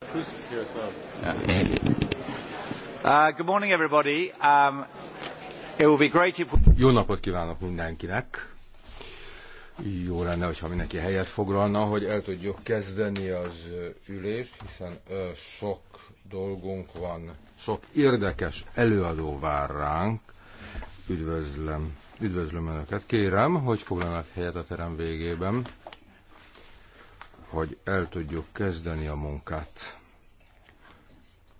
Uh, good morning everybody. Um, it will be great if... Jó napot kívánok mindenkinek! Jó lenne, hogyha mindenki helyet foglalna, hogy el tudjuk kezdeni az ülést, hiszen sok dolgunk van, sok érdekes előadó vár ránk. Üdvözlöm, üdvözlöm Önöket. Kérem, hogy foglalnak helyet a terem végében hogy el tudjuk kezdeni a munkát.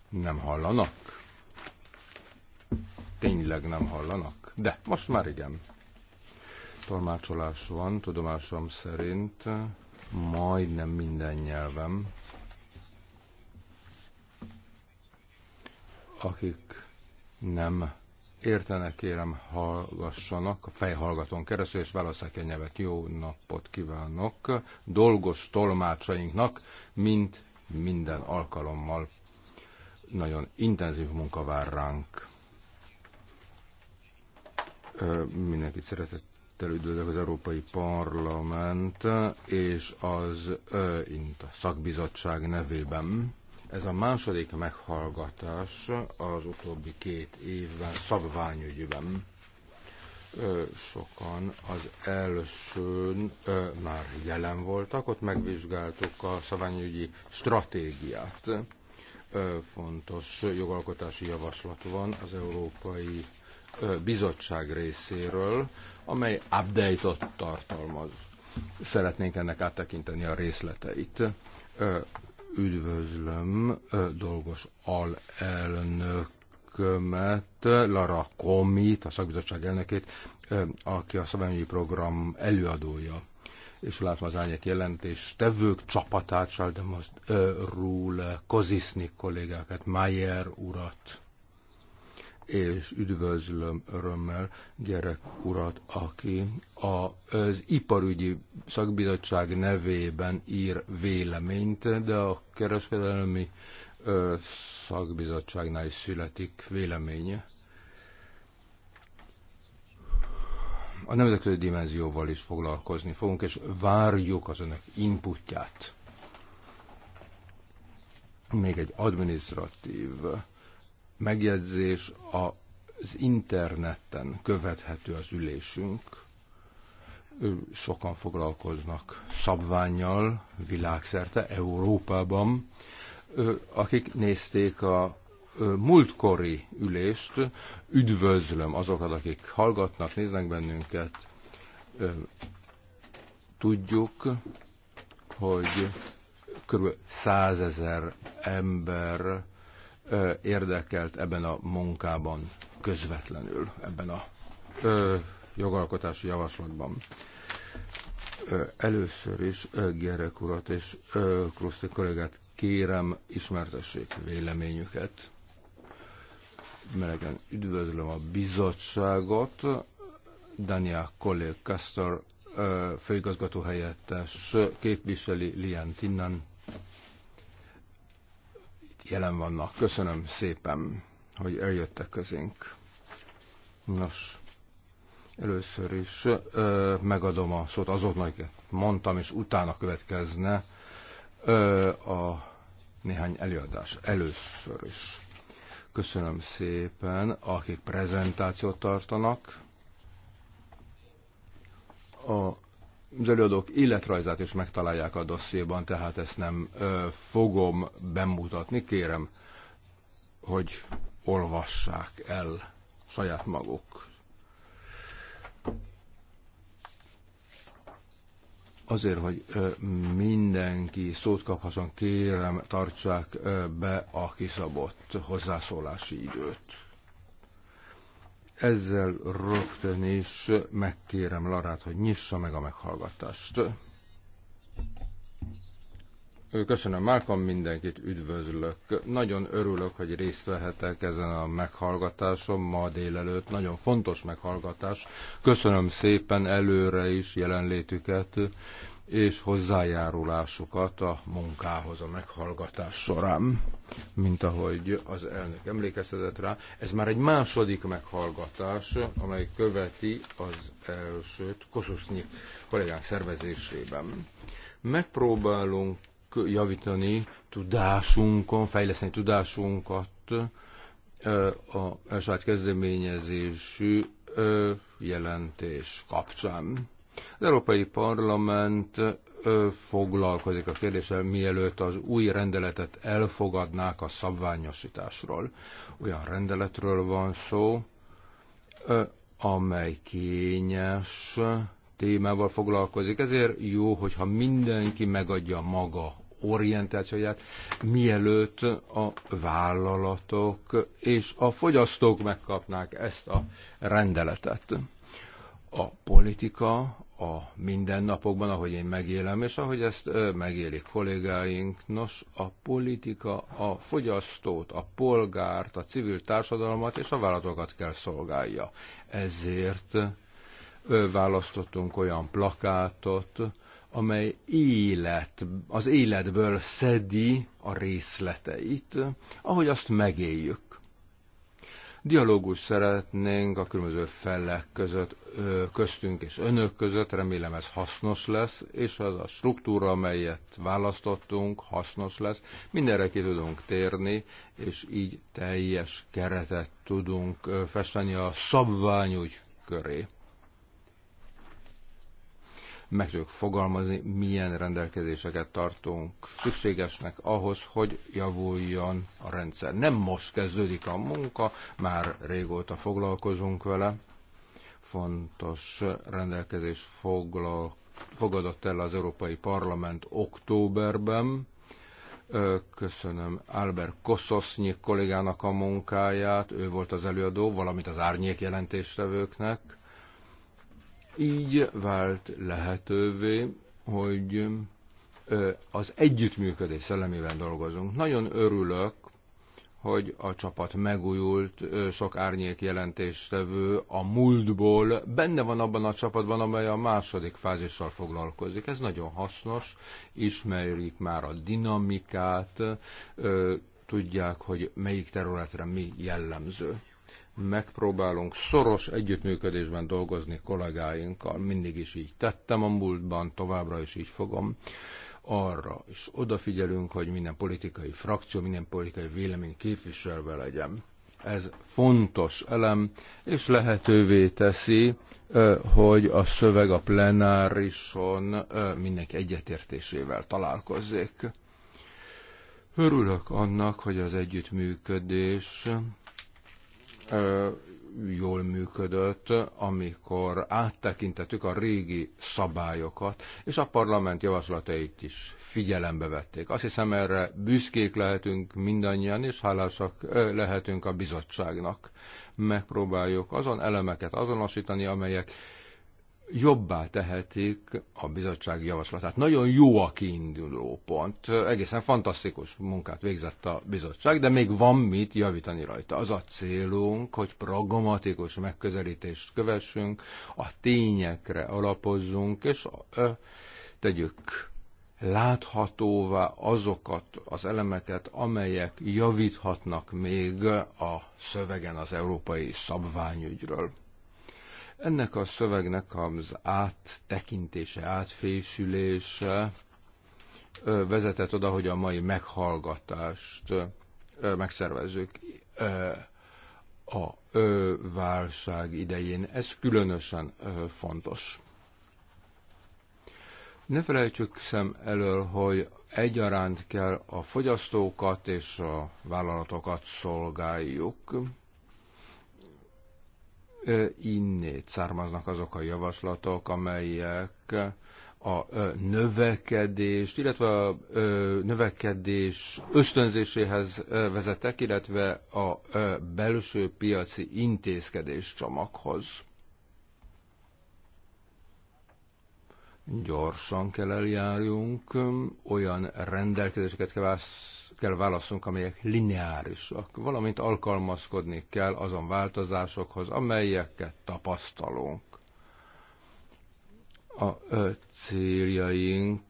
Nem hallanak? Tényleg nem hallanak? De, most már igen. Tolmácsolás van, tudomásom szerint majdnem minden nyelvem. Akik nem értenek, kérem hallgassanak a fejhallgatón keresztül, és válaszolják egy nevet. Jó napot kívánok dolgos tolmácsainknak, mint minden alkalommal. Nagyon intenzív munka vár ránk. Mindenkit szeretettel üdvözlök az Európai Parlament és az INTA szakbizottság nevében ez a második meghallgatás az utóbbi két évben szabványügyben. Sokan az elsőn már jelen voltak, ott megvizsgáltuk a szabványügyi stratégiát. Fontos jogalkotási javaslat van az Európai Bizottság részéről, amely update tartalmaz. Szeretnénk ennek áttekinteni a részleteit üdvözlöm dolgos alelnökömet, Lara Komit, a szakbizottság elnökét, aki a szabályi program előadója és látom az ányek jelentés tevők csapatát, Saldemos Rúl, Kozisnik kollégákat, Mayer urat, és üdvözlöm örömmel gyerek urat, aki az iparügyi szakbizottság nevében ír véleményt, de a kereskedelmi szakbizottságnál is születik véleménye. A nemzetközi dimenzióval is foglalkozni fogunk, és várjuk az önök inputját. Még egy administratív megjegyzés az interneten követhető az ülésünk. Sokan foglalkoznak szabványjal világszerte, Európában, akik nézték a múltkori ülést. Üdvözlöm azokat, akik hallgatnak, néznek bennünket. Tudjuk, hogy kb. százezer ember érdekelt ebben a munkában közvetlenül, ebben a jogalkotási javaslatban. Először is Gerek urat és Kruszti kollégát kérem, ismertessék véleményüket. Melegen üdvözlöm a bizottságot, Daniel Kollég Kastor főigazgató helyettes képviseli Lian Tinnan jelen vannak. Köszönöm szépen, hogy eljöttek közénk. Nos, először is ö, megadom a szót azoknak, mondtam, és utána következne ö, a néhány előadás. Először is köszönöm szépen, akik prezentációt tartanak. A az előadók életrajzát is megtalálják a dossziéban, tehát ezt nem ö, fogom bemutatni. Kérem, hogy olvassák el saját maguk. Azért, hogy ö, mindenki szót kaphasson, kérem, tartsák ö, be a kiszabott hozzászólási időt. Ezzel rögtön is megkérem Larát, hogy nyissa meg a meghallgatást. Köszönöm, Márkam, mindenkit üdvözlök. Nagyon örülök, hogy részt vehetek ezen a meghallgatáson ma délelőtt. Nagyon fontos meghallgatás. Köszönöm szépen előre is jelenlétüket és hozzájárulásukat a munkához a meghallgatás során. Mint ahogy az elnök emlékeztetett rá, ez már egy második meghallgatás, amely követi az elsőt Kosusznyi kollégák szervezésében. Megpróbálunk javítani tudásunkon, fejleszteni tudásunkat a saját kezdeményezésű jelentés kapcsán az Európai Parlament foglalkozik a kérdéssel, mielőtt az új rendeletet elfogadnák a szabványosításról. Olyan rendeletről van szó, amely kényes témával foglalkozik, ezért jó, hogyha mindenki megadja maga orientációját, mielőtt a vállalatok és a fogyasztók megkapnák ezt a rendeletet. A politika a mindennapokban, ahogy én megélem, és ahogy ezt megélik kollégáink. Nos, a politika a fogyasztót, a polgárt, a civil társadalmat és a vállalatokat kell szolgálja. Ezért választottunk olyan plakátot, amely élet, az életből szedi a részleteit, ahogy azt megéljük. Dialógus szeretnénk a különböző felek között, köztünk és önök között, remélem ez hasznos lesz, és az a struktúra, amelyet választottunk, hasznos lesz. Mindenre ki tudunk térni, és így teljes keretet tudunk festeni a szabványügy köré meg tudjuk fogalmazni, milyen rendelkezéseket tartunk szükségesnek ahhoz, hogy javuljon a rendszer. Nem most kezdődik a munka, már régóta foglalkozunk vele. Fontos rendelkezés foglal, fogadott el az Európai Parlament októberben. Köszönöm Albert Kososznyi kollégának a munkáját, ő volt az előadó, valamint az árnyék jelentéstevőknek így vált lehetővé, hogy az együttműködés szellemében dolgozunk. Nagyon örülök, hogy a csapat megújult, sok árnyék jelentéstevő a múltból benne van abban a csapatban, amely a második fázissal foglalkozik. Ez nagyon hasznos, ismerik már a dinamikát, tudják, hogy melyik területre mi jellemző megpróbálunk szoros együttműködésben dolgozni kollégáinkkal. Mindig is így tettem a múltban, továbbra is így fogom. Arra is odafigyelünk, hogy minden politikai frakció, minden politikai vélemény képviselve legyen. Ez fontos elem, és lehetővé teszi, hogy a szöveg a plenárison mindenki egyetértésével találkozzék. Örülök annak, hogy az együttműködés jól működött, amikor áttekintettük a régi szabályokat, és a parlament javaslatait is figyelembe vették. Azt hiszem erre büszkék lehetünk mindannyian, és hálásak lehetünk a bizottságnak. Megpróbáljuk azon elemeket azonosítani, amelyek jobbá tehetik a bizottság javaslatát. Nagyon jó a kiinduló pont, egészen fantasztikus munkát végzett a bizottság, de még van mit javítani rajta. Az a célunk, hogy pragmatikus megközelítést kövessünk, a tényekre alapozzunk, és ö, tegyük láthatóvá azokat az elemeket, amelyek javíthatnak még a szövegen az európai szabványügyről ennek a szövegnek az áttekintése, átfésülése vezetett oda, hogy a mai meghallgatást megszervezzük a válság idején. Ez különösen fontos. Ne felejtsük szem elől, hogy egyaránt kell a fogyasztókat és a vállalatokat szolgáljuk innét származnak azok a javaslatok, amelyek a növekedést, illetve a növekedés ösztönzéséhez vezetek, illetve a belső piaci intézkedés csomaghoz. Gyorsan kell eljárjunk, olyan rendelkezéseket kell kell válaszunk, amelyek lineárisak, valamint alkalmazkodni kell azon változásokhoz, amelyeket tapasztalunk. A céljaink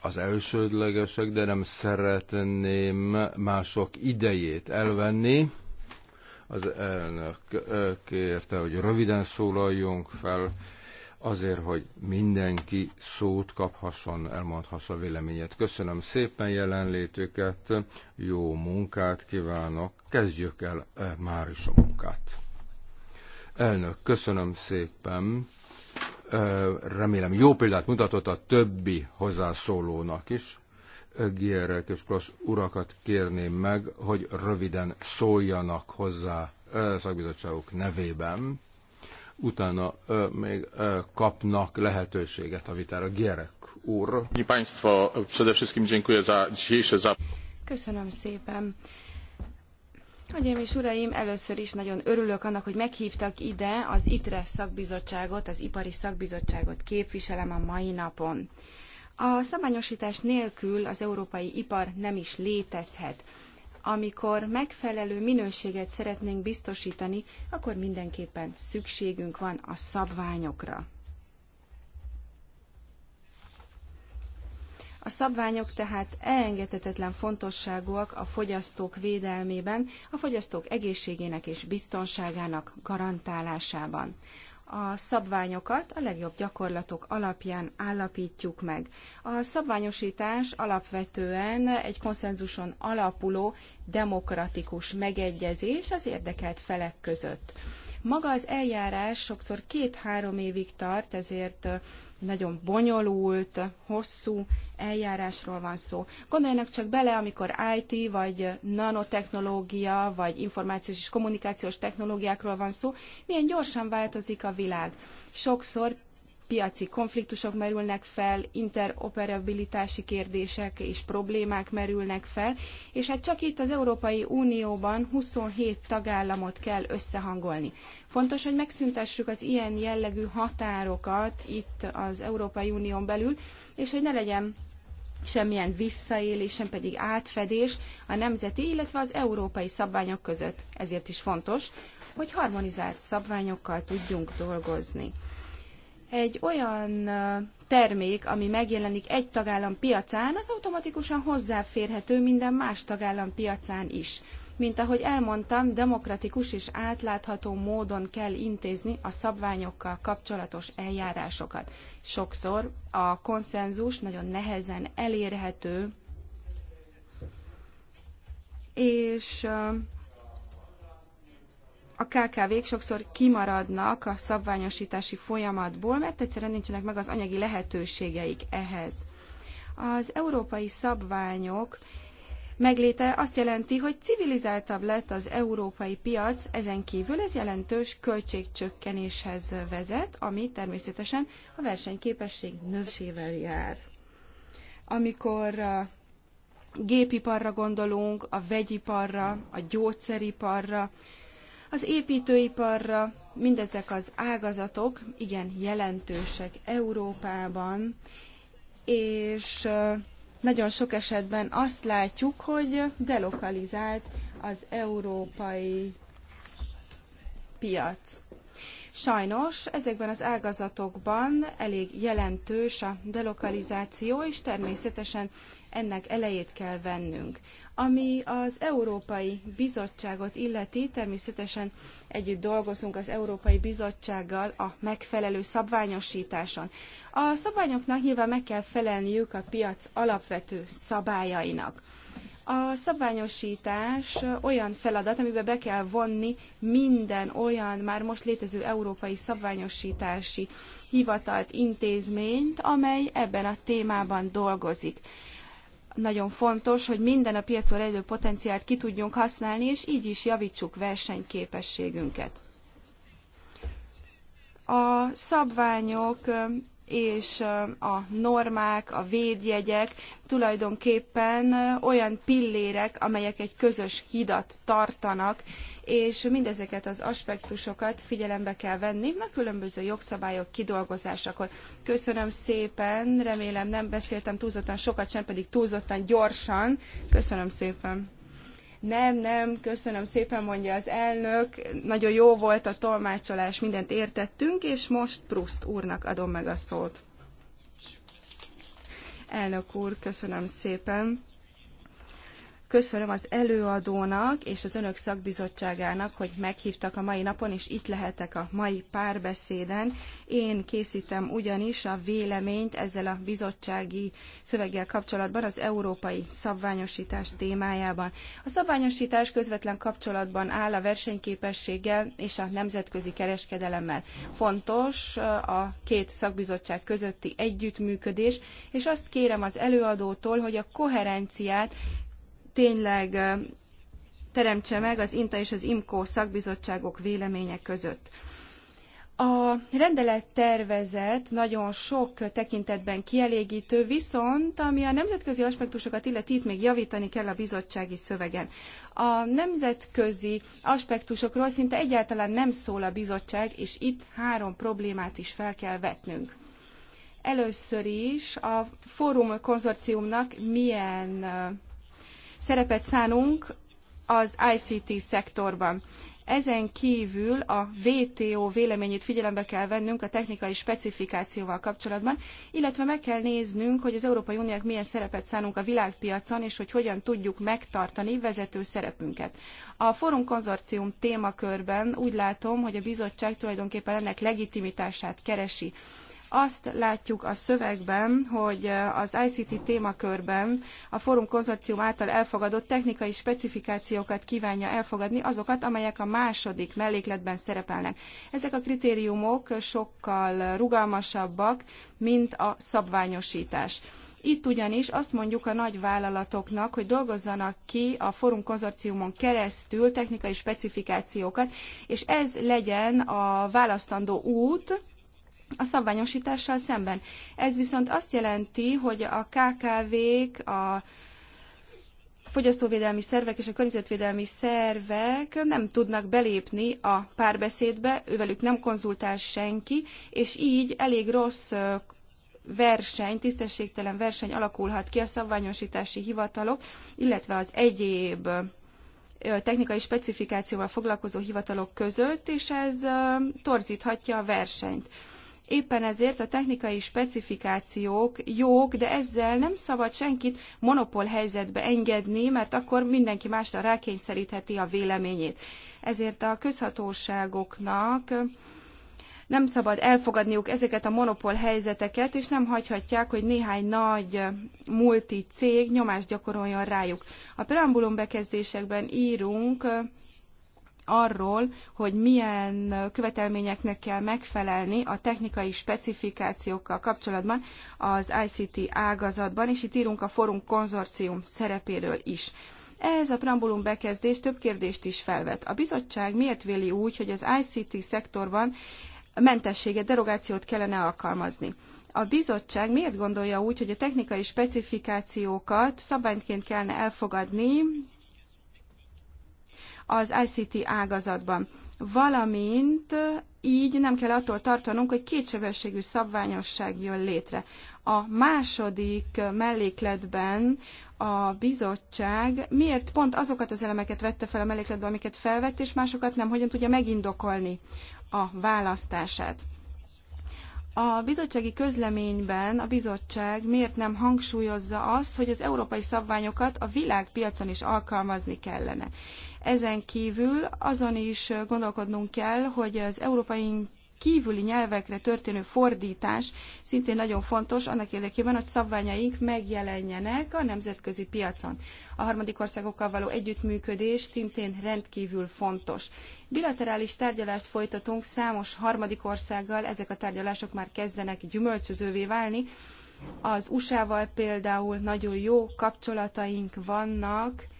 az elsődlegesek, de nem szeretném mások idejét elvenni. Az elnök kérte, hogy röviden szólaljunk fel, azért, hogy mindenki szót kaphasson, elmondhassa véleményet. Köszönöm szépen jelenlétüket, jó munkát kívánok, kezdjük el eh, már is a munkát. Elnök, köszönöm szépen eh, remélem jó példát mutatott a többi hozzászólónak is. Eh, Gierek és Klossz urakat kérném meg, hogy röviden szóljanak hozzá szakbizottságok nevében utána ö, még ö, kapnak lehetőséget a vitára. Gyerek úr. Köszönöm szépen. Hölgyeim és uraim, először is nagyon örülök annak, hogy meghívtak ide az ITRE szakbizottságot, az ipari szakbizottságot képviselem a mai napon. A szabályosítás nélkül az európai ipar nem is létezhet amikor megfelelő minőséget szeretnénk biztosítani, akkor mindenképpen szükségünk van a szabványokra. A szabványok tehát elengedhetetlen fontosságúak a fogyasztók védelmében, a fogyasztók egészségének és biztonságának garantálásában a szabványokat a legjobb gyakorlatok alapján állapítjuk meg. A szabványosítás alapvetően egy konszenzuson alapuló demokratikus megegyezés az érdekelt felek között. Maga az eljárás sokszor két-három évig tart, ezért nagyon bonyolult, hosszú eljárásról van szó. Gondoljanak csak bele, amikor IT, vagy nanotechnológia, vagy információs és kommunikációs technológiákról van szó, milyen gyorsan változik a világ. Sokszor piaci konfliktusok merülnek fel, interoperabilitási kérdések és problémák merülnek fel, és hát csak itt az Európai Unióban 27 tagállamot kell összehangolni. Fontos, hogy megszüntessük az ilyen jellegű határokat itt az Európai Unión belül, és hogy ne legyen semmilyen visszaélés, sem pedig átfedés a nemzeti, illetve az európai szabványok között. Ezért is fontos, hogy harmonizált szabványokkal tudjunk dolgozni egy olyan termék, ami megjelenik egy tagállam piacán, az automatikusan hozzáférhető minden más tagállam piacán is. Mint ahogy elmondtam, demokratikus és átlátható módon kell intézni a szabványokkal kapcsolatos eljárásokat. Sokszor a konszenzus nagyon nehezen elérhető, és a KKV-k sokszor kimaradnak a szabványosítási folyamatból, mert egyszerűen nincsenek meg az anyagi lehetőségeik ehhez. Az európai szabványok megléte azt jelenti, hogy civilizáltabb lett az európai piac, ezen kívül ez jelentős költségcsökkenéshez vezet, ami természetesen a versenyképesség növésével jár. Amikor gépiparra gondolunk, a vegyiparra, a gyógyszeriparra, az építőiparra mindezek az ágazatok igen jelentősek Európában, és nagyon sok esetben azt látjuk, hogy delokalizált az európai piac. Sajnos ezekben az ágazatokban elég jelentős a delokalizáció, és természetesen ennek elejét kell vennünk. Ami az Európai Bizottságot illeti, természetesen együtt dolgozunk az Európai Bizottsággal a megfelelő szabványosításon. A szabványoknak nyilván meg kell felelniük a piac alapvető szabályainak. A szabványosítás olyan feladat, amiben be kell vonni minden olyan már most létező európai szabványosítási hivatalt, intézményt, amely ebben a témában dolgozik nagyon fontos, hogy minden a piacon rejlő potenciált ki tudjunk használni, és így is javítsuk versenyképességünket. A szabványok és a normák, a védjegyek tulajdonképpen olyan pillérek, amelyek egy közös hidat tartanak, és mindezeket az aspektusokat figyelembe kell venni a különböző jogszabályok kidolgozásakor. Köszönöm szépen, remélem nem beszéltem túlzottan sokat, sem pedig túlzottan gyorsan. Köszönöm szépen. Nem, nem, köszönöm szépen, mondja az elnök. Nagyon jó volt a tolmácsolás, mindent értettünk, és most proust úrnak adom meg a szót. Elnök úr, köszönöm szépen. Köszönöm az előadónak és az Önök szakbizottságának, hogy meghívtak a mai napon, és itt lehetek a mai párbeszéden. Én készítem ugyanis a véleményt ezzel a bizottsági szöveggel kapcsolatban az európai szabványosítás témájában. A szabványosítás közvetlen kapcsolatban áll a versenyképességgel és a nemzetközi kereskedelemmel. Fontos a két szakbizottság közötti együttműködés, és azt kérem az előadótól, hogy a koherenciát tényleg teremtse meg az INTA és az IMCO szakbizottságok véleménye között. A rendelet tervezet nagyon sok tekintetben kielégítő, viszont ami a nemzetközi aspektusokat illeti, itt még javítani kell a bizottsági szövegen. A nemzetközi aspektusokról szinte egyáltalán nem szól a bizottság, és itt három problémát is fel kell vetnünk. Először is a fórum konzorciumnak milyen szerepet szánunk az ICT szektorban. Ezen kívül a WTO véleményét figyelembe kell vennünk a technikai specifikációval kapcsolatban, illetve meg kell néznünk, hogy az Európai Uniónak milyen szerepet szánunk a világpiacon, és hogy hogyan tudjuk megtartani vezető szerepünket. A Forum Konzorcium témakörben úgy látom, hogy a bizottság tulajdonképpen ennek legitimitását keresi. Azt látjuk a szövegben, hogy eh, az ICT témakörben a Fórum Konzorcium által elfogadott technikai specifikációkat kívánja elfogadni, azokat, amelyek a második mellékletben szerepelnek. Ezek a kritériumok sokkal rugalmasabbak, mint a szabványosítás. Itt ugyanis azt mondjuk a nagy vállalatoknak, hogy dolgozzanak ki a Forum Konzorciumon keresztül technikai specifikációkat, és ez legyen a választandó út, a szabványosítással szemben. Ez viszont azt jelenti, hogy a KKV-k, a fogyasztóvédelmi szervek és a környezetvédelmi szervek nem tudnak belépni a párbeszédbe, ővelük nem konzultál senki, és így elég rossz verseny, tisztességtelen verseny alakulhat ki a szabványosítási hivatalok, illetve az egyéb technikai specifikációval foglalkozó hivatalok között, és ez torzíthatja a versenyt. Éppen ezért a technikai specifikációk jók, de ezzel nem szabad senkit monopól helyzetbe engedni, mert akkor mindenki másra rákényszerítheti a véleményét. Ezért a közhatóságoknak nem szabad elfogadniuk ezeket a monopól helyzeteket, és nem hagyhatják, hogy néhány nagy multi cég nyomást gyakoroljon rájuk. A preambulum bekezdésekben írunk arról, hogy milyen követelményeknek kell megfelelni a technikai specifikációkkal kapcsolatban az ICT ágazatban, és itt írunk a Forum Konzorcium szerepéről is. Ehhez a preambulum bekezdés több kérdést is felvet. A bizottság miért véli úgy, hogy az ICT szektorban mentességet, derogációt kellene alkalmazni? a bizottság miért gondolja úgy, hogy a technikai specifikációkat szabványként kellene elfogadni az ICT ágazatban. Valamint így nem kell attól tartanunk, hogy kétsebességű szabványosság jön létre. A második mellékletben a bizottság miért pont azokat az elemeket vette fel a mellékletbe, amiket felvett, és másokat nem, hogyan tudja megindokolni a választását. A bizottsági közleményben a bizottság miért nem hangsúlyozza azt, hogy az európai szabványokat a világpiacon is alkalmazni kellene. Ezen kívül azon is gondolkodnunk kell, hogy az európai kívüli nyelvekre történő fordítás szintén nagyon fontos annak érdekében, hogy szabványaink megjelenjenek a nemzetközi piacon. A harmadik országokkal való együttműködés szintén rendkívül fontos. Bilaterális tárgyalást folytatunk számos harmadik országgal, ezek a tárgyalások már kezdenek gyümölcsözővé válni. Az USA-val például nagyon jó kapcsolataink vannak,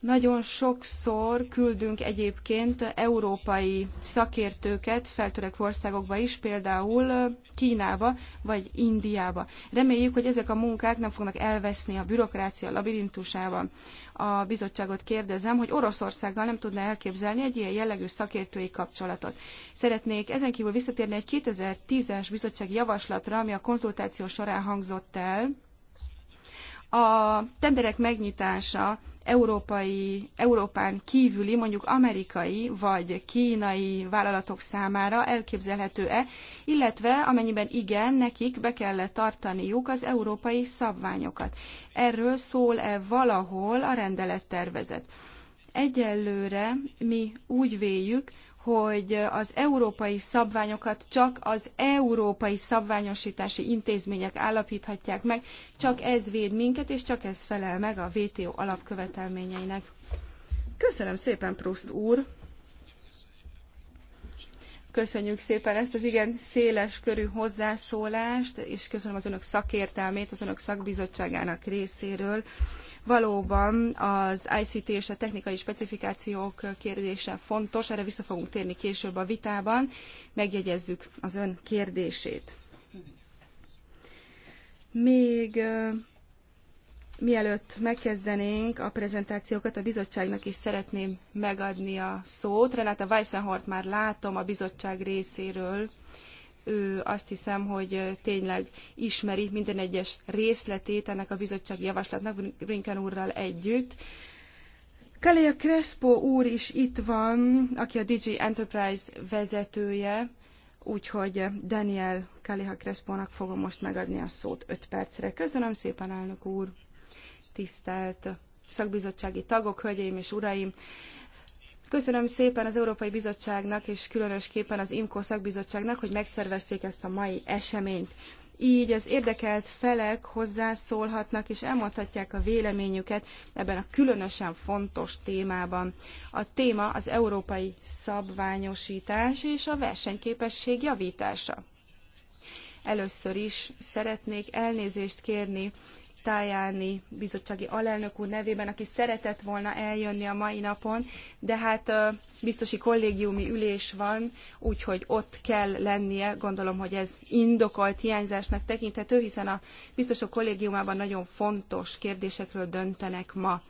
nagyon sokszor küldünk egyébként európai szakértőket feltörekvő országokba is, például Kínába vagy Indiába. Reméljük, hogy ezek a munkák nem fognak elveszni a bürokrácia labirintusában. A bizottságot kérdezem, hogy Oroszországgal nem tudna elképzelni egy ilyen jellegű szakértői kapcsolatot. Szeretnék ezen kívül visszatérni egy 2010-es bizottsági javaslatra, ami a konzultáció során hangzott el. A tenderek megnyitása európai, Európán kívüli, mondjuk amerikai vagy kínai vállalatok számára elképzelhető-e, illetve amennyiben igen, nekik be kell tartaniuk az európai szabványokat. Erről szól-e valahol a rendelettervezet? Egyelőre mi úgy véljük, hogy az európai szabványokat csak az európai szabványosítási intézmények állapíthatják meg, csak ez véd minket, és csak ez felel meg a WTO alapkövetelményeinek. Köszönöm szépen, Proust úr! Köszönjük szépen ezt az igen széles körű hozzászólást, és köszönöm az önök szakértelmét az önök szakbizottságának részéről. Valóban az ICT és a technikai specifikációk kérdése fontos, erre vissza fogunk térni később a vitában. Megjegyezzük az ön kérdését. Még Mielőtt megkezdenénk a prezentációkat, a bizottságnak is szeretném megadni a szót. Renáta Weissenhort már látom a bizottság részéről. Ő azt hiszem, hogy tényleg ismeri minden egyes részletét ennek a bizottsági javaslatnak Brinken úrral együtt. Kaléa Crespo úr is itt van, aki a DG Enterprise vezetője, úgyhogy Daniel Kaléha Crespónak fogom most megadni a szót 5 percre. Köszönöm szépen, elnök úr! tisztelt szakbizottsági tagok, hölgyeim és uraim! Köszönöm szépen az Európai Bizottságnak, és különösképpen az IMCO szakbizottságnak, hogy megszervezték ezt a mai eseményt. Így az érdekelt felek hozzászólhatnak és elmondhatják a véleményüket ebben a különösen fontos témában. A téma az európai szabványosítás és a versenyképesség javítása. Először is szeretnék elnézést kérni Tajani bizottsági alelnök úr nevében, aki szeretett volna eljönni a mai napon, de hát biztosi kollégiumi ülés van, úgyhogy ott kell lennie. Gondolom, hogy ez indokolt hiányzásnak tekinthető, hiszen a biztosok kollégiumában nagyon fontos kérdésekről döntenek ma.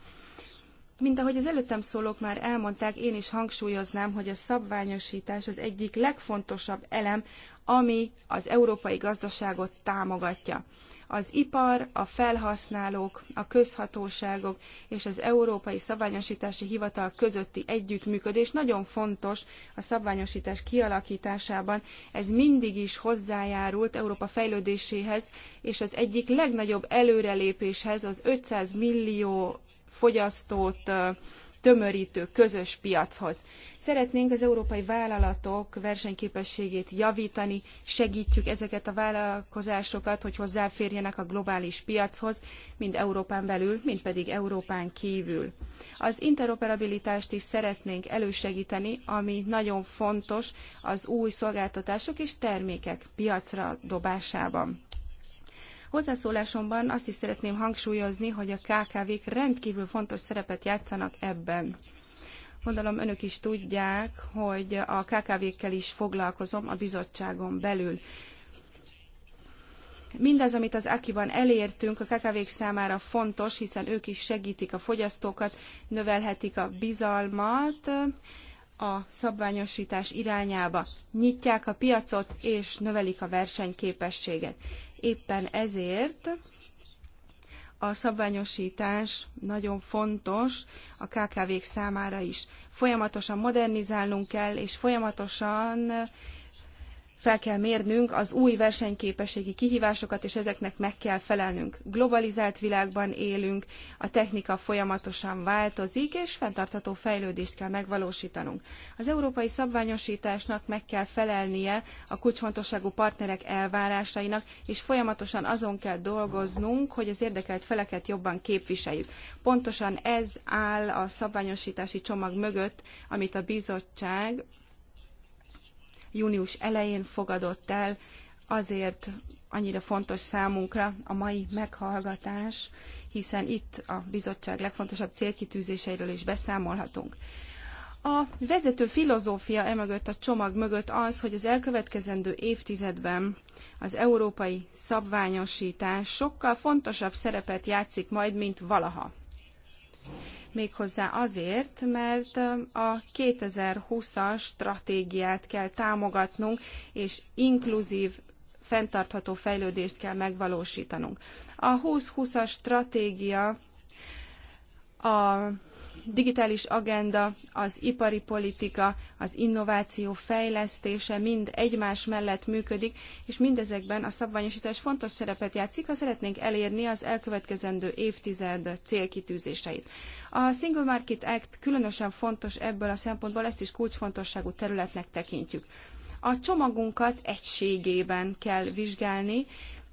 Mint ahogy az előttem szólók már elmondták, én is hangsúlyoznám, hogy a szabványosítás az egyik legfontosabb elem, ami az európai gazdaságot támogatja az ipar, a felhasználók, a közhatóságok és az Európai Szabványosítási Hivatal közötti együttműködés nagyon fontos a szabványosítás kialakításában. Ez mindig is hozzájárult Európa fejlődéséhez, és az egyik legnagyobb előrelépéshez az 500 millió fogyasztót tömörítő közös piachoz. Szeretnénk az európai vállalatok versenyképességét javítani, segítjük ezeket a vállalkozásokat, hogy hozzáférjenek a globális piachoz, mind Európán belül, mind pedig Európán kívül. Az interoperabilitást is szeretnénk elősegíteni, ami nagyon fontos az új szolgáltatások és termékek piacra dobásában. Hozzászólásomban azt is szeretném hangsúlyozni, hogy a KKV-k rendkívül fontos szerepet játszanak ebben. Gondolom önök is tudják, hogy a KKV-kkel is foglalkozom a bizottságon belül. Mindaz, amit az Akiban elértünk, a KKV-k számára fontos, hiszen ők is segítik a fogyasztókat, növelhetik a bizalmat a szabványosítás irányába, nyitják a piacot és növelik a versenyképességet. Éppen ezért a szabványosítás nagyon fontos a KKV-k számára is. Folyamatosan modernizálnunk kell, és folyamatosan fel kell mérnünk az új versenyképességi kihívásokat, és ezeknek meg kell felelnünk. Globalizált világban élünk, a technika folyamatosan változik, és fenntartható fejlődést kell megvalósítanunk. Az európai szabványosításnak meg kell felelnie a kulcsfontosságú partnerek elvárásainak, és folyamatosan azon kell dolgoznunk, hogy az érdekelt feleket jobban képviseljük. Pontosan ez áll a szabványosítási csomag mögött, amit a bizottság június elején fogadott el, azért annyira fontos számunkra a mai meghallgatás, hiszen itt a bizottság legfontosabb célkitűzéseiről is beszámolhatunk. A vezető filozófia emögött, a csomag mögött az, hogy az elkövetkezendő évtizedben az európai szabványosítás sokkal fontosabb szerepet játszik majd, mint valaha méghozzá azért, mert a 2020-as stratégiát kell támogatnunk, és inkluzív fenntartható fejlődést kell megvalósítanunk. A 2020-as stratégia a digitális agenda, az ipari politika, az innováció fejlesztése mind egymás mellett működik, és mindezekben a szabványosítás fontos szerepet játszik, ha szeretnénk elérni az elkövetkezendő évtized célkitűzéseit. A Single Market Act különösen fontos ebből a szempontból, ezt is kulcsfontosságú területnek tekintjük. A csomagunkat egységében kell vizsgálni,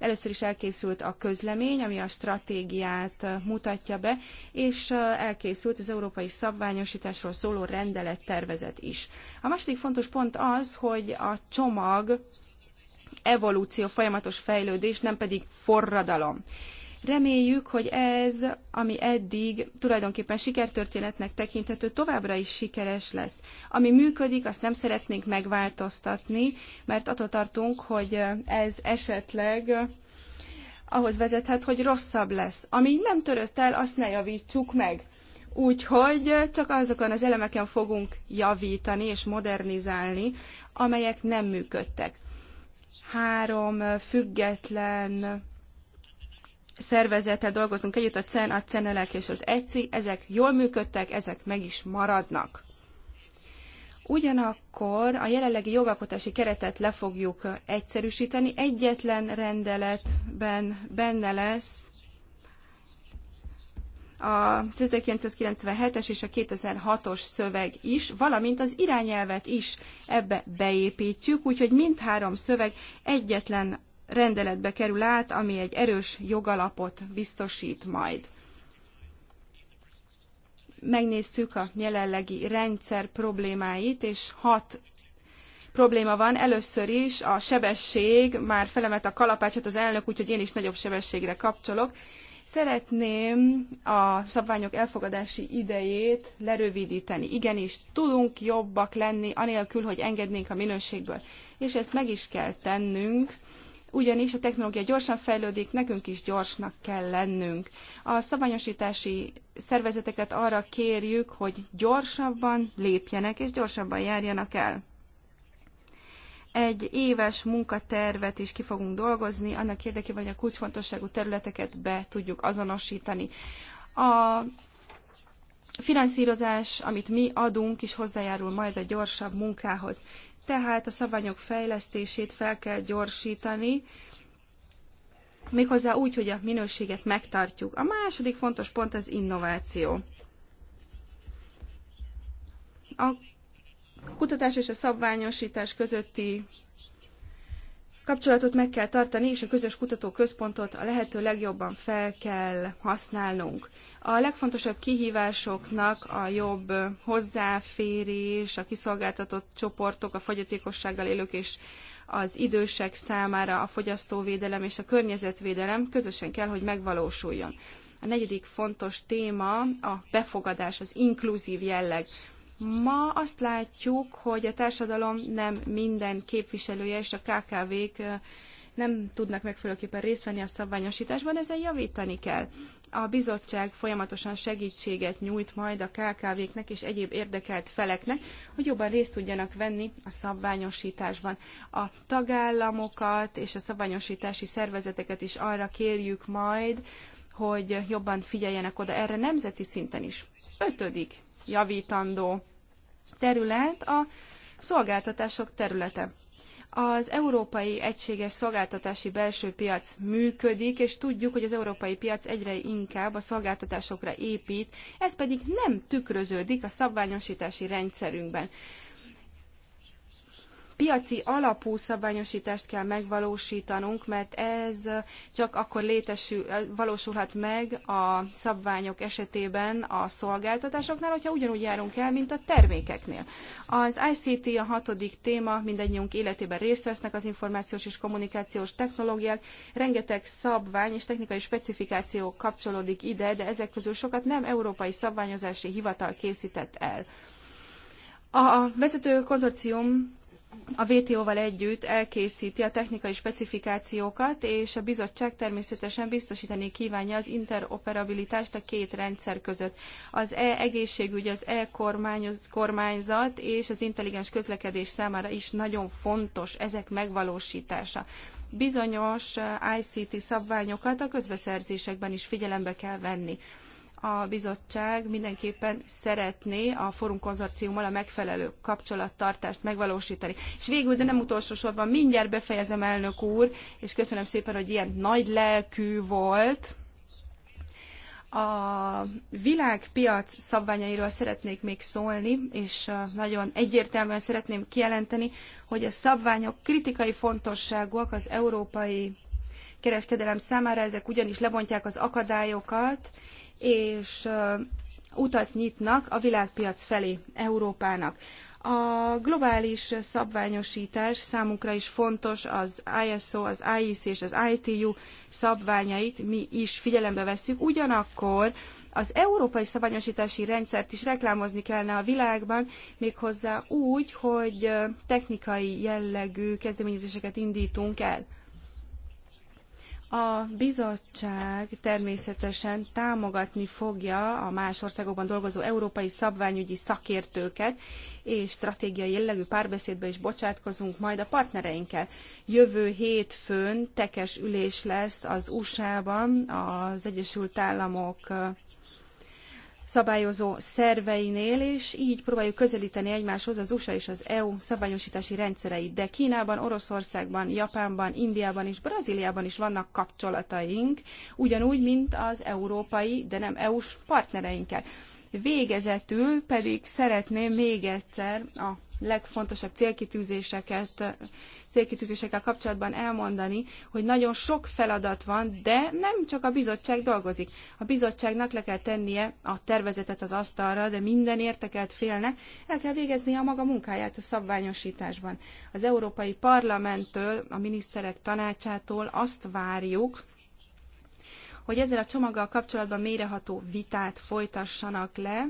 Először is elkészült a közlemény, ami a stratégiát mutatja be, és elkészült az európai szabványosításról szóló rendelettervezet is. A második fontos pont az, hogy a csomag evolúció, folyamatos fejlődés, nem pedig forradalom. Reméljük, hogy ez, ami eddig tulajdonképpen sikertörténetnek tekinthető, továbbra is sikeres lesz. Ami működik, azt nem szeretnénk megváltoztatni, mert attól tartunk, hogy ez esetleg ahhoz vezethet, hogy rosszabb lesz. Ami nem törött el, azt ne javítsuk meg. Úgyhogy csak azokon az elemeken fogunk javítani és modernizálni, amelyek nem működtek. Három független szervezettel dolgozunk együtt, a CEN, a CENELEK és az ECI, ezek jól működtek, ezek meg is maradnak. Ugyanakkor a jelenlegi jogalkotási keretet le fogjuk egyszerűsíteni. Egyetlen rendeletben benne lesz a 1997-es és a 2006-os szöveg is, valamint az irányelvet is ebbe beépítjük, úgyhogy mindhárom szöveg egyetlen rendeletbe kerül át, ami egy erős jogalapot biztosít majd. Megnéztük a jelenlegi rendszer problémáit, és hat probléma van. Először is a sebesség, már felemelt a kalapácsot az elnök, úgyhogy én is nagyobb sebességre kapcsolok. Szeretném a szabványok elfogadási idejét lerövidíteni. Igenis, tudunk jobbak lenni, anélkül, hogy engednénk a minőségből. És ezt meg is kell tennünk ugyanis a technológia gyorsan fejlődik, nekünk is gyorsnak kell lennünk. A szabványosítási szervezeteket arra kérjük, hogy gyorsabban lépjenek és gyorsabban járjanak el. Egy éves munkatervet is ki fogunk dolgozni, annak érdekében, hogy a kulcsfontosságú területeket be tudjuk azonosítani. A finanszírozás, amit mi adunk, is hozzájárul majd a gyorsabb munkához tehát a szabványok fejlesztését fel kell gyorsítani, méghozzá úgy, hogy a minőséget megtartjuk. A második fontos pont az innováció. A kutatás és a szabványosítás közötti kapcsolatot meg kell tartani, és a közös kutatóközpontot a lehető legjobban fel kell használnunk. A legfontosabb kihívásoknak a jobb hozzáférés, a kiszolgáltatott csoportok, a fogyatékossággal élők és az idősek számára a fogyasztóvédelem és a környezetvédelem közösen kell, hogy megvalósuljon. A negyedik fontos téma a befogadás, az inkluzív jelleg. Ma azt látjuk, hogy a társadalom nem minden képviselője és a KKV-k nem tudnak megfelelőképpen részt venni a szabványosításban, ezen javítani kell. A bizottság folyamatosan segítséget nyújt majd a KKV-knek és egyéb érdekelt feleknek, hogy jobban részt tudjanak venni a szabványosításban. A tagállamokat és a szabványosítási szervezeteket is arra kérjük majd, hogy jobban figyeljenek oda erre nemzeti szinten is. Ötödik javítandó terület a szolgáltatások területe. Az európai egységes szolgáltatási belső piac működik, és tudjuk, hogy az európai piac egyre inkább a szolgáltatásokra épít, ez pedig nem tükröződik a szabványosítási rendszerünkben piaci alapú szabványosítást kell megvalósítanunk, mert ez csak akkor létesül, valósulhat meg a szabványok esetében a szolgáltatásoknál, hogyha ugyanúgy járunk el, mint a termékeknél. Az ICT a hatodik téma, mindannyiunk életében részt vesznek az információs és kommunikációs technológiák, rengeteg szabvány és technikai specifikáció kapcsolódik ide, de ezek közül sokat nem európai szabványozási hivatal készített el. A vezető konzorcium a WTO-val együtt elkészíti a technikai specifikációkat, és a bizottság természetesen biztosítani kívánja az interoperabilitást a két rendszer között. Az e-egészségügy, az e-kormányzat és az intelligens közlekedés számára is nagyon fontos ezek megvalósítása. Bizonyos eh, ICT szabványokat a közbeszerzésekben is figyelembe kell venni a bizottság mindenképpen szeretné a Forum Konzorciummal a megfelelő kapcsolattartást megvalósítani. És végül, de nem utolsó sorban, mindjárt befejezem, elnök úr, és köszönöm szépen, hogy ilyen nagy lelkű volt. A világpiac szabványairól szeretnék még szólni, és nagyon egyértelműen szeretném kijelenteni, hogy a szabványok kritikai fontosságúak az európai kereskedelem számára, ezek ugyanis lebontják az akadályokat, és utat nyitnak a világpiac felé Európának. A globális szabványosítás számunkra is fontos, az ISO, az IEC és az ITU szabványait mi is figyelembe vesszük, ugyanakkor az európai szabványosítási rendszert is reklámozni kellene a világban, méghozzá úgy, hogy technikai jellegű kezdeményezéseket indítunk el. A bizottság természetesen támogatni fogja a más országokban dolgozó európai szabványügyi szakértőket, és stratégiai jellegű párbeszédbe is bocsátkozunk majd a partnereinkkel. Jövő hétfőn tekes ülés lesz az USA-ban, az Egyesült Államok szabályozó szerveinél, és így próbáljuk közelíteni egymáshoz az USA és az EU szabványosítási rendszereit. De Kínában, Oroszországban, Japánban, Indiában és Brazíliában is vannak kapcsolataink, ugyanúgy, mint az európai, de nem EU-s partnereinkkel. Végezetül pedig szeretném még egyszer a legfontosabb célkitűzéseket, célkitűzésekkel kapcsolatban elmondani, hogy nagyon sok feladat van, de nem csak a bizottság dolgozik. A bizottságnak le kell tennie a tervezetet az asztalra, de minden értekelt félnek el kell végeznie a maga munkáját a szabványosításban. Az Európai Parlamenttől, a miniszterek tanácsától azt várjuk, hogy ezzel a csomaggal kapcsolatban mélyreható vitát folytassanak le,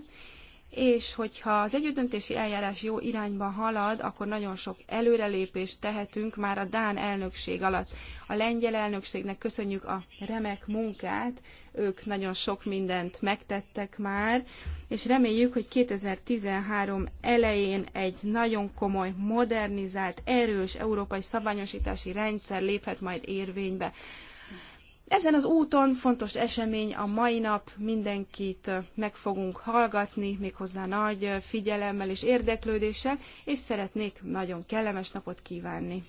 és hogyha az együttdöntési eljárás jó irányba halad, akkor nagyon sok előrelépést tehetünk már a Dán elnökség alatt. A lengyel elnökségnek köszönjük a remek munkát, ők nagyon sok mindent megtettek már, és reméljük, hogy 2013 elején egy nagyon komoly, modernizált, erős európai szabványosítási rendszer léphet majd érvénybe. Ezen az úton fontos esemény a mai nap, mindenkit meg fogunk hallgatni, méghozzá nagy figyelemmel és érdeklődéssel, és szeretnék nagyon kellemes napot kívánni.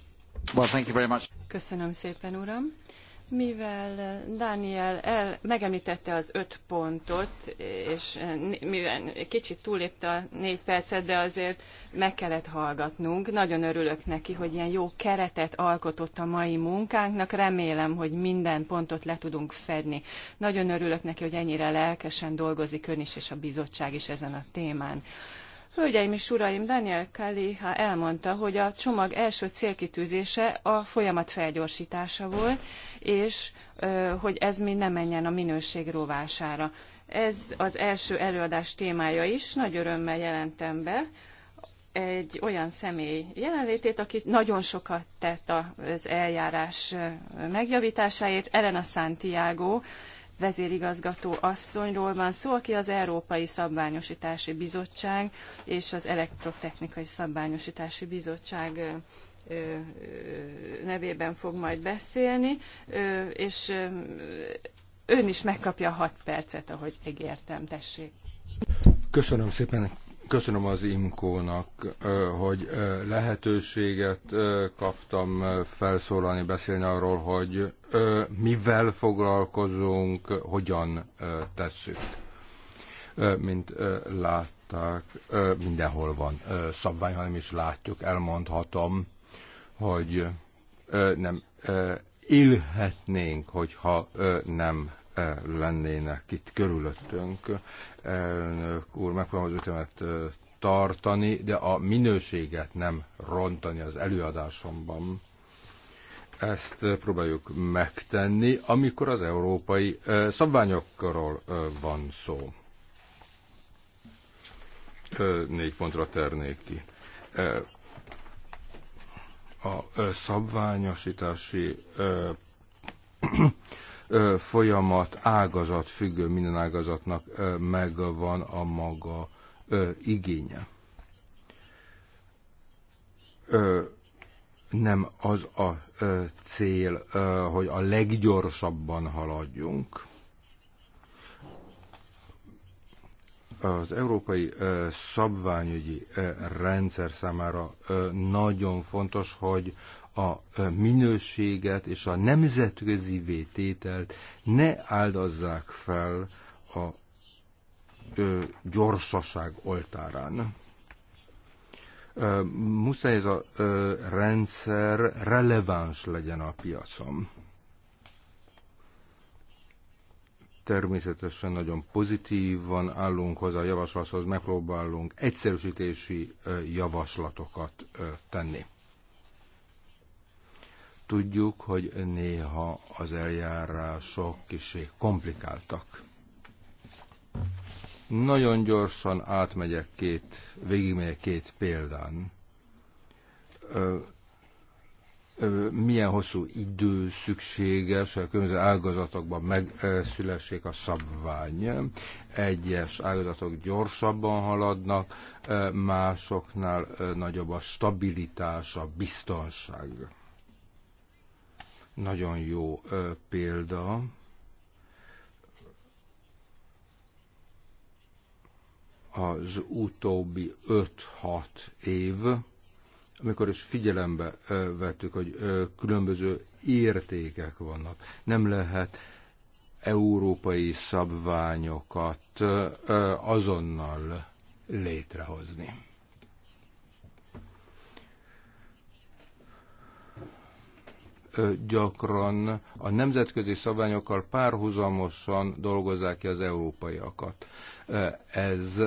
Well, Köszönöm szépen, uram! Mivel Dániel el, megemlítette az öt pontot, és eh, mivel kicsit túlépte a négy percet, de azért meg kellett hallgatnunk. Nagyon örülök neki, hogy ilyen jó keretet alkotott a mai munkánknak. Remélem, hogy minden pontot le tudunk fedni. Nagyon örülök neki, hogy ennyire lelkesen dolgozik ön is, és a bizottság is ezen a témán. Hölgyeim és uraim, Daniel Kaléha elmondta, hogy a csomag első célkitűzése a folyamat felgyorsítása volt, és hogy ez mind nem menjen a minőség rovására. Ez az első előadás témája is, nagy örömmel jelentem be egy olyan személy jelenlétét, aki nagyon sokat tett az eljárás megjavításáért, Elena Santiago, vezérigazgató asszonyról van szó, aki az Európai Szabványosítási Bizottság és az Elektrotechnikai Szabványosítási Bizottság nevében fog majd beszélni, és ön is megkapja 6 percet, ahogy ígértem, tessék. Köszönöm szépen, Köszönöm az Imkónak, hogy lehetőséget kaptam felszólalni, beszélni arról, hogy mivel foglalkozunk, hogyan tesszük. Mint látták, mindenhol van szabvány, hanem is látjuk, elmondhatom, hogy nem élhetnénk, hogyha nem lennének itt körülöttünk elnök úr, megpróbálom az ütemet tartani, de a minőséget nem rontani az előadásomban. Ezt próbáljuk megtenni, amikor az európai szabványokról van szó. Négy pontra ternék ki. A szabványosítási folyamat ágazat függő, minden ágazatnak megvan a maga igénye. Nem az a cél, hogy a leggyorsabban haladjunk. az európai szabványügyi rendszer számára nagyon fontos, hogy a minőséget és a nemzetközi vétételt ne áldozzák fel a ö, gyorsaság oltárán. Ö, muszáj ez a ö, rendszer releváns legyen a piacon. Természetesen nagyon pozitívan állunk hozzá a javaslathoz, megpróbálunk egyszerűsítési javaslatokat tenni Tudjuk, hogy néha az eljárások kisé komplikáltak. Nagyon gyorsan átmegyek két, végigmegyek két példán. Ö, ö, milyen hosszú idő szükséges, a különböző ágazatokban megszülessék a szabvány. Egyes ágazatok gyorsabban haladnak, másoknál nagyobb a stabilitás, a biztonság nagyon jó példa. az utóbbi 5-6 év, amikor is figyelembe vettük, hogy különböző értékek vannak. Nem lehet európai szabványokat azonnal létrehozni. gyakran a nemzetközi szabványokkal párhuzamosan dolgozzák ki az európaiakat. Ez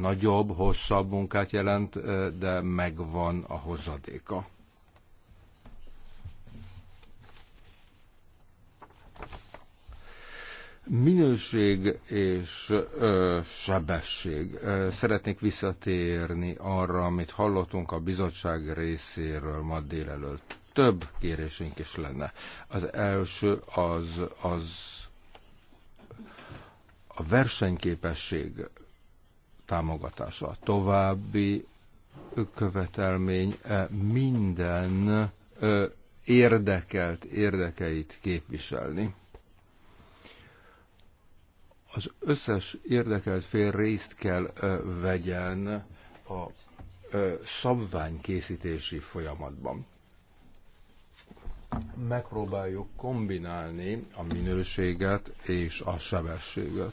nagyobb, hosszabb munkát jelent, de megvan a hozadéka. minőség és ö, sebesség. Szeretnék visszatérni arra, amit hallottunk a bizottság részéről ma délelőtt több kérésünk is lenne. Az első az, az a versenyképesség támogatása. A további követelmény eh, minden eh, érdekelt érdekeit képviselni. Az összes érdekelt fél részt kell eh, vegyen a szabványkészítési folyamatban megpróbáljuk kombinálni a minőséget és a sebességet.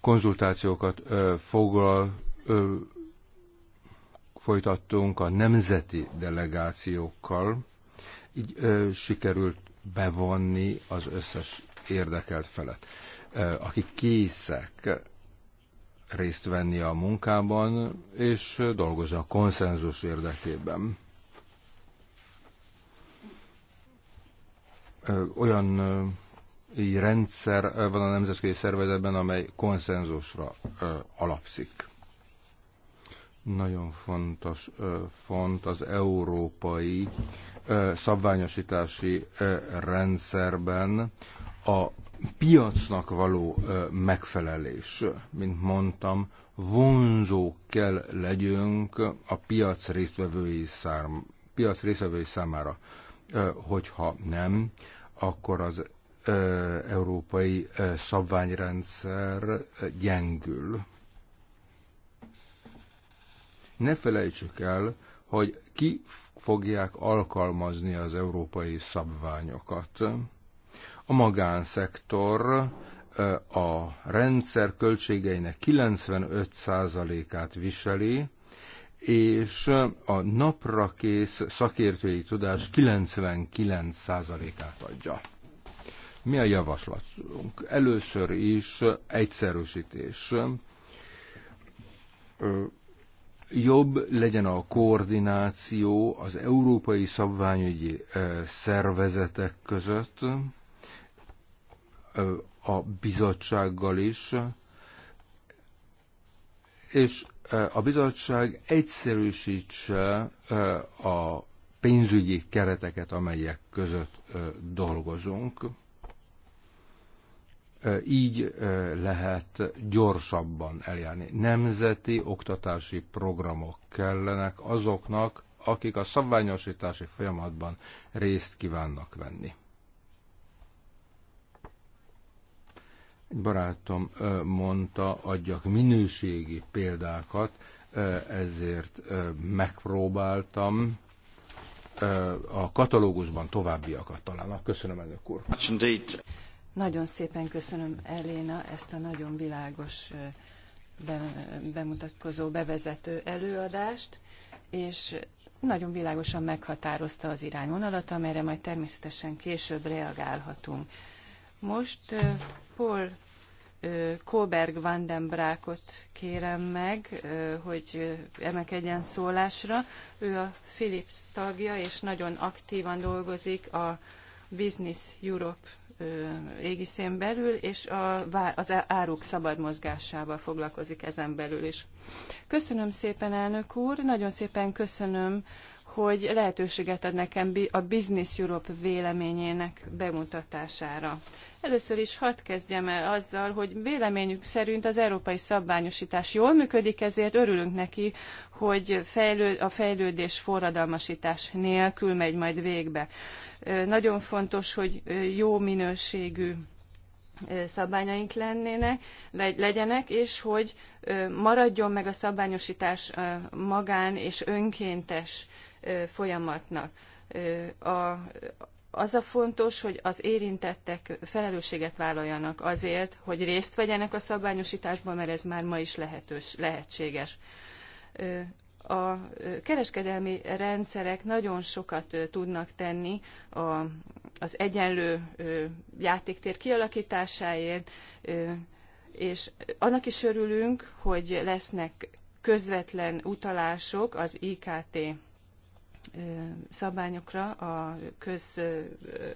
Konzultációkat ö, foglal, ö, folytattunk a nemzeti delegációkkal, így ö, sikerült bevonni az összes érdekelt felet, ö, akik készek részt venni a munkában, és dolgozni a konszenzus érdekében. Olyan így rendszer van a nemzetközi szervezetben, amely konszenzusra alapszik. Nagyon fontos font az európai szabványosítási rendszerben a piacnak való megfelelés. Mint mondtam, vonzó kell legyünk a piac résztvevői, szám, piac résztvevői számára. Hogyha nem, akkor az európai szabványrendszer gyengül. Ne felejtsük el, hogy ki fogják alkalmazni az európai szabványokat. A magánszektor a rendszer költségeinek 95%-át viseli, és a naprakész szakértői tudás 99%-át adja. Mi a javaslatunk? Először is egyszerűsítés. Jobb legyen a koordináció az európai szabványügyi szervezetek között, a bizottsággal is, és e, a bizottság egyszerűsítse e, a pénzügyi kereteket, amelyek között e, dolgozunk. Így lehet gyorsabban eljárni. Nemzeti oktatási programok kellenek azoknak, akik a szabványosítási folyamatban részt kívánnak venni. Egy barátom mondta, adjak minőségi példákat, ezért megpróbáltam a katalógusban továbbiakat találnak. Köszönöm, elnök úr. Nagyon szépen köszönöm, Eléna, ezt a nagyon világos bemutatkozó, bevezető előadást, és nagyon világosan meghatározta az irányvonalat, amelyre majd természetesen később reagálhatunk. Most Paul Koberg Brákot kérem meg, hogy emelkedjen szólásra. Ő a Philips tagja, és nagyon aktívan dolgozik a Business Europe égiszén belül, és a, az áruk szabad mozgásával foglalkozik ezen belül is. Köszönöm szépen, elnök úr, nagyon szépen köszönöm, hogy lehetőséget ad nekem a Business Europe véleményének bemutatására. Először is hadd kezdjem el azzal, hogy véleményük szerint az európai szabványosítás jól működik, ezért örülünk neki, hogy a fejlődés forradalmasítás nélkül megy majd végbe. Nagyon fontos, hogy jó minőségű szabványaink lennének, legyenek, és hogy maradjon meg a szabványosítás magán és önkéntes folyamatnak. A, az a fontos, hogy az érintettek felelősséget vállaljanak azért, hogy részt vegyenek a szabványosításban, mert ez már ma is lehetős, lehetséges. A kereskedelmi rendszerek nagyon sokat tudnak tenni az egyenlő játéktér kialakításáért, és annak is örülünk, hogy lesznek közvetlen utalások az IKT szabályokra a, köz,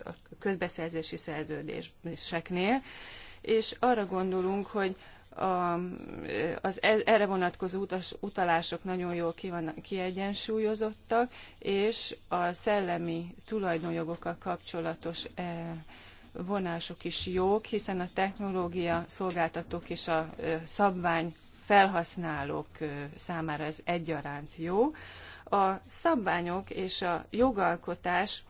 a közbeszerzési szerződéseknél, és arra gondolunk, hogy a, az e-, erre vonatkozó utas, utalások nagyon jól ki van, kiegyensúlyozottak, és a szellemi tulajdonjogokkal kapcsolatos e, vonások is jók, hiszen a technológia szolgáltatók és a e, szabvány felhasználók e, számára ez egyaránt jó a szabványok és a jogalkotás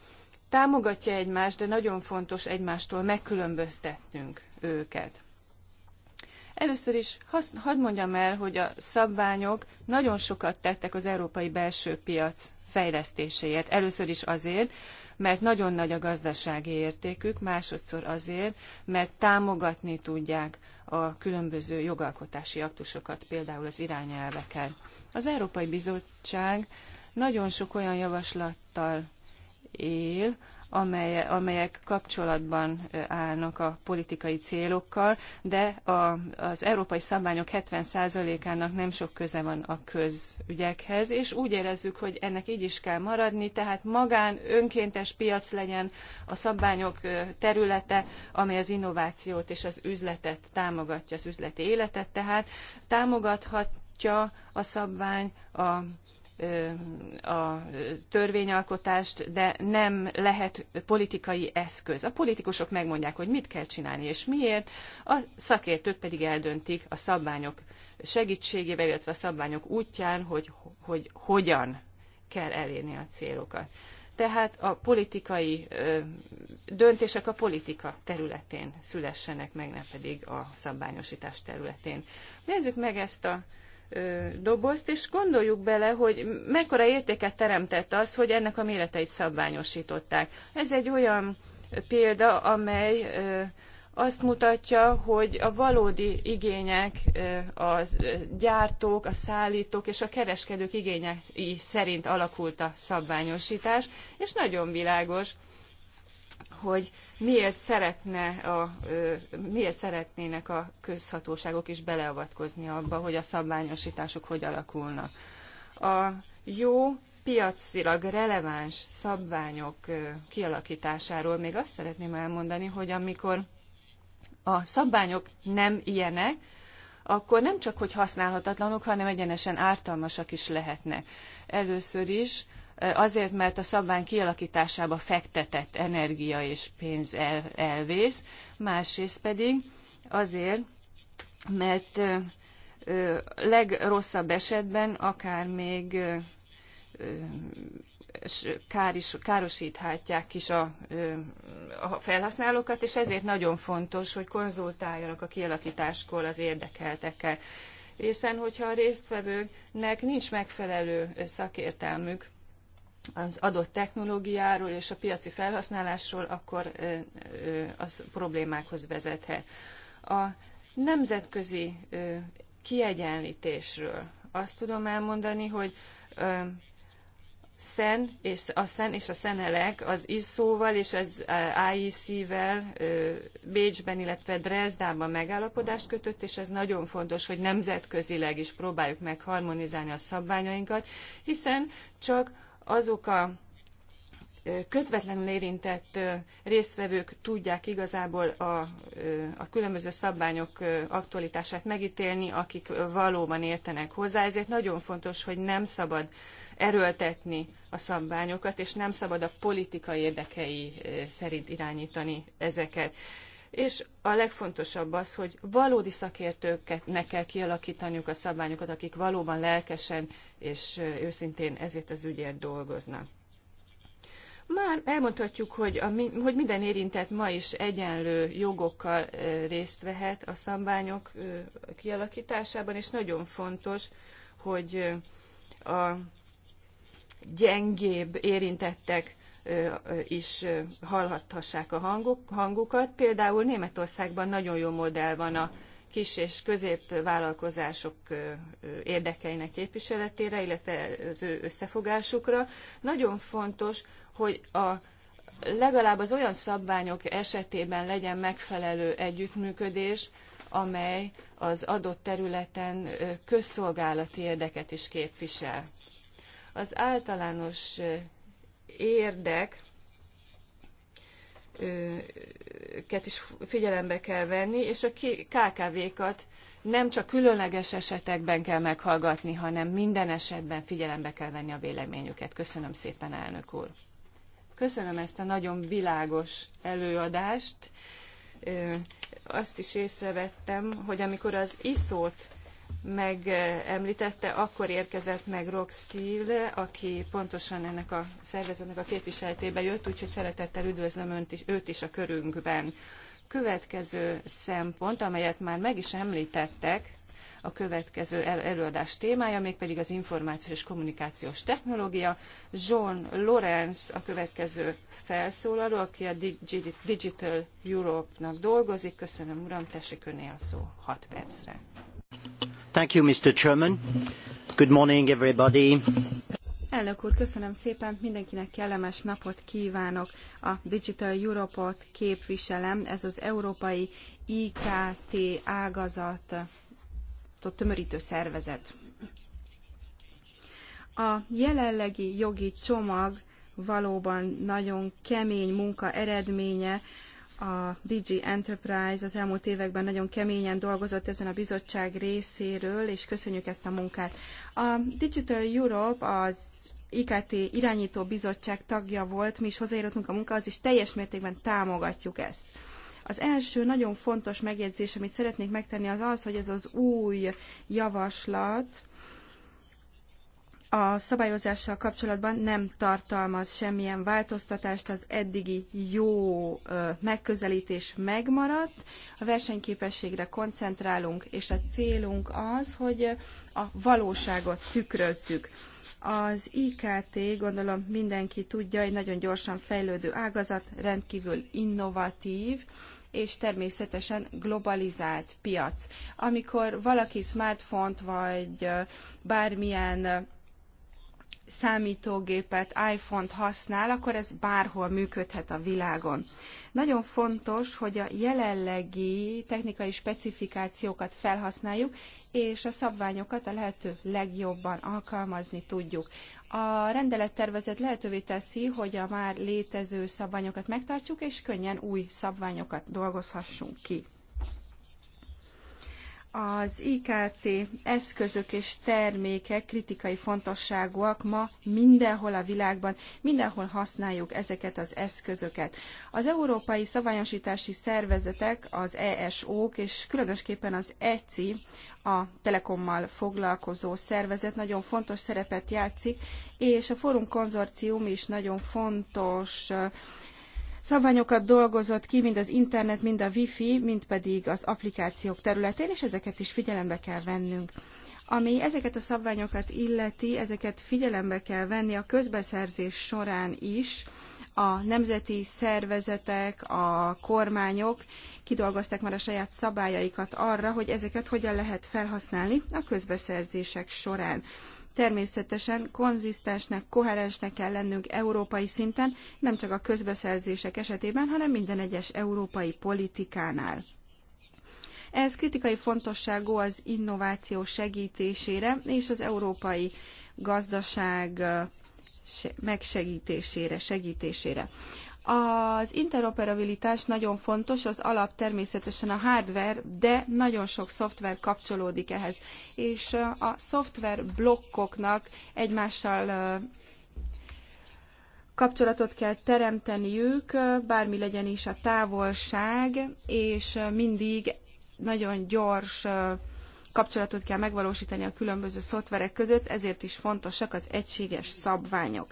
támogatja egymást, de nagyon fontos egymástól megkülönböztetnünk őket. Először is hadd mondjam el, hogy a szabványok nagyon sokat tettek az európai belső piac fejlesztéséért. Először is azért, mert nagyon nagy a gazdasági értékük, másodszor azért, mert támogatni tudják a különböző jogalkotási aktusokat, például az irányelveket. Az Európai Bizottság nagyon sok olyan javaslattal él, amelyek kapcsolatban állnak a politikai célokkal, de a, az európai szabványok 70%-ának nem sok köze van a közügyekhez, és úgy érezzük, hogy ennek így is kell maradni, tehát magán önkéntes piac legyen a szabványok területe, amely az innovációt és az üzletet támogatja, az üzleti életet, tehát támogathatja a szabvány a a törvényalkotást, de nem lehet politikai eszköz. A politikusok megmondják, hogy mit kell csinálni és miért, a szakértők pedig eldöntik a szabványok segítségével, illetve a szabványok útján, hogy, hogy hogyan kell elérni a célokat. Tehát a politikai döntések a politika területén szülessenek meg, nem pedig a szabványosítás területén. Nézzük meg ezt a dobozt, és gondoljuk bele, hogy mekkora értéket teremtett az, hogy ennek a méreteit szabványosították. Ez egy olyan példa, amely azt mutatja, hogy a valódi igények a gyártók, a szállítók és a kereskedők igényei szerint alakult a szabványosítás, és nagyon világos, hogy miért, szeretne a, miért szeretnének a közhatóságok is beleavatkozni abba, hogy a szabványosítások hogy alakulnak. A jó piacilag releváns szabványok kialakításáról még azt szeretném elmondani, hogy amikor a szabványok nem ilyenek, akkor nem csak hogy használhatatlanok, hanem egyenesen ártalmasak is lehetnek. Először is azért, mert a szabvány kialakításába fektetett energia és pénz el, elvész, másrészt pedig azért, mert legrosszabb esetben akár még káris, károsíthatják is a, a felhasználókat, és ezért nagyon fontos, hogy konzultáljanak a kialakításkor az érdekeltekkel. Hiszen, hogyha a résztvevőknek nincs megfelelő szakértelmük az adott technológiáról és a piaci felhasználásról, akkor az problémákhoz vezethet. A nemzetközi kiegyenlítésről azt tudom elmondani, hogy SZEN és a SZEN és a SZENELEK az ISZO-val és az IEC-vel Bécsben, illetve Dresdában megállapodást kötött, és ez nagyon fontos, hogy nemzetközileg is próbáljuk meg harmonizálni a szabványainkat, hiszen csak azok a közvetlenül érintett résztvevők tudják igazából a, a különböző szabványok aktualitását megítélni, akik valóban értenek hozzá. Ezért nagyon fontos, hogy nem szabad erőltetni a szabványokat, és nem szabad a politika érdekei szerint irányítani ezeket és a legfontosabb az, hogy valódi szakértőknek kell kialakítaniuk a szabványokat, akik valóban lelkesen és őszintén ezért az ügyért dolgoznak. Már elmondhatjuk, hogy, a, hogy minden érintett ma is egyenlő jogokkal részt vehet a szabványok kialakításában, és nagyon fontos, hogy a gyengébb érintettek is hallhathassák a hanguk, hangukat. Például Németországban nagyon jó modell van a kis és középvállalkozások érdekeinek képviseletére, illetve az ő összefogásukra. Nagyon fontos, hogy a legalább az olyan szabványok esetében legyen megfelelő együttműködés, amely az adott területen közszolgálati érdeket is képvisel. Az általános érdek őket is figyelembe kell venni, és a KKV-kat nem csak különleges esetekben kell meghallgatni, hanem minden esetben figyelembe kell venni a véleményüket. Köszönöm szépen, elnök úr! Köszönöm ezt a nagyon világos előadást. Azt is észrevettem, hogy amikor az iszót megemlítette, akkor érkezett meg Rock Steel, aki pontosan ennek a szervezetnek a képviseletébe jött, úgyhogy szeretettel üdvözlöm önt is, őt is a körünkben. Következő szempont, amelyet már meg is említettek, a következő előadás témája, mégpedig az információs és kommunikációs technológia. John Lorenz a következő felszólaló, aki a Digital Europe-nak dolgozik. Köszönöm, uram, tessék önné a szó 6 percre. Elnök úr, köszönöm szépen, mindenkinek kellemes napot kívánok. A Digital Europe-ot képviselem, ez az Európai IKT ágazatot tömörítő szervezet. A jelenlegi jogi csomag valóban nagyon kemény munka eredménye, a DG Enterprise az elmúlt években nagyon keményen dolgozott ezen a bizottság részéről, és köszönjük ezt a munkát. A Digital Europe az IKT irányító bizottság tagja volt, mi is hozzájárultunk a munkához, és teljes mértékben támogatjuk ezt. Az első nagyon fontos megjegyzés, amit szeretnék megtenni, az az, hogy ez az új javaslat, a szabályozással kapcsolatban nem tartalmaz semmilyen változtatást, az eddigi jó megközelítés megmaradt, a versenyképességre koncentrálunk, és a célunk az, hogy a valóságot tükrözzük. Az IKT, gondolom mindenki tudja, egy nagyon gyorsan fejlődő ágazat, rendkívül innovatív, és természetesen globalizált piac. Amikor valaki smartphone vagy bármilyen számítógépet, iPhone-t használ, akkor ez bárhol működhet a világon. Nagyon fontos, hogy a jelenlegi technikai specifikációkat felhasználjuk, és a szabványokat a lehető legjobban alkalmazni tudjuk. A rendelettervezet lehetővé teszi, hogy a már létező szabványokat megtartjuk, és könnyen új szabványokat dolgozhassunk ki az IKT eszközök és termékek kritikai fontosságúak ma mindenhol a világban, mindenhol használjuk ezeket az eszközöket. Az európai szabályosítási szervezetek, az ESO-k és különösképpen az ECI, a telekommal foglalkozó szervezet nagyon fontos szerepet játszik, és a Fórum Konzorcium is nagyon fontos szabványokat dolgozott ki, mind az internet, mind a wifi, mind pedig az applikációk területén, és ezeket is figyelembe kell vennünk. Ami ezeket a szabványokat illeti, ezeket figyelembe kell venni a közbeszerzés során is, a nemzeti szervezetek, a kormányok kidolgozták már a saját szabályaikat arra, hogy ezeket hogyan lehet felhasználni a közbeszerzések során. Természetesen konzisztensnek, koherensnek kell lennünk európai szinten, nem csak a közbeszerzések esetében, hanem minden egyes európai politikánál. Ez kritikai fontosságú az innováció segítésére és az európai gazdaság eh, megsegítésére, segítésére. Az interoperabilitás nagyon fontos, az alap természetesen a hardware, de nagyon sok szoftver kapcsolódik ehhez. És a szoftver blokkoknak egymással kapcsolatot kell teremteniük, bármi legyen is a távolság, és mindig nagyon gyors kapcsolatot kell megvalósítani a különböző szoftverek között, ezért is fontosak az egységes szabványok.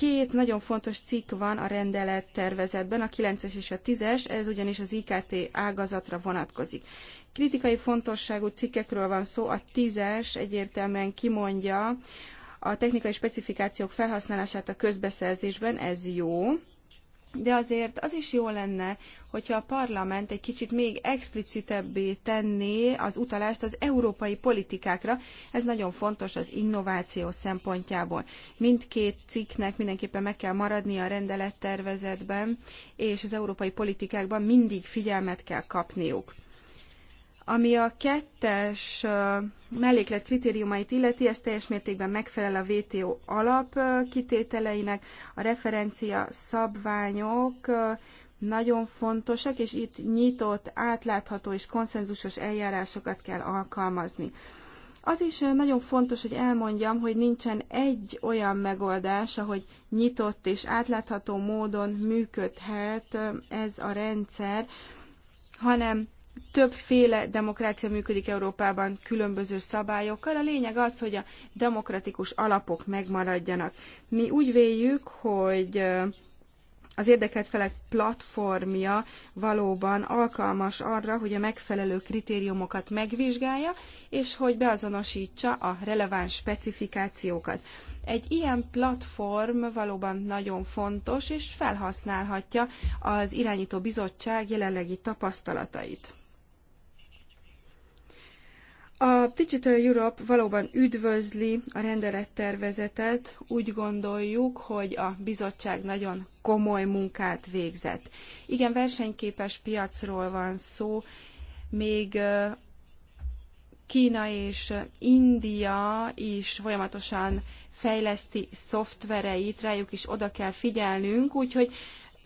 Két nagyon fontos cikk van a rendelet tervezetben, a 9-es és a 10-es, ez ugyanis az IKT ágazatra vonatkozik. Kritikai fontosságú cikkekről van szó, a 10-es egyértelműen kimondja a technikai specifikációk felhasználását a közbeszerzésben, ez jó de azért az is jó lenne, hogyha a parlament egy kicsit még explicitebbé tenné az utalást az európai politikákra. Ez nagyon fontos az innováció szempontjából. Mindkét cikknek mindenképpen meg kell maradnia a rendelettervezetben, és az európai politikákban mindig figyelmet kell kapniuk. Ami a kettes melléklet kritériumait illeti, ez teljes mértékben megfelel a VTO alap kitételeinek, a referencia szabványok nagyon fontosak, és itt nyitott, átlátható és konszenzusos eljárásokat kell alkalmazni. Az is nagyon fontos, hogy elmondjam, hogy nincsen egy olyan megoldás, ahogy nyitott és átlátható módon működhet ez a rendszer, hanem Többféle demokrácia működik Európában különböző szabályokkal. A lényeg az, hogy a demokratikus alapok megmaradjanak. Mi úgy véljük, hogy az érdekelt felek platformja valóban alkalmas arra, hogy a megfelelő kritériumokat megvizsgálja, és hogy beazonosítsa a releváns specifikációkat. Egy ilyen platform valóban nagyon fontos, és felhasználhatja az irányító bizottság jelenlegi tapasztalatait. A Digital Europe valóban üdvözli a rendelettervezetet. Úgy gondoljuk, hogy a bizottság nagyon komoly munkát végzett. Igen, versenyképes piacról van szó, még Kína és India is folyamatosan fejleszti szoftvereit, rájuk is oda kell figyelnünk, úgyhogy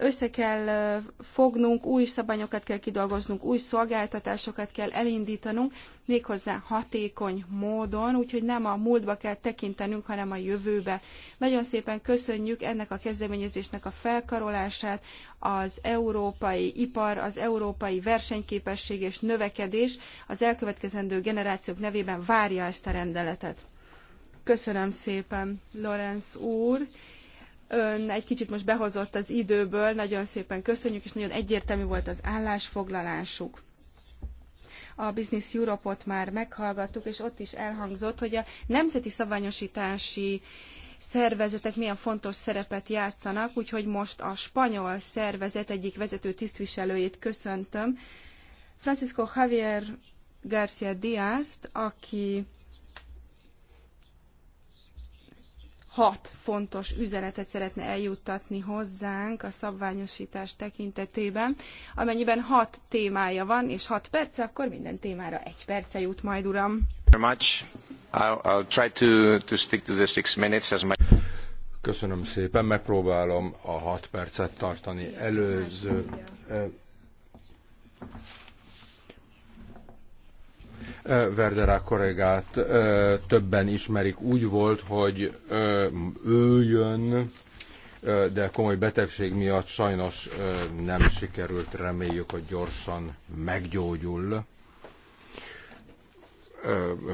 össze kell fognunk, új szabályokat kell kidolgoznunk, új szolgáltatásokat kell elindítanunk, méghozzá hatékony módon, úgyhogy nem a múltba kell tekintenünk, hanem a jövőbe. Nagyon szépen köszönjük ennek a kezdeményezésnek a felkarolását, az európai ipar, az európai versenyképesség és növekedés az elkövetkezendő generációk nevében várja ezt a rendeletet. Köszönöm szépen, Lorenz úr! Ön egy kicsit most behozott az időből, nagyon szépen köszönjük, és nagyon egyértelmű volt az állásfoglalásuk a Business Europe-ot már meghallgattuk, és ott is elhangzott, hogy a nemzeti szabványosítási szervezetek milyen fontos szerepet játszanak, úgyhogy most a spanyol szervezet egyik vezető tisztviselőjét köszöntöm, Francisco Javier García Díaz, aki hat fontos üzenetet szeretne eljuttatni hozzánk a szabványosítás tekintetében. Amennyiben hat témája van, és hat perce, akkor minden témára egy perce jut majd, uram. Köszönöm szépen, megpróbálom a hat percet tartani. Előző Verderá kollégát többen ismerik. Úgy volt, hogy ő jön, de komoly betegség miatt sajnos nem sikerült. Reméljük, hogy gyorsan meggyógyul.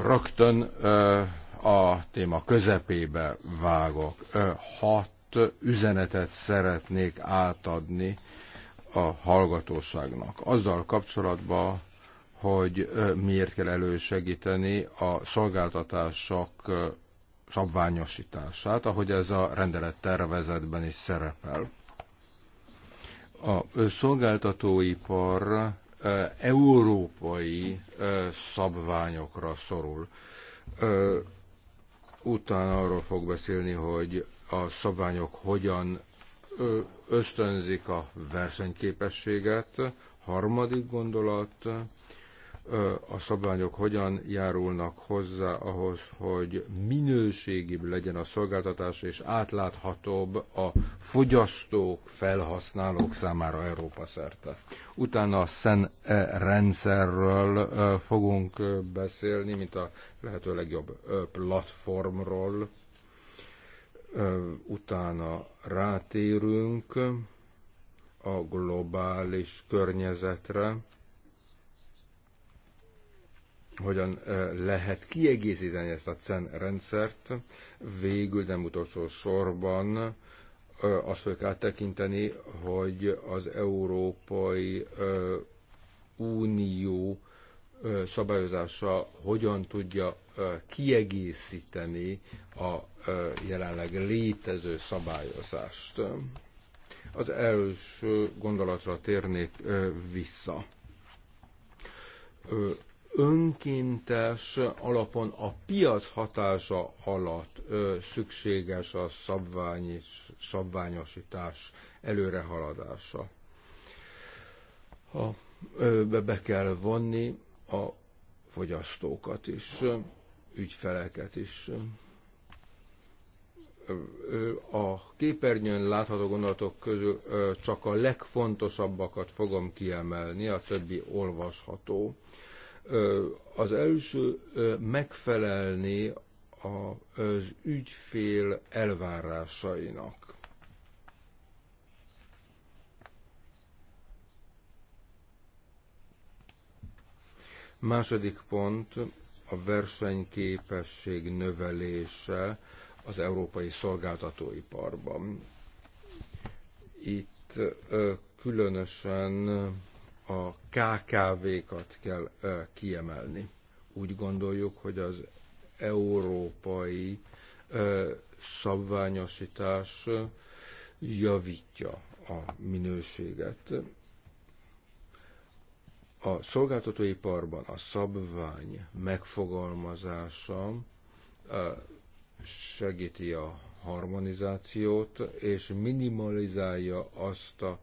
Rögtön a téma közepébe vágok. Hat üzenetet szeretnék átadni a hallgatóságnak. Azzal kapcsolatban, hogy miért kell elősegíteni a szolgáltatások szabványosítását, ahogy ez a rendelet tervezetben is szerepel. A szolgáltatóipar európai szabványokra szorul. Utána arról fog beszélni, hogy a szabványok hogyan ösztönzik a versenyképességet. Harmadik gondolat, a szabványok hogyan járulnak hozzá ahhoz, hogy minőségibb legyen a szolgáltatás és átláthatóbb a fogyasztók, felhasználók számára Európa szerte. Utána a SZEN e rendszerről fogunk beszélni, mint a lehető legjobb platformról. Utána rátérünk a globális környezetre, hogyan lehet kiegészíteni ezt a CEN rendszert. Végül nem utolsó sorban azt fogjuk áttekinteni, hogy az Európai Unió szabályozása hogyan tudja kiegészíteni a jelenleg létező szabályozást. Az első gondolatra térnék vissza önkéntes alapon a piac hatása alatt ö, szükséges a szabvány, szabványosítás előrehaladása. Ha, be kell vonni a fogyasztókat is, ügyfeleket is. A képernyőn látható gondolatok közül csak a legfontosabbakat fogom kiemelni, a többi olvasható az első megfelelni az ügyfél elvárásainak. Második pont a versenyképesség növelése az európai szolgáltatóiparban. Itt különösen a KKV-kat kell kiemelni. Úgy gondoljuk, hogy az európai szabványosítás javítja a minőséget. A szolgáltatóiparban a szabvány megfogalmazása segíti a harmonizációt, és minimalizálja azt a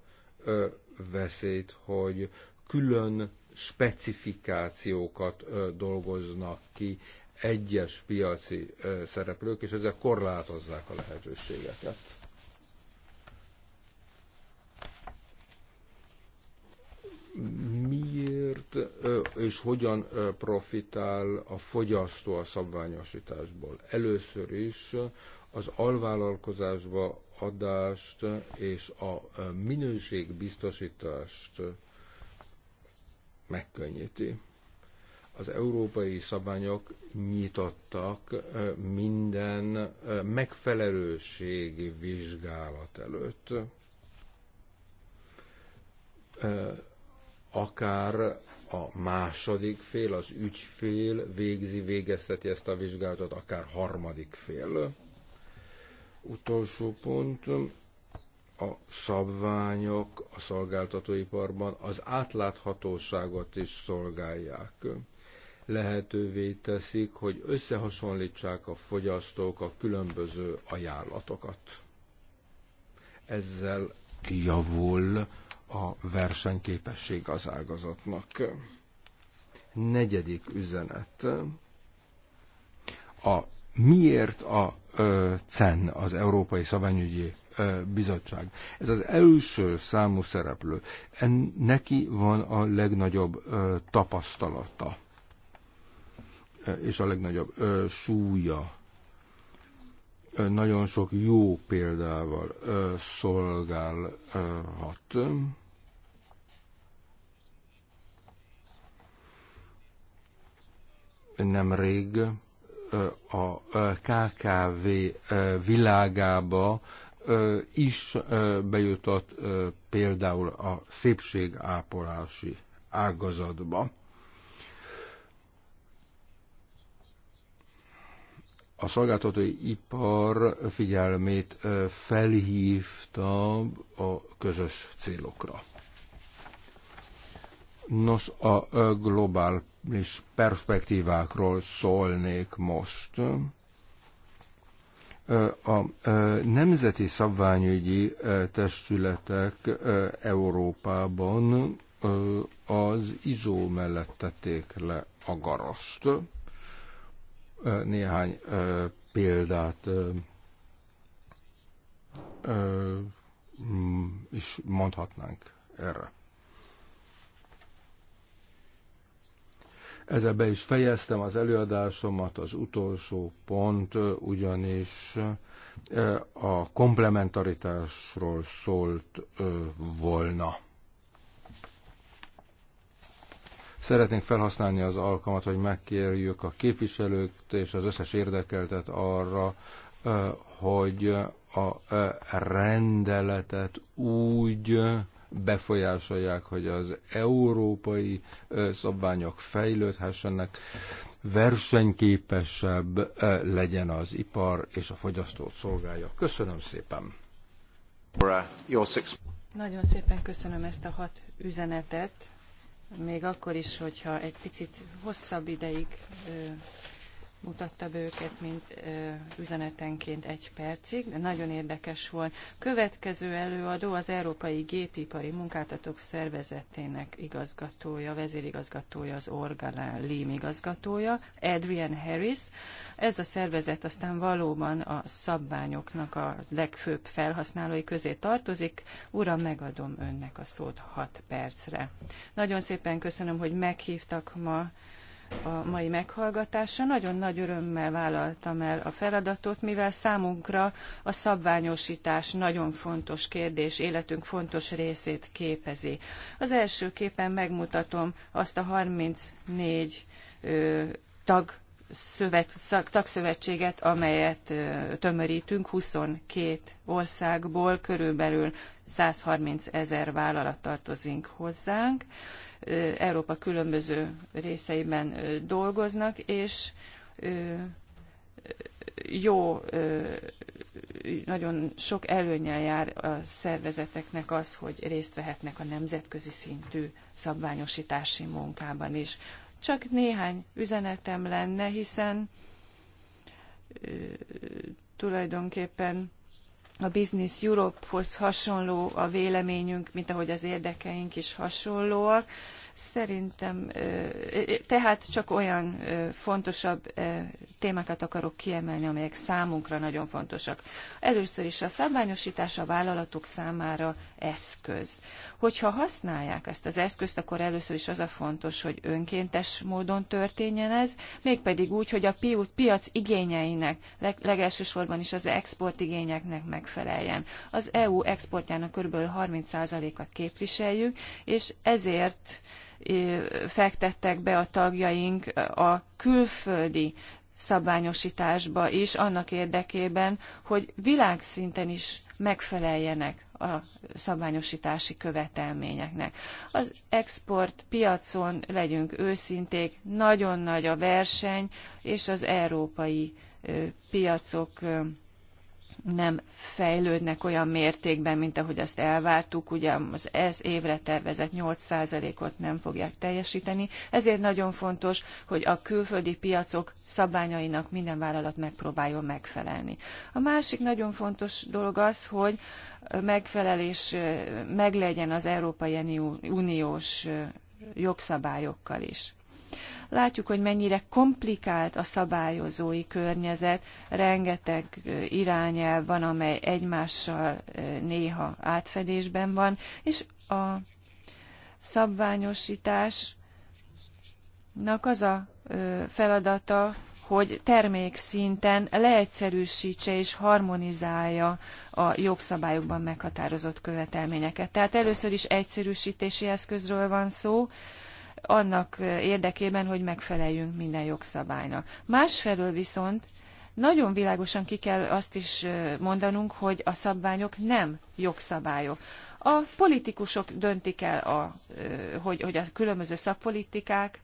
veszélyt, hogy külön specifikációkat dolgoznak ki egyes piaci szereplők, és ezek korlátozzák a lehetőségeket. miért és hogyan profitál a fogyasztó a szabványosításból. Először is az alvállalkozásba adást és a minőségbiztosítást megkönnyíti. Az európai szabályok nyitottak minden megfelelőségi vizsgálat előtt akár a második fél, az ügyfél végzi, végezteti ezt a vizsgálatot, akár harmadik fél. Utolsó pont, a szabványok a szolgáltatóiparban az átláthatóságot is szolgálják. Lehetővé teszik, hogy összehasonlítsák a fogyasztók a különböző ajánlatokat. Ezzel javul a versenyképesség az ágazatnak. Negyedik üzenet. A miért a CEN, az Európai Szabványügyi Bizottság. Ez az első számú szereplő. En, neki van a legnagyobb tapasztalata és a legnagyobb súlya nagyon sok jó példával szolgálhat. Nemrég a KKV világába is bejutott például a szépségápolási ágazatba. a szolgáltatói ipar figyelmét felhívta a közös célokra. Nos, a globális perspektívákról szólnék most. A nemzeti szabványügyi testületek Európában az izó mellett tették le a garast. Néhány példát is mondhatnánk erre. Ezzel be is fejeztem az előadásomat, az utolsó pont ugyanis a komplementaritásról szólt volna. Szeretnénk felhasználni az alkalmat, hogy megkérjük a képviselőt és az összes érdekeltet arra, hogy a rendeletet úgy befolyásolják, hogy az európai szabványok fejlődhessenek, versenyképesebb legyen az ipar és a fogyasztót szolgálja. Köszönöm szépen! Nagyon szépen köszönöm ezt a hat üzenetet, még akkor is, hogyha egy picit hosszabb ideig mutatta be őket, mint üzenetenként egy percig, de nagyon érdekes volt. Következő előadó az Európai Gépipari Munkáltatók Szervezetének igazgatója, vezérigazgatója, az Orgalán Lím igazgatója, Adrian Harris. Ez a szervezet aztán valóban a szabványoknak a legfőbb felhasználói közé tartozik. Uram, megadom önnek a szót hat percre. Nagyon szépen köszönöm, hogy meghívtak ma a mai meghallgatásra. Nagyon nagy örömmel vállaltam el a feladatot, mivel számunkra a szabványosítás nagyon fontos kérdés, életünk fontos részét képezi. Az első képen megmutatom azt a 34 ö, tag szövet, szak, tagszövetséget, amelyet tömörítünk 22 országból, körülbelül 130 ezer vállalat tartozik hozzánk. Európa különböző részeiben dolgoznak, és jó, nagyon sok előnyel jár a szervezeteknek az, hogy részt vehetnek a nemzetközi szintű szabványosítási munkában is. Csak néhány üzenetem lenne, hiszen tulajdonképpen a Business Europe-hoz hasonló a véleményünk, mint ahogy az érdekeink is hasonlóak. Szerintem tehát csak olyan fontosabb témákat akarok kiemelni, amelyek számunkra nagyon fontosak. Először is a szabványosítás a vállalatok számára eszköz. Hogyha használják ezt az eszközt, akkor először is az a fontos, hogy önkéntes módon történjen ez, mégpedig úgy, hogy a piac igényeinek, legelsősorban is az export igényeknek megfeleljen. Az EU exportjának kb. 30%-at képviseljük, és ezért fektettek be a tagjaink a külföldi szabványosításba is annak érdekében, hogy világszinten is megfeleljenek a szabványosítási követelményeknek. Az exportpiacon legyünk őszinték, nagyon nagy a verseny, és az európai piacok nem fejlődnek olyan mértékben, mint ahogy azt elvártuk, ugye az ez évre tervezett 8%-ot nem fogják teljesíteni, ezért nagyon fontos, hogy a külföldi piacok szabványainak minden vállalat megpróbáljon megfelelni. A másik nagyon fontos dolog az, hogy megfelelés meglegyen az Európai Uniós jogszabályokkal is. Látjuk, hogy mennyire komplikált a szabályozói környezet, rengeteg irányelv van, amely egymással néha átfedésben van, és a szabványosításnak az a feladata, hogy termékszinten leegyszerűsítse és harmonizálja a jogszabályokban meghatározott követelményeket. Tehát először is egyszerűsítési eszközről van szó, annak érdekében, hogy megfeleljünk minden jogszabálynak. Másfelől viszont nagyon világosan ki kell azt is mondanunk, hogy a szabványok nem jogszabályok. A politikusok döntik el, a, hogy, hogy a különböző szakpolitikák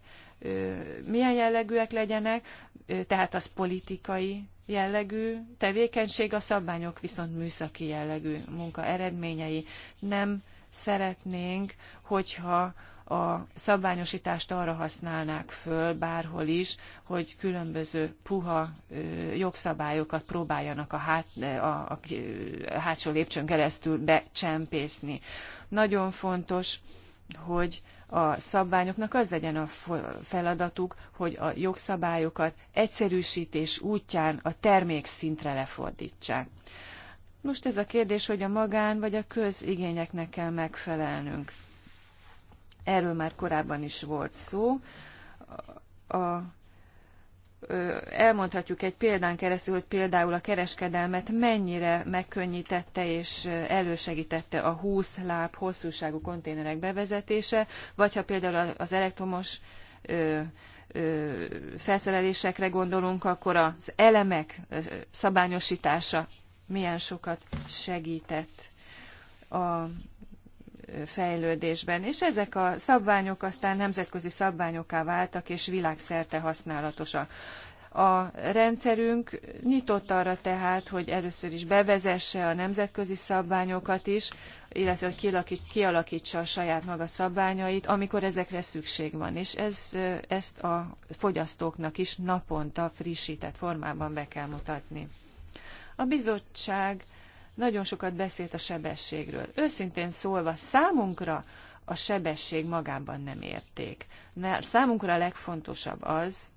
milyen jellegűek legyenek, tehát az politikai jellegű tevékenység, a szabványok viszont műszaki jellegű munka eredményei. Nem szeretnénk, hogyha a szabványosítást arra használnák föl bárhol is, hogy különböző puha jogszabályokat próbáljanak a, hát, a, a hátsó lépcsőn keresztül becsempészni. Nagyon fontos, hogy a szabványoknak az legyen a feladatuk, hogy a jogszabályokat egyszerűsítés útján a termékszintre lefordítsák. Most ez a kérdés, hogy a magán vagy a közigényeknek kell megfelelnünk erről már korábban is volt szó. A, elmondhatjuk egy példán keresztül, hogy például a kereskedelmet mennyire megkönnyítette és elősegítette a 20 láb hosszúságú konténerek bevezetése, vagy ha például az elektromos ö, ö, felszerelésekre gondolunk, akkor az elemek szabályosítása milyen sokat segített a fejlődésben, és ezek a szabványok aztán nemzetközi szabványokká váltak, és világszerte használatosak. A rendszerünk nyitott arra tehát, hogy először is bevezesse a nemzetközi szabványokat is, illetve hogy kialakítsa a saját maga szabványait, amikor ezekre szükség van. És ez, ezt a fogyasztóknak is naponta frissített formában be kell mutatni. A bizottság nagyon sokat beszélt a sebességről. Őszintén szólva, számunkra a sebesség magában nem érték. Számunkra a legfontosabb az,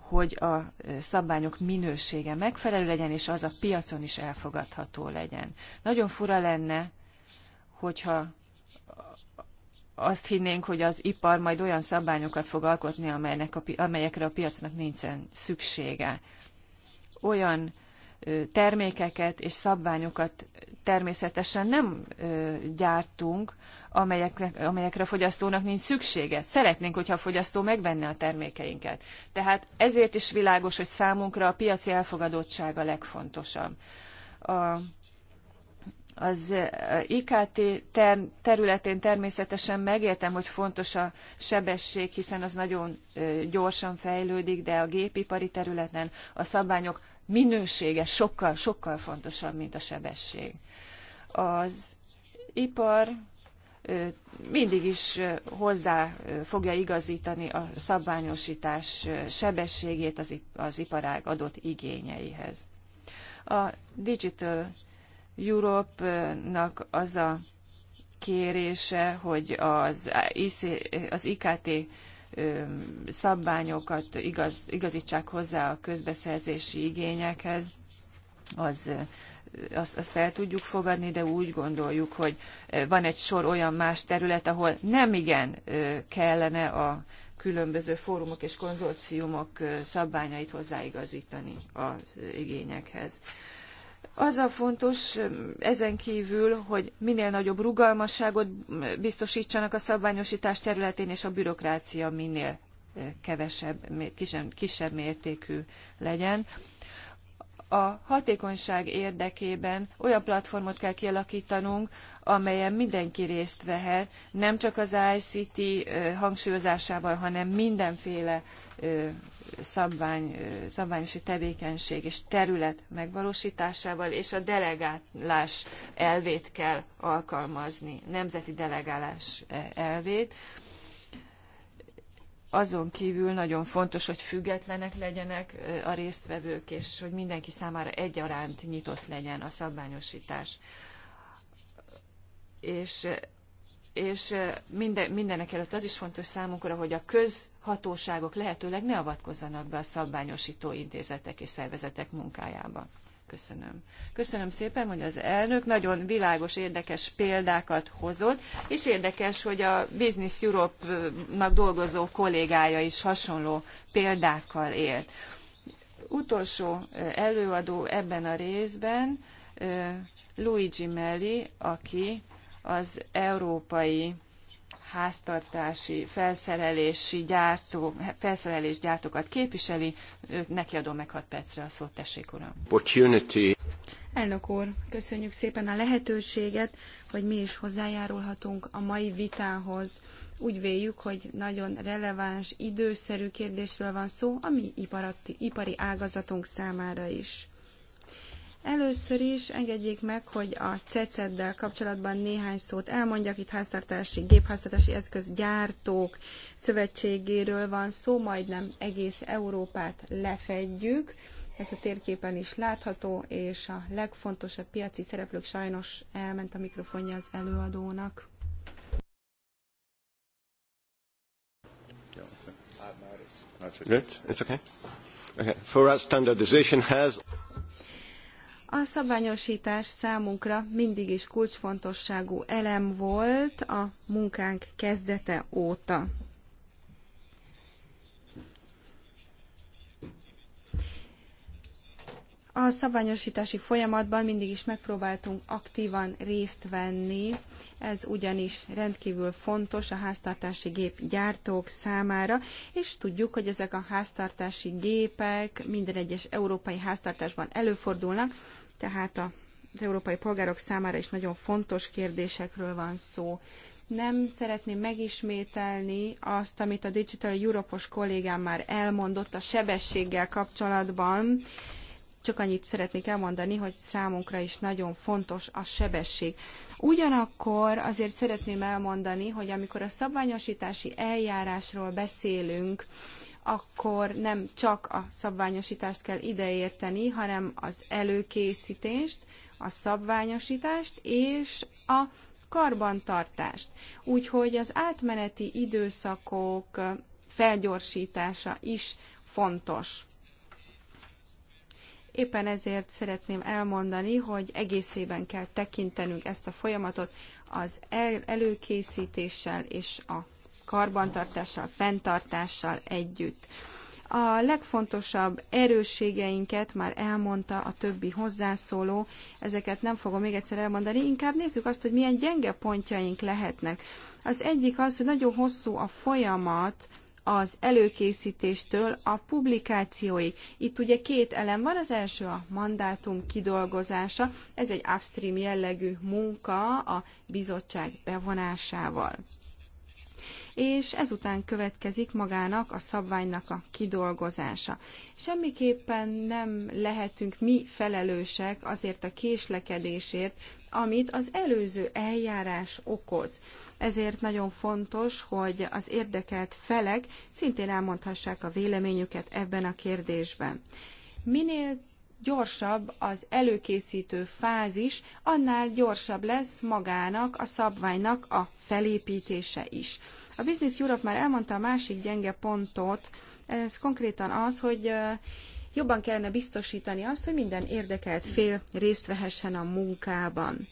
hogy a szabványok minősége megfelelő legyen, és az a piacon is elfogadható legyen. Nagyon fura lenne, hogyha azt hinnénk, hogy az ipar majd olyan szabványokat fog alkotni, a, amelyekre a piacnak nincsen szüksége. Olyan termékeket és szabványokat természetesen nem gyártunk, amelyekre, amelyekre a fogyasztónak nincs szüksége. Szeretnénk, hogyha a fogyasztó megvenne a termékeinket. Tehát ezért is világos, hogy számunkra a piaci elfogadottság a legfontosabb. A, az IKT ter területén természetesen megértem, hogy fontos a sebesség, hiszen az nagyon gyorsan fejlődik, de a gépipari területen a szabványok minősége sokkal, sokkal fontosabb, mint a sebesség. Az ipar mindig is hozzá fogja igazítani a szabványosítás sebességét az iparág adott igényeihez. A Digital Europe-nak az a kérése, hogy az, IC, az IKT szabványokat igaz, igazítsák hozzá a közbeszerzési igényekhez, az azt, azt el tudjuk fogadni, de úgy gondoljuk, hogy van egy sor olyan más terület, ahol nem igen kellene a különböző fórumok és konzorciumok szabványait hozzáigazítani az igényekhez. Az a fontos ezen kívül, hogy minél nagyobb rugalmasságot biztosítsanak a szabványosítás területén, és a bürokrácia minél kevesebb, kisebb, kisebb mértékű legyen. A hatékonyság érdekében olyan platformot kell kialakítanunk, amelyen mindenki részt vehet, nem csak az ICT hangsúlyozásával, hanem mindenféle szabvány, szabványosi tevékenység és terület megvalósításával, és a delegálás elvét kell alkalmazni, nemzeti delegálás elvét. Azon kívül nagyon fontos, hogy függetlenek legyenek a résztvevők, és hogy mindenki számára egyaránt nyitott legyen a szabványosítás. És és mindenekelőtt mindenek előtt az is fontos számunkra, hogy a közhatóságok lehetőleg ne avatkozzanak be a szabványosító intézetek és szervezetek munkájába. Köszönöm. Köszönöm szépen, hogy az elnök nagyon világos, érdekes példákat hozott, és érdekes, hogy a Business Europe-nak dolgozó kollégája is hasonló példákkal élt. Utolsó előadó ebben a részben Luigi Melli, aki az európai háztartási felszerelési gyártó, felszerelés gyártókat képviseli. Őt neki adom meg 6 percre a szót, tessék uram. Opportunity. Elnök úr, köszönjük szépen a lehetőséget, hogy mi is hozzájárulhatunk a mai vitához. Úgy véljük, hogy nagyon releváns, időszerű kérdésről van szó, ami ipari ágazatunk számára is. Először is engedjék meg, hogy a CECED-del kapcsolatban néhány szót elmondjak. Itt háztartási, gépháztartási gyártók szövetségéről van szó, majdnem egész Európát lefedjük. Ez a térképen is látható, és a legfontosabb piaci szereplők sajnos elment a mikrofonja az előadónak. Good. It's okay. Okay. For us, standardization has a szabványosítás számunkra mindig is kulcsfontosságú elem volt a munkánk kezdete óta. a szabványosítási folyamatban mindig is megpróbáltunk aktívan részt venni, ez ugyanis rendkívül fontos a háztartási gép gyártók számára, és tudjuk, hogy ezek a háztartási gépek minden egyes európai háztartásban előfordulnak, tehát az európai polgárok számára is nagyon fontos kérdésekről van szó. Nem szeretném megismételni azt, amit a Digital Europos kollégám már elmondott a sebességgel kapcsolatban, csak annyit szeretnék elmondani, hogy számunkra is nagyon fontos a sebesség. Ugyanakkor azért szeretném elmondani, hogy amikor a szabványosítási eljárásról beszélünk, akkor nem csak a szabványosítást kell ideérteni, hanem az előkészítést, a szabványosítást és a karbantartást. Úgyhogy az átmeneti időszakok felgyorsítása is fontos. Éppen ezért szeretném elmondani, hogy egészében kell tekintenünk ezt a folyamatot az előkészítéssel és a karbantartással, fenntartással együtt. A legfontosabb erősségeinket már elmondta a többi hozzászóló, ezeket nem fogom még egyszer elmondani, inkább nézzük azt, hogy milyen gyenge pontjaink lehetnek. Az egyik az, hogy nagyon hosszú a folyamat, az előkészítéstől a publikációig. Itt ugye két elem van, az első a mandátum kidolgozása, ez egy upstream jellegű munka a bizottság bevonásával és ezután következik magának a szabványnak a kidolgozása. Semmiképpen nem lehetünk mi felelősek azért a késlekedésért, amit az előző eljárás okoz. Ezért nagyon fontos, hogy az érdekelt felek szintén elmondhassák a véleményüket ebben a kérdésben. Minél gyorsabb az előkészítő fázis, annál gyorsabb lesz magának a szabványnak a felépítése is. A Business Europe már elmondta a másik gyenge pontot, ez konkrétan az, hogy jobban kellene biztosítani azt, hogy minden érdekelt fél részt vehessen a munkában.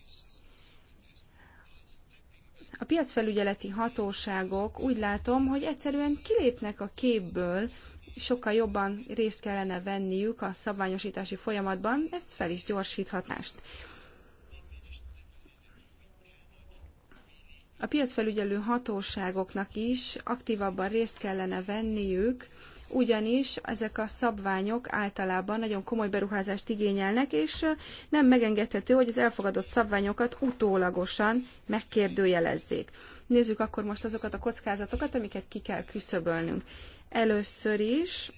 A piacfelügyeleti hatóságok úgy látom, hogy egyszerűen kilépnek a képből, sokkal jobban részt kellene venniük a szabványosítási folyamatban, ez fel is gyorsíthatást. a piacfelügyelő hatóságoknak is aktívabban részt kellene venniük, ugyanis ezek a szabványok általában nagyon komoly beruházást igényelnek, és nem megengedhető, hogy az elfogadott szabványokat utólagosan megkérdőjelezzék. Nézzük akkor most azokat a kockázatokat, amiket ki kell küszöbölnünk. Először is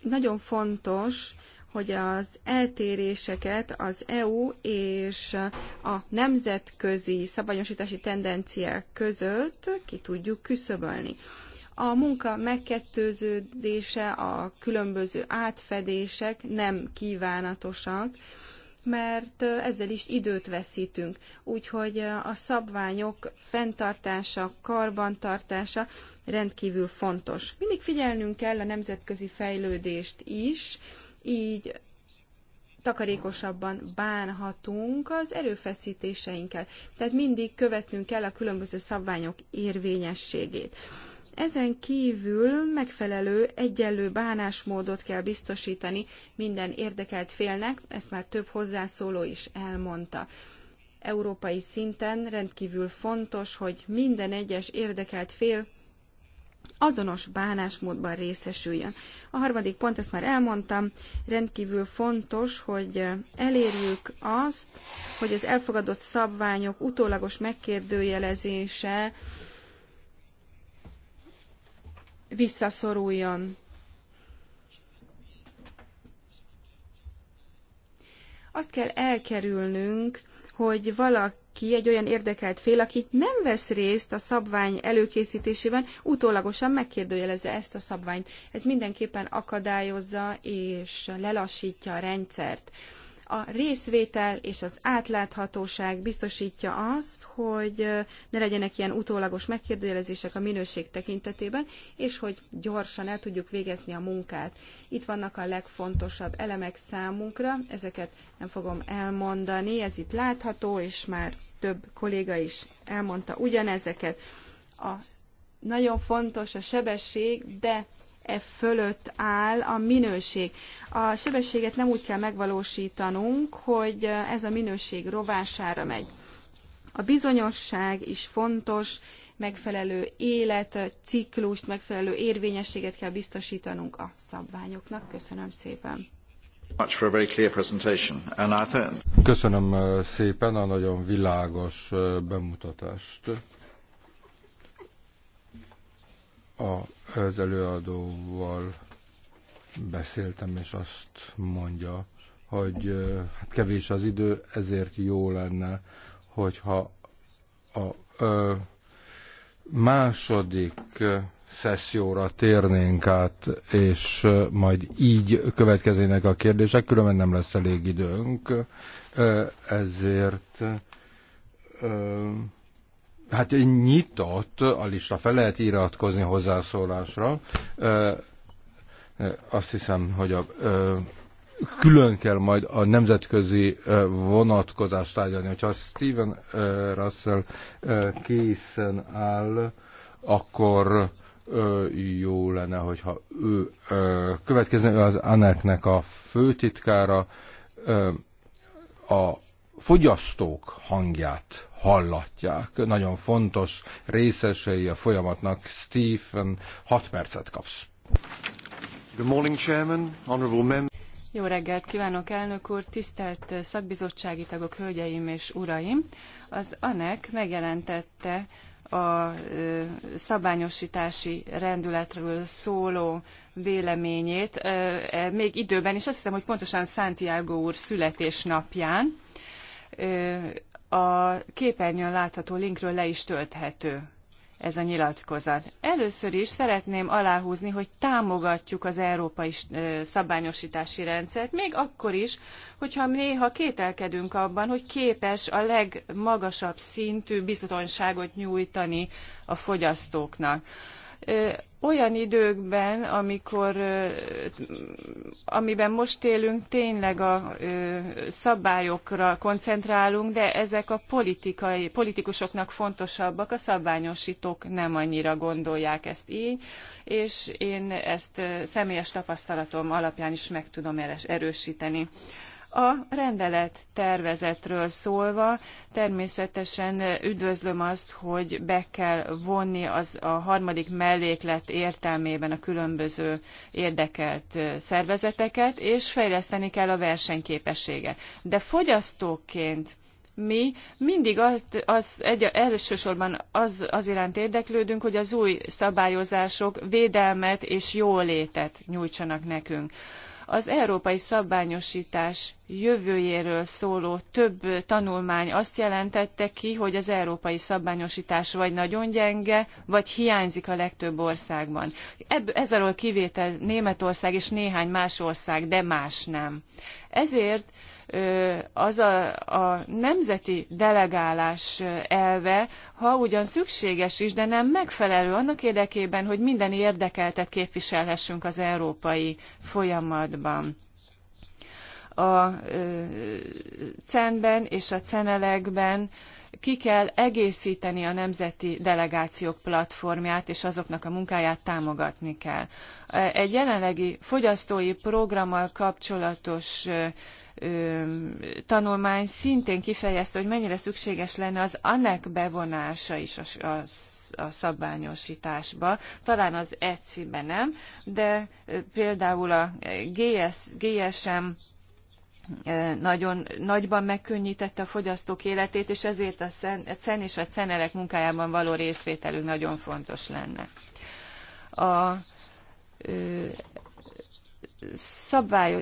nagyon fontos, hogy az eltéréseket az EU és a nemzetközi szabályosítási tendenciák között ki tudjuk küszöbölni. A munka megkettőződése, a különböző átfedések nem kívánatosak, mert ezzel is időt veszítünk. Úgyhogy a szabványok fenntartása, karbantartása rendkívül fontos. Mindig figyelnünk kell a nemzetközi fejlődést is, így takarékosabban bánhatunk az erőfeszítéseinkkel. Tehát mindig követnünk kell a különböző szabványok érvényességét. Ezen kívül megfelelő, egyenlő bánásmódot kell biztosítani minden érdekelt félnek, ezt már több hozzászóló is elmondta. Európai szinten rendkívül fontos, hogy minden egyes érdekelt fél azonos bánásmódban részesüljön. A harmadik pont, ezt már elmondtam, rendkívül fontos, hogy elérjük azt, hogy az elfogadott szabványok utólagos megkérdőjelezése visszaszoruljon. Azt kell elkerülnünk, hogy valaki ki egy olyan érdekelt fél, aki nem vesz részt a szabvány előkészítésében, utólagosan megkérdőjelezze ezt a szabványt. Ez mindenképpen akadályozza és lelassítja a rendszert. A részvétel és az átláthatóság biztosítja azt, hogy ne legyenek ilyen utólagos megkérdőjelezések a minőség tekintetében, és hogy gyorsan el tudjuk végezni a munkát. Itt vannak a legfontosabb elemek számunkra, ezeket nem fogom elmondani, ez itt látható, és már több kolléga is elmondta ugyanezeket. A nagyon fontos a sebesség, de e fölött áll a minőség. A sebességet nem úgy kell megvalósítanunk, hogy ez a minőség rovására megy. A bizonyosság is fontos, megfelelő életciklust, megfelelő érvényességet kell biztosítanunk a szabványoknak. Köszönöm szépen! Köszönöm szépen a nagyon világos bemutatást az előadóval beszéltem, és azt mondja, hogy hát kevés az idő, ezért jó lenne, hogyha a ö, második szesszióra térnénk át, és majd így következének a kérdések, különben nem lesz elég időnk, ezért hát nyitott a lista, fel lehet iratkozni hozzászólásra. Azt hiszem, hogy a külön kell majd a nemzetközi vonatkozást tárgyalni. ha Steven Russell készen áll, akkor jó lenne, hogyha ő következne, ő az ANEC-nek a főtitkára, a fogyasztók hangját hallatják. Nagyon fontos részesei a folyamatnak. Stephen, hat percet kapsz. Good morning, Chairman, honorable members. Jó reggelt kívánok, elnök úr, tisztelt szakbizottsági tagok, hölgyeim és uraim! Az ANEK megjelentette a szabványosítási rendületről szóló véleményét, e, még időben, és azt hiszem, hogy pontosan Santiago úr születésnapján a képernyőn látható linkről le is tölthető ez a nyilatkozat. Először is szeretném aláhúzni, hogy támogatjuk az európai szabványosítási rendszert, még akkor is, hogyha néha kételkedünk abban, hogy képes a legmagasabb szintű biztonságot nyújtani a fogyasztóknak olyan időkben, amikor, amiben most élünk, tényleg a szabályokra koncentrálunk, de ezek a politikai, politikusoknak fontosabbak, a szabványosítók nem annyira gondolják ezt így, és én ezt személyes tapasztalatom alapján is meg tudom erősíteni. A rendelet tervezetről szólva természetesen üdvözlöm azt, hogy be kell vonni az a harmadik melléklet értelmében a különböző érdekelt szervezeteket, és fejleszteni kell a versenyképességet. De fogyasztóként mi mindig az, az egy, elsősorban az, az iránt érdeklődünk, hogy az új szabályozások védelmet és jólétet nyújtsanak nekünk. Az európai szabványosítás jövőjéről szóló több tanulmány azt jelentette ki, hogy az európai szabványosítás vagy nagyon gyenge, vagy hiányzik a legtöbb országban. Ebb, ez alól kivétel Németország és néhány más ország, de más nem. Ezért az a, a nemzeti delegálás elve, ha ugyan szükséges is, de nem megfelelő annak érdekében, hogy minden érdekeltet képviselhessünk az európai folyamatban a CEN-ben és a CENELEG-ben ki kell egészíteni a nemzeti delegációk platformját, és azoknak a munkáját támogatni kell. Egy jelenlegi fogyasztói programmal kapcsolatos tanulmány szintén kifejezte, hogy mennyire szükséges lenne az ANEK bevonása is a, a, a szabványosításba. Talán az eci nem, de például a GS, GSM nagyon nagyban megkönnyítette a fogyasztók életét, és ezért a CEN és a CENELek munkájában való részvételünk nagyon fontos lenne. A,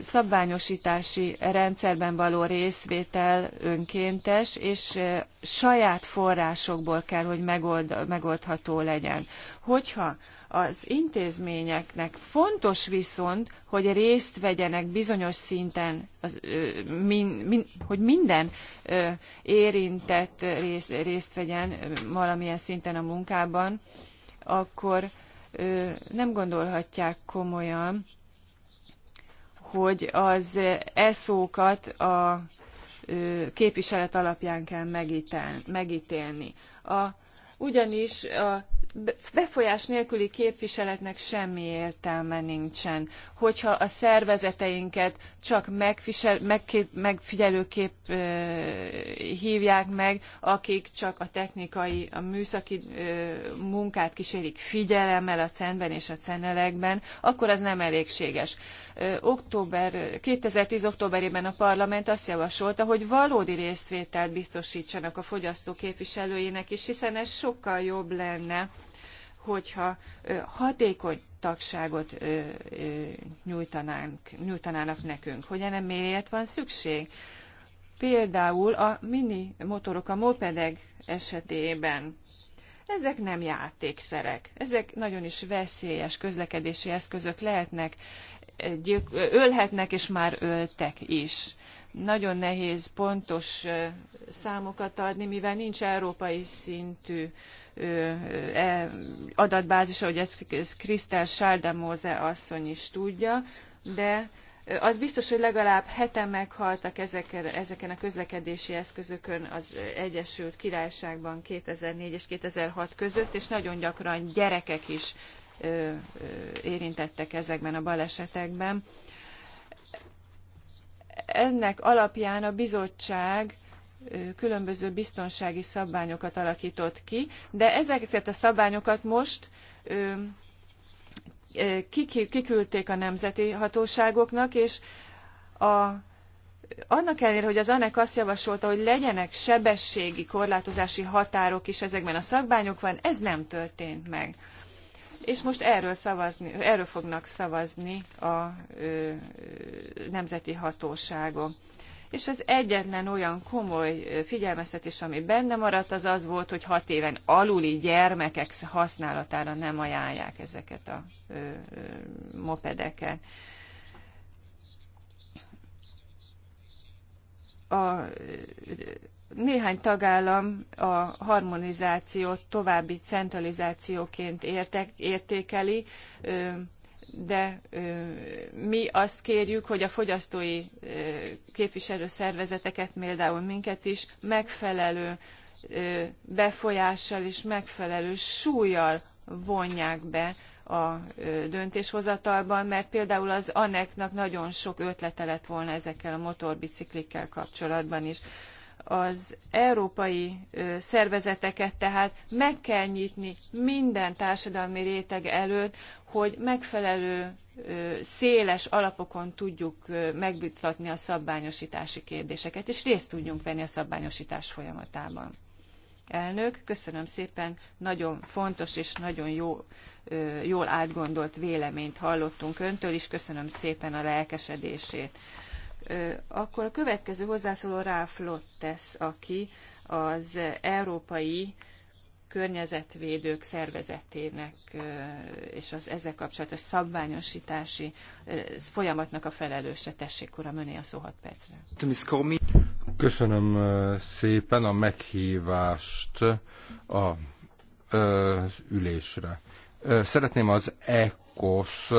szabványosítási rendszerben való részvétel önkéntes, és e, saját forrásokból kell, hogy megold, megoldható legyen. Hogyha az intézményeknek fontos viszont, hogy részt vegyenek bizonyos szinten, az, min, min, hogy minden érintett részt vegyen valamilyen szinten a munkában, akkor nem gondolhatják komolyan, hogy az eszókat a képviselet alapján kell megítélni. A, ugyanis a befolyás nélküli képviseletnek semmi értelme nincsen. Hogyha a szervezeteinket csak megfisel, megkép, megfigyelőkép ö, hívják meg, akik csak a technikai, a műszaki ö, munkát kísérik figyelemmel a cenben és a cenelekben, akkor az nem elégséges október, 2010. októberében a parlament azt javasolta, hogy valódi részvételt biztosítsanak a fogyasztó képviselőinek is, hiszen ez sokkal jobb lenne, hogyha hatékony tagságot nyújtanánk, nyújtanának nekünk. Hogy ennek miért van szükség? Például a mini motorok, a mopedek esetében ezek nem játékszerek, ezek nagyon is veszélyes közlekedési eszközök lehetnek, gyilk, ölhetnek, és már öltek is. Nagyon nehéz pontos számokat adni, mivel nincs európai szintű e, adatbázis, ahogy ezt Krisztel Sárdemóze asszony is tudja, de az biztos, hogy legalább heten meghaltak ezeken, ezeken a közlekedési eszközökön az Egyesült Királyságban 2004 és 2006 között, és nagyon gyakran gyerekek is érintettek ezekben a balesetekben. Ennek alapján a bizottság különböző biztonsági szabványokat alakított ki, de ezeket a szabványokat most kiküldték a nemzeti hatóságoknak, és a annak ellenére, hogy az ANEK azt javasolta, hogy legyenek sebességi korlátozási határok is ezekben a szabványokban, ez nem történt meg és most erről, szavazni, erről fognak szavazni a ö, nemzeti hatóságok. És az egyetlen olyan komoly figyelmeztetés, ami benne maradt, az az volt, hogy hat éven aluli gyermekek használatára nem ajánlják ezeket a ö, ö, mopedeket. A, ö, néhány tagállam a harmonizációt további centralizációként értek, értékeli, de mi azt kérjük, hogy a fogyasztói képviselő szervezeteket, például minket is, megfelelő befolyással és megfelelő súlyjal vonják be a döntéshozatalban, mert például az ANEK-nak nagyon sok ötlete lett volna ezekkel a motorbiciklikkel kapcsolatban is az európai szervezeteket tehát meg kell nyitni minden társadalmi réteg előtt, hogy megfelelő széles alapokon tudjuk megvitatni a szabványosítási kérdéseket, és részt tudjunk venni a szabványosítás folyamatában. Elnök, köszönöm szépen, nagyon fontos és nagyon jó, jól átgondolt véleményt hallottunk öntől, és köszönöm szépen a lelkesedését. Akkor a következő hozzászóló Ralph Lottes, aki az Európai Környezetvédők Szervezetének és az ezzel kapcsolatos szabványosítási folyamatnak a felelőse. Tessék, uram, öné a szó 6 percre. Köszönöm szépen a meghívást a, az ülésre. Szeretném az EK kosz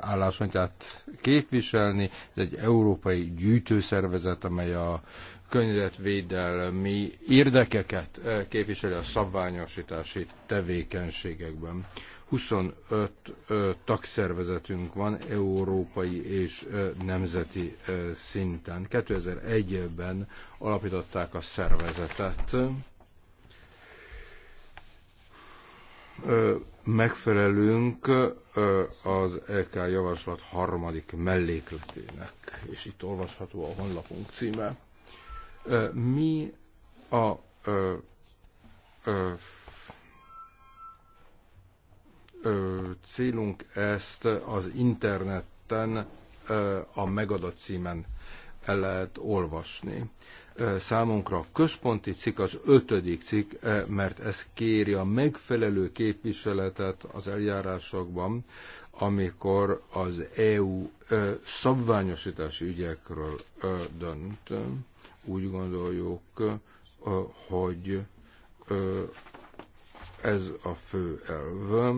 álláspontját képviselni. Ez egy európai gyűjtőszervezet, amely a környezetvédelmi érdekeket képviseli a szabványosítási tevékenységekben. 25 tagszervezetünk van európai és nemzeti szinten. 2001-ben alapították a szervezetet megfelelünk az EK javaslat harmadik mellékletének, és itt olvasható a honlapunk címe. Mi a ö, ö, ö, célunk ezt az interneten a megadott címen el lehet olvasni számunkra központi cikk az ötödik cikk, mert ez kéri a megfelelő képviseletet az eljárásokban, amikor az EU szabványosítási ügyekről dönt. Úgy gondoljuk, hogy ez a fő elv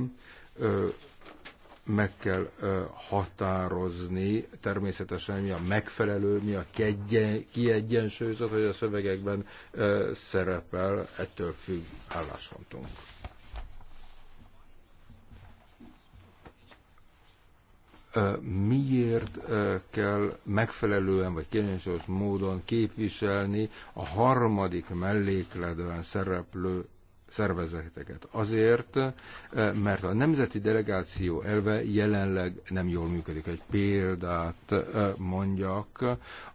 meg kell határozni természetesen, mi a megfelelő, mi a kiegyensúlyozat, hogy a szövegekben szerepel, ettől függ álláspontunk. miért kell megfelelően vagy kiegyensúlyos módon képviselni a harmadik mellékletben szereplő szervezeteket. Azért, eh, mert a nemzeti delegáció elve jelenleg nem jól működik. Egy példát eh, mondjak,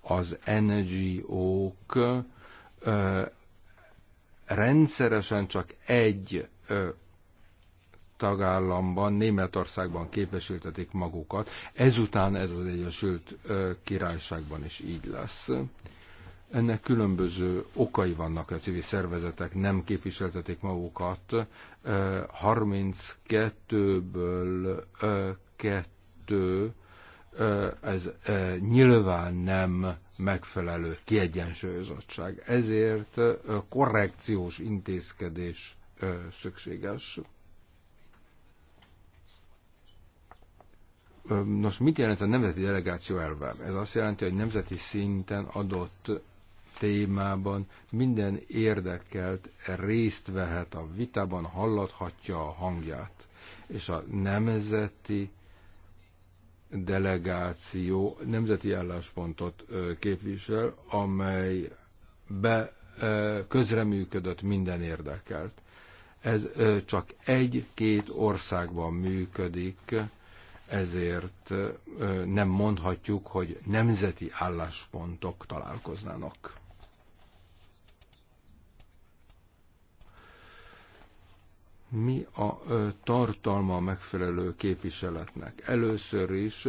az NGO-k eh, rendszeresen csak egy tagállamban, Németországban képesültetik magukat, ezután ez az Egyesült Királyságban is így lesz. Ennek különböző okai vannak, a civil szervezetek nem képviseltetik magukat. 32-ből 2 ez nyilván nem megfelelő kiegyensúlyozottság. Ezért korrekciós intézkedés szükséges. Nos, mit jelent a nemzeti delegáció elve? Ez azt jelenti, hogy nemzeti szinten adott témában minden érdekelt részt vehet a vitában, hallathatja a hangját. És a nemzeti delegáció nemzeti álláspontot képvisel, amely be közreműködött minden érdekelt. Ez csak egy-két országban működik, ezért nem mondhatjuk, hogy nemzeti álláspontok találkoznának. mi a tartalma a megfelelő képviseletnek. Először is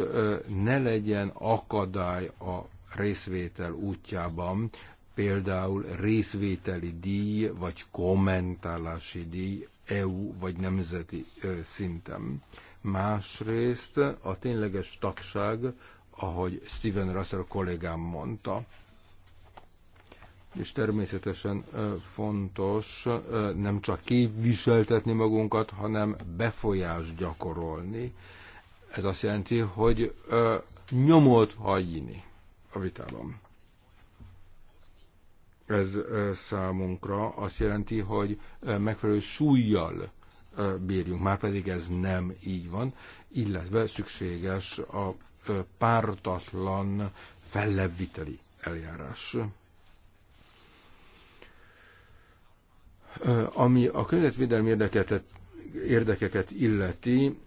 ne legyen akadály a részvétel útjában, például részvételi díj vagy kommentálási díj EU vagy nemzeti szinten. Másrészt a tényleges tagság, ahogy Steven Russell kollégám mondta, és természetesen fontos nem csak képviseltetni magunkat, hanem befolyást gyakorolni. Ez azt jelenti, hogy nyomot hagyni a vitában. Ez számunkra azt jelenti, hogy megfelelő súlyjal bírjunk, már pedig ez nem így van, illetve szükséges a pártatlan fellevviteli eljárás. Ami a környezetvédelmi érdekeket, érdekeket illeti,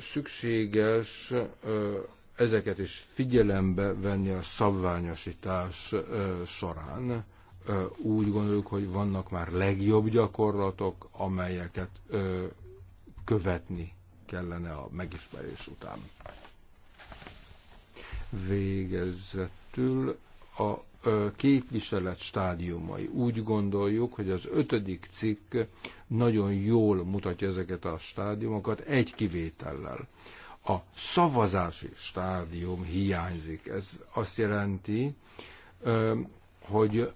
szükséges ezeket is figyelembe venni a szabványosítás során. Úgy gondoljuk, hogy vannak már legjobb gyakorlatok, amelyeket követni kellene a megismerés után. Végezetül a képviselet stádiumai. Úgy gondoljuk, hogy az ötödik cikk nagyon jól mutatja ezeket a stádiumokat, egy kivétellel. A szavazási stádium hiányzik. Ez azt jelenti, hogy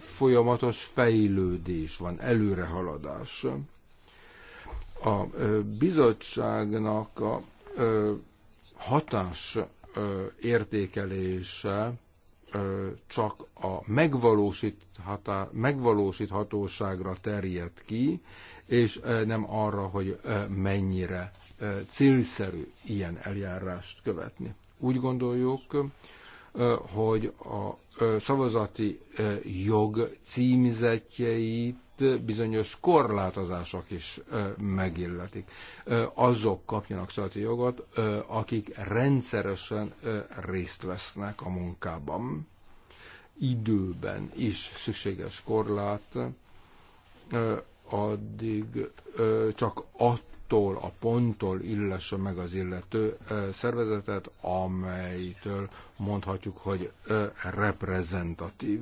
folyamatos fejlődés van, előrehaladás. A bizottságnak a hatás értékelése csak a megvalósíthatóságra terjed ki, és nem arra, hogy mennyire célszerű ilyen eljárást követni. Úgy gondoljuk, hogy a szavazati jog címzetjeit bizonyos korlátozások is megilletik. Azok kapjanak szavazati jogot, akik rendszeresen részt vesznek a munkában. Időben is szükséges korlát, addig csak attól, attól a ponttól illesse meg az illető szervezetet, amelytől mondhatjuk, hogy reprezentatív.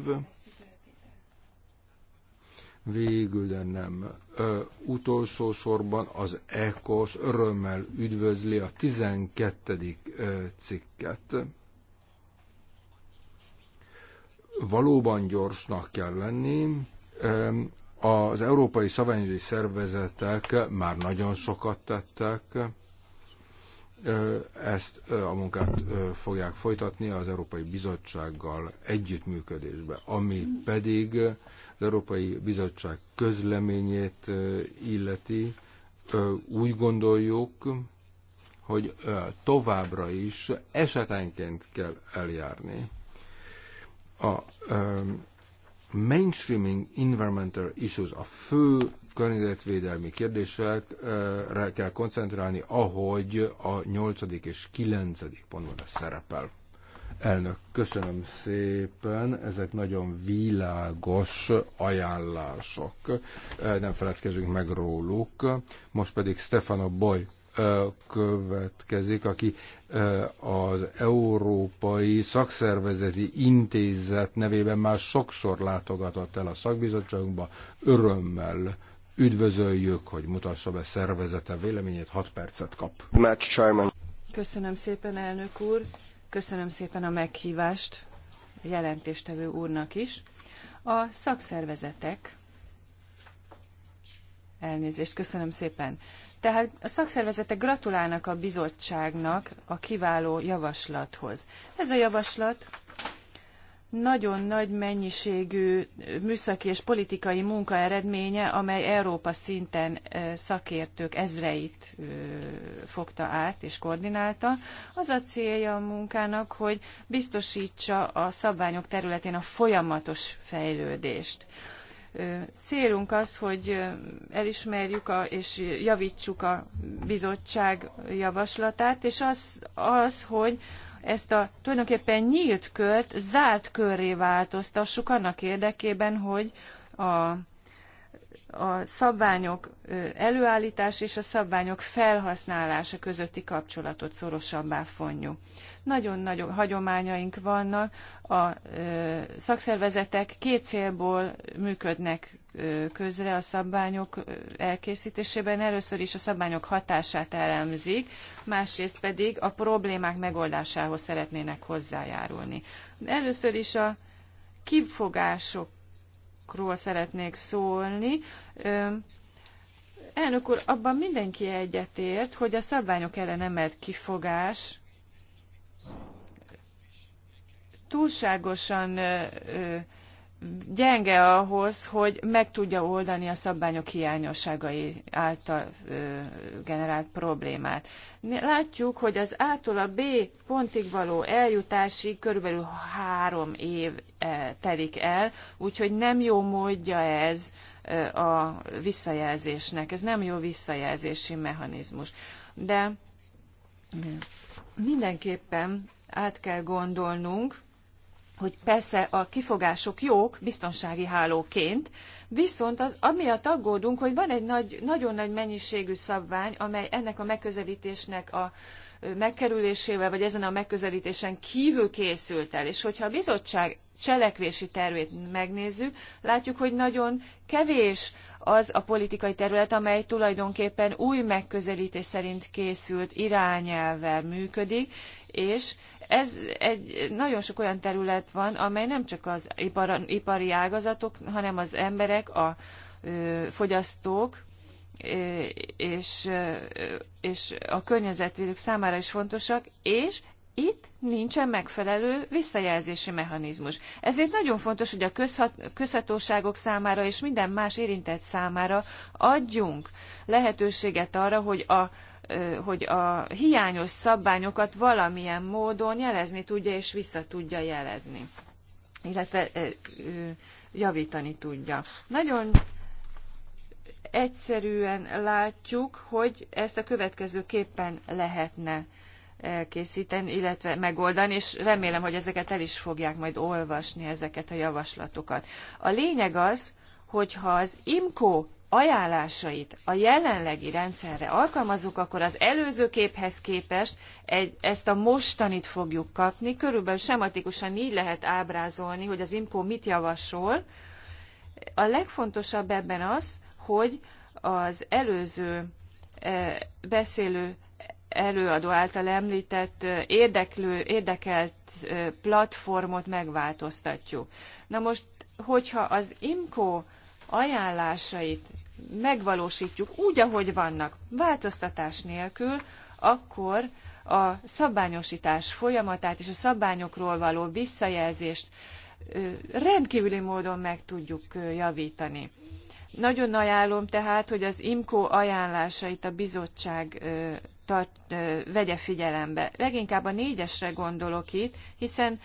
Végül, de nem ö, utolsó sorban az ECOS örömmel üdvözli a 12. Ö, cikket. Valóban gyorsnak kell lenni, az európai szabványügyi szervezetek már nagyon sokat tettek, ezt a munkát fogják folytatni az Európai Bizottsággal együttműködésbe, ami pedig az Európai Bizottság közleményét illeti. Úgy gondoljuk, hogy továbbra is esetenként kell eljárni. A mainstreaming environmental issues, a fő környezetvédelmi kérdésekre kell koncentrálni, ahogy a 8. és 9. pontban ez szerepel. Elnök, köszönöm szépen, ezek nagyon világos ajánlások, nem feledkezünk meg róluk. Most pedig Stefano Boy következik, aki az Európai Szakszervezeti Intézet nevében már sokszor látogatott el a szakbizottságunkba. Örömmel üdvözöljük, hogy mutassa be szervezete véleményét, 6 percet kap. Köszönöm szépen, elnök úr. Köszönöm szépen a meghívást a jelentéstevő úrnak is. A szakszervezetek Elnézést, köszönöm szépen. Tehát a szakszervezetek gratulálnak a bizottságnak a kiváló javaslathoz. Ez a javaslat nagyon nagy mennyiségű műszaki és politikai munka eredménye, amely Európa szinten szakértők ezreit fogta át és koordinálta. Az a célja a munkának, hogy biztosítsa a szabványok területén a folyamatos fejlődést. Célunk az, hogy elismerjük a, és javítsuk a bizottság javaslatát, és az, az hogy ezt a tulajdonképpen nyílt kört zárt körré változtassuk annak érdekében, hogy a a szabványok előállítása és a szabványok felhasználása közötti kapcsolatot szorosabbá fonjuk. Nagyon nagy hagyományaink vannak, a szakszervezetek két célból működnek közre a szabványok elkészítésében. Először is a szabványok hatását elemzik, másrészt pedig a problémák megoldásához szeretnének hozzájárulni. Először is a kifogások dolgokról szeretnék szólni. Elnök úr, abban mindenki egyetért, hogy a szabványok ellen emelt kifogás túlságosan gyenge ahhoz, hogy meg tudja oldani a szabványok hiányosságai által generált problémát. Látjuk, hogy az A-tól a B pontig való eljutásig körülbelül három év telik el, úgyhogy nem jó módja ez a visszajelzésnek. Ez nem jó visszajelzési mechanizmus. De mindenképpen át kell gondolnunk, hogy persze a kifogások jók biztonsági hálóként, viszont az, amiatt aggódunk, hogy van egy nagy, nagyon nagy mennyiségű szabvány, amely ennek a megközelítésnek a megkerülésével, vagy ezen a megközelítésen kívül készült el. És hogyha a bizottság cselekvési tervét megnézzük, látjuk, hogy nagyon kevés az a politikai terület, amely tulajdonképpen új megközelítés szerint készült irányelvvel működik, és ez egy, nagyon sok olyan terület van, amely nem csak az ipar, ipari ágazatok, hanem az emberek, a ö, fogyasztók, és, és a környezetvédők számára is fontosak, és itt nincsen megfelelő visszajelzési mechanizmus. Ezért nagyon fontos, hogy a közhat, közhatóságok számára és minden más érintett számára adjunk lehetőséget arra, hogy a hogy a hiányos szabványokat valamilyen módon jelezni tudja és vissza tudja jelezni, illetve javítani tudja. Nagyon egyszerűen látjuk, hogy ezt a következőképpen lehetne készíteni, illetve megoldani, és remélem, hogy ezeket el is fogják majd olvasni, ezeket a javaslatokat. A lényeg az, hogyha az IMCO ajánlásait a jelenlegi rendszerre alkalmazzuk, akkor az előző képhez képest egy, ezt a mostanit fogjuk kapni. Körülbelül sematikusan így lehet ábrázolni, hogy az IMCO mit javasol. A legfontosabb ebben az, hogy az előző eh, beszélő előadó által említett eh, érdeklő, érdekelt eh, platformot megváltoztatjuk. Na most, hogyha az IMCO ajánlásait megvalósítjuk úgy, ahogy vannak, változtatás nélkül, akkor a szabványosítás folyamatát és a szabványokról való visszajelzést rendkívüli módon meg tudjuk javítani. Nagyon ajánlom tehát, hogy az IMCO ajánlásait a bizottság tart, vegye figyelembe. Leginkább a négyesre gondolok itt, hiszen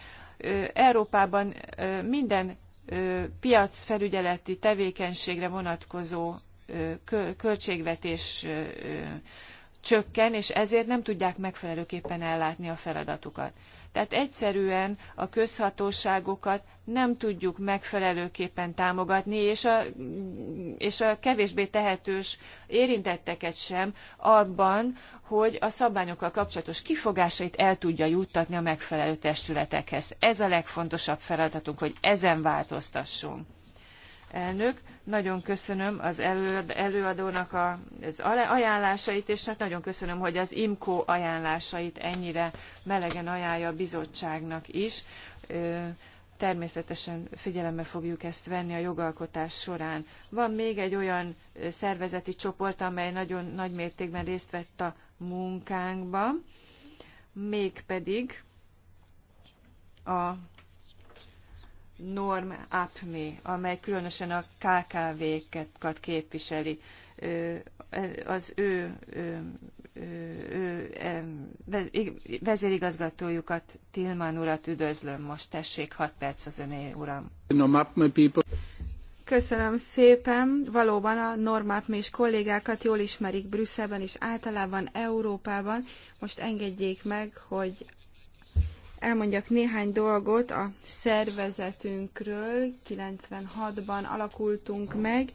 Európában minden piacfelügyeleti tevékenységre vonatkozó költségvetés csökken, és ezért nem tudják megfelelőképpen ellátni a feladatukat. Tehát egyszerűen a közhatóságokat nem tudjuk megfelelőképpen támogatni, és a, és a kevésbé tehetős érintetteket sem abban, hogy a szabványokkal kapcsolatos kifogásait el tudja juttatni a megfelelő testületekhez. Ez a legfontosabb feladatunk, hogy ezen változtassunk. Elnök, nagyon köszönöm az előadónak az ajánlásait, és hát nagyon köszönöm, hogy az IMCO ajánlásait ennyire melegen ajánlja a bizottságnak is. Természetesen figyelembe fogjuk ezt venni a jogalkotás során. Van még egy olyan szervezeti csoport, amely nagyon nagy mértékben részt vett a munkánkban, mégpedig a Norm APMI, amely különösen a kkv ket képviseli, az ő, ő, ő, ő vezérigazgatójukat, Tilman urat üdvözlöm most, tessék, hat perc az öné, uram. Köszönöm szépen. Valóban a normát és kollégákat jól ismerik Brüsszelben és általában Európában. Most engedjék meg, hogy elmondjak néhány dolgot a szervezetünkről. 96-ban alakultunk meg,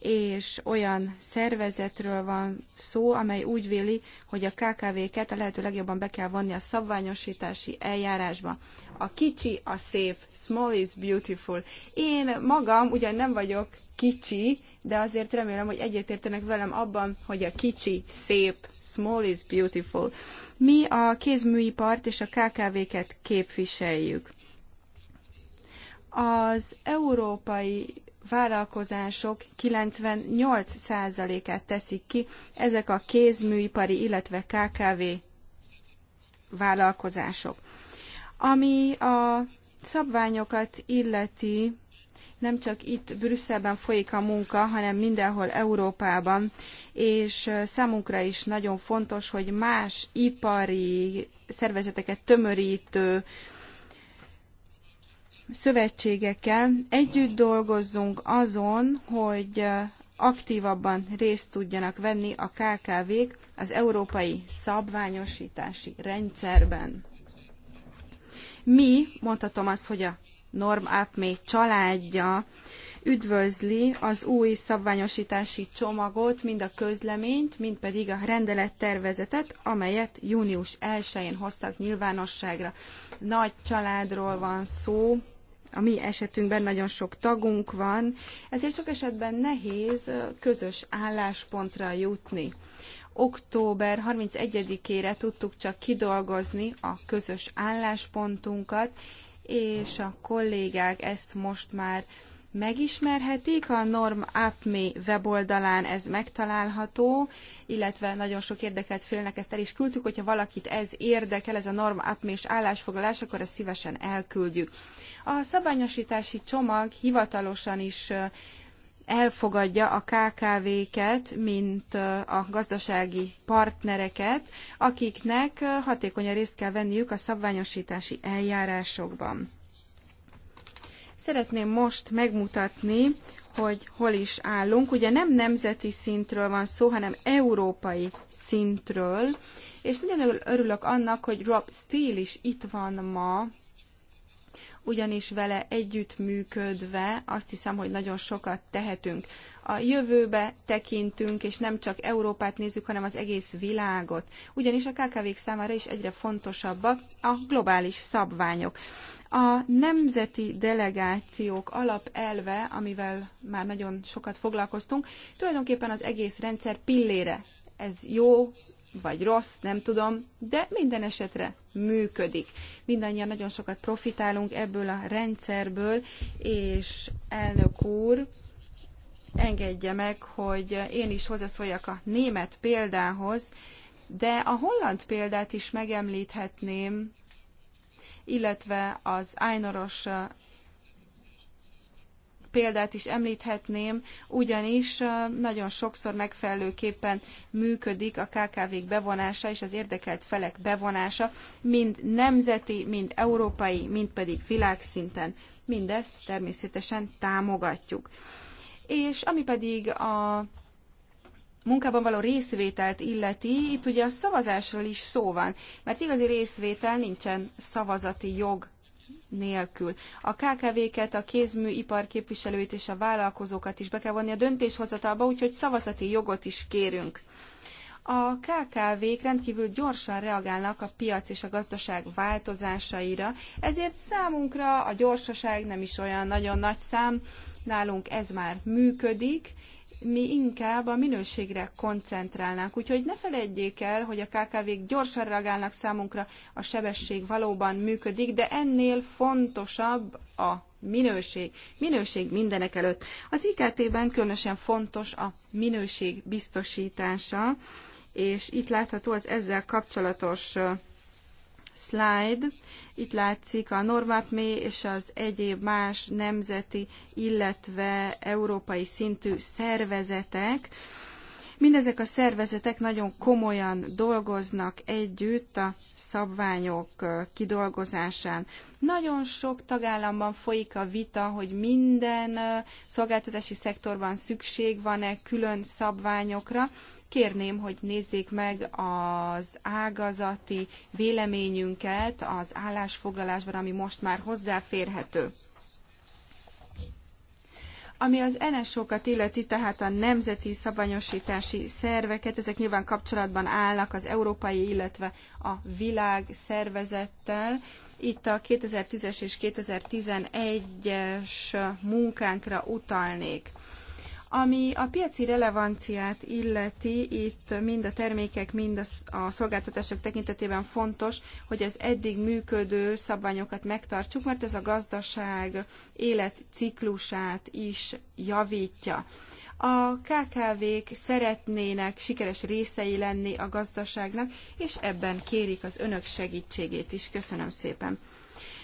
és olyan szervezetről van szó, amely úgy véli, hogy a KKV-ket a lehető legjobban be kell vonni a szabványosítási eljárásba. A kicsi a szép, small is beautiful. Én magam ugyan nem vagyok kicsi, de azért remélem, hogy egyetértenek velem abban, hogy a kicsi szép, small is beautiful. Mi a kézműipart és a KKV-ket képviseljük. Az európai vállalkozások 98%-át teszik ki ezek a kézműipari, illetve KKV vállalkozások. Ami a szabványokat illeti, nem csak itt Brüsszelben folyik a munka, hanem mindenhol Európában, és számunkra is nagyon fontos, hogy más ipari szervezeteket tömörítő szövetségekkel együtt dolgozzunk azon, hogy aktívabban részt tudjanak venni a KKV-k az európai szabványosítási rendszerben. Mi, mondhatom azt, hogy a Norm Apmé családja üdvözli az új szabványosítási csomagot, mind a közleményt, mind pedig a rendelettervezetet, amelyet június 1-én hoztak nyilvánosságra. Nagy családról van szó, a mi esetünkben nagyon sok tagunk van, ezért sok esetben nehéz közös álláspontra jutni. Október 31-ére tudtuk csak kidolgozni a közös álláspontunkat, és a kollégák ezt most már megismerhetik. A Norm APME weboldalán ez megtalálható, illetve nagyon sok érdekelt félnek ezt el is küldtük, hogyha valakit ez érdekel, ez a Norm APME és állásfoglalás, akkor ezt szívesen elküldjük. A szabványosítási csomag hivatalosan is elfogadja a KKV-ket, mint a gazdasági partnereket, akiknek hatékonyan részt kell venniük a szabványosítási eljárásokban. Szeretném most megmutatni, hogy hol is állunk. Ugye nem nemzeti szintről van szó, hanem európai szintről, és nagyon örülök annak, hogy Rob Steele is itt van ma, ugyanis vele együttműködve azt hiszem, hogy nagyon sokat tehetünk. A jövőbe tekintünk, és nem csak Európát nézzük, hanem az egész világot. Ugyanis a KKV-k számára is egyre fontosabbak a globális szabványok. A nemzeti delegációk alapelve, amivel már nagyon sokat foglalkoztunk, tulajdonképpen az egész rendszer pillére. Ez jó vagy rossz, nem tudom, de minden esetre működik. Mindannyian nagyon sokat profitálunk ebből a rendszerből, és elnök úr, engedje meg, hogy én is hozzászóljak a német példához, de a holland példát is megemlíthetném, illetve az ájnoros példát is említhetném, ugyanis nagyon sokszor megfelelőképpen működik a KKV-k bevonása és az érdekelt felek bevonása, mind nemzeti, mind európai, mind pedig világszinten. Mindezt természetesen támogatjuk. És ami pedig a munkában való részvételt illeti, itt ugye a szavazásról is szó van, mert igazi részvétel nincsen szavazati jog nélkül. A KKV-ket, a kézműipar képviselőit és a vállalkozókat is be kell vonni a döntéshozatalba, úgyhogy szavazati jogot is kérünk. A KKV-k rendkívül gyorsan reagálnak a piac és a gazdaság változásaira, ezért számunkra a gyorsaság nem is olyan nagyon nagy szám, nálunk ez már működik, mi inkább a minőségre koncentrálnánk. Úgyhogy ne felejtjék el, hogy a KKV-k gyorsan reagálnak számunkra, a sebesség valóban működik, de ennél fontosabb a minőség. Minőség mindenek előtt. Az IKT-ben különösen fontos a minőség biztosítása, és itt látható az ezzel kapcsolatos slide. Itt látszik a normapmé és az egyéb más nemzeti, illetve európai szintű szervezetek. Mindezek a szervezetek nagyon komolyan dolgoznak együtt a szabványok kidolgozásán. Nagyon sok tagállamban folyik a vita, hogy minden szolgáltatási szektorban szükség van-e külön szabványokra, Kérném, hogy nézzék meg az ágazati véleményünket az állásfoglalásban, ami most már hozzáférhető. Ami az NSO-kat illeti, tehát a nemzeti szabanyosítási szerveket, ezek nyilván kapcsolatban állnak az európai, illetve a világ szervezettel. Itt a 2010-es és 2011-es munkánkra utalnék. Ami a piaci relevanciát illeti, itt mind a termékek, mind a szolgáltatások tekintetében fontos, hogy az eddig működő szabványokat megtartsuk, mert ez a gazdaság életciklusát is javítja. A KKV-k szeretnének sikeres részei lenni a gazdaságnak, és ebben kérik az önök segítségét is. Köszönöm szépen.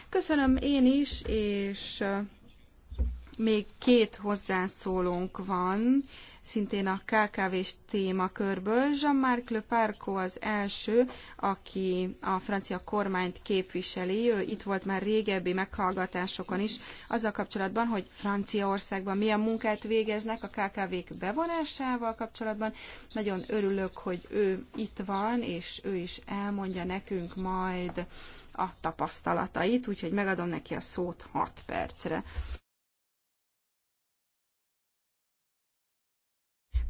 Köszönöm én is, és még két hozzászólónk van, szintén a KKV-s témakörből. Jean-Marc Le Parco az első, aki a francia kormányt képviseli. Ő itt volt már régebbi meghallgatásokon is, azzal kapcsolatban, hogy Franciaországban milyen munkát végeznek a KKV-k bevonásával kapcsolatban. Nagyon örülök, hogy ő itt van, és ő is elmondja nekünk majd a tapasztalatait, úgyhogy megadom neki a szót 6 percre.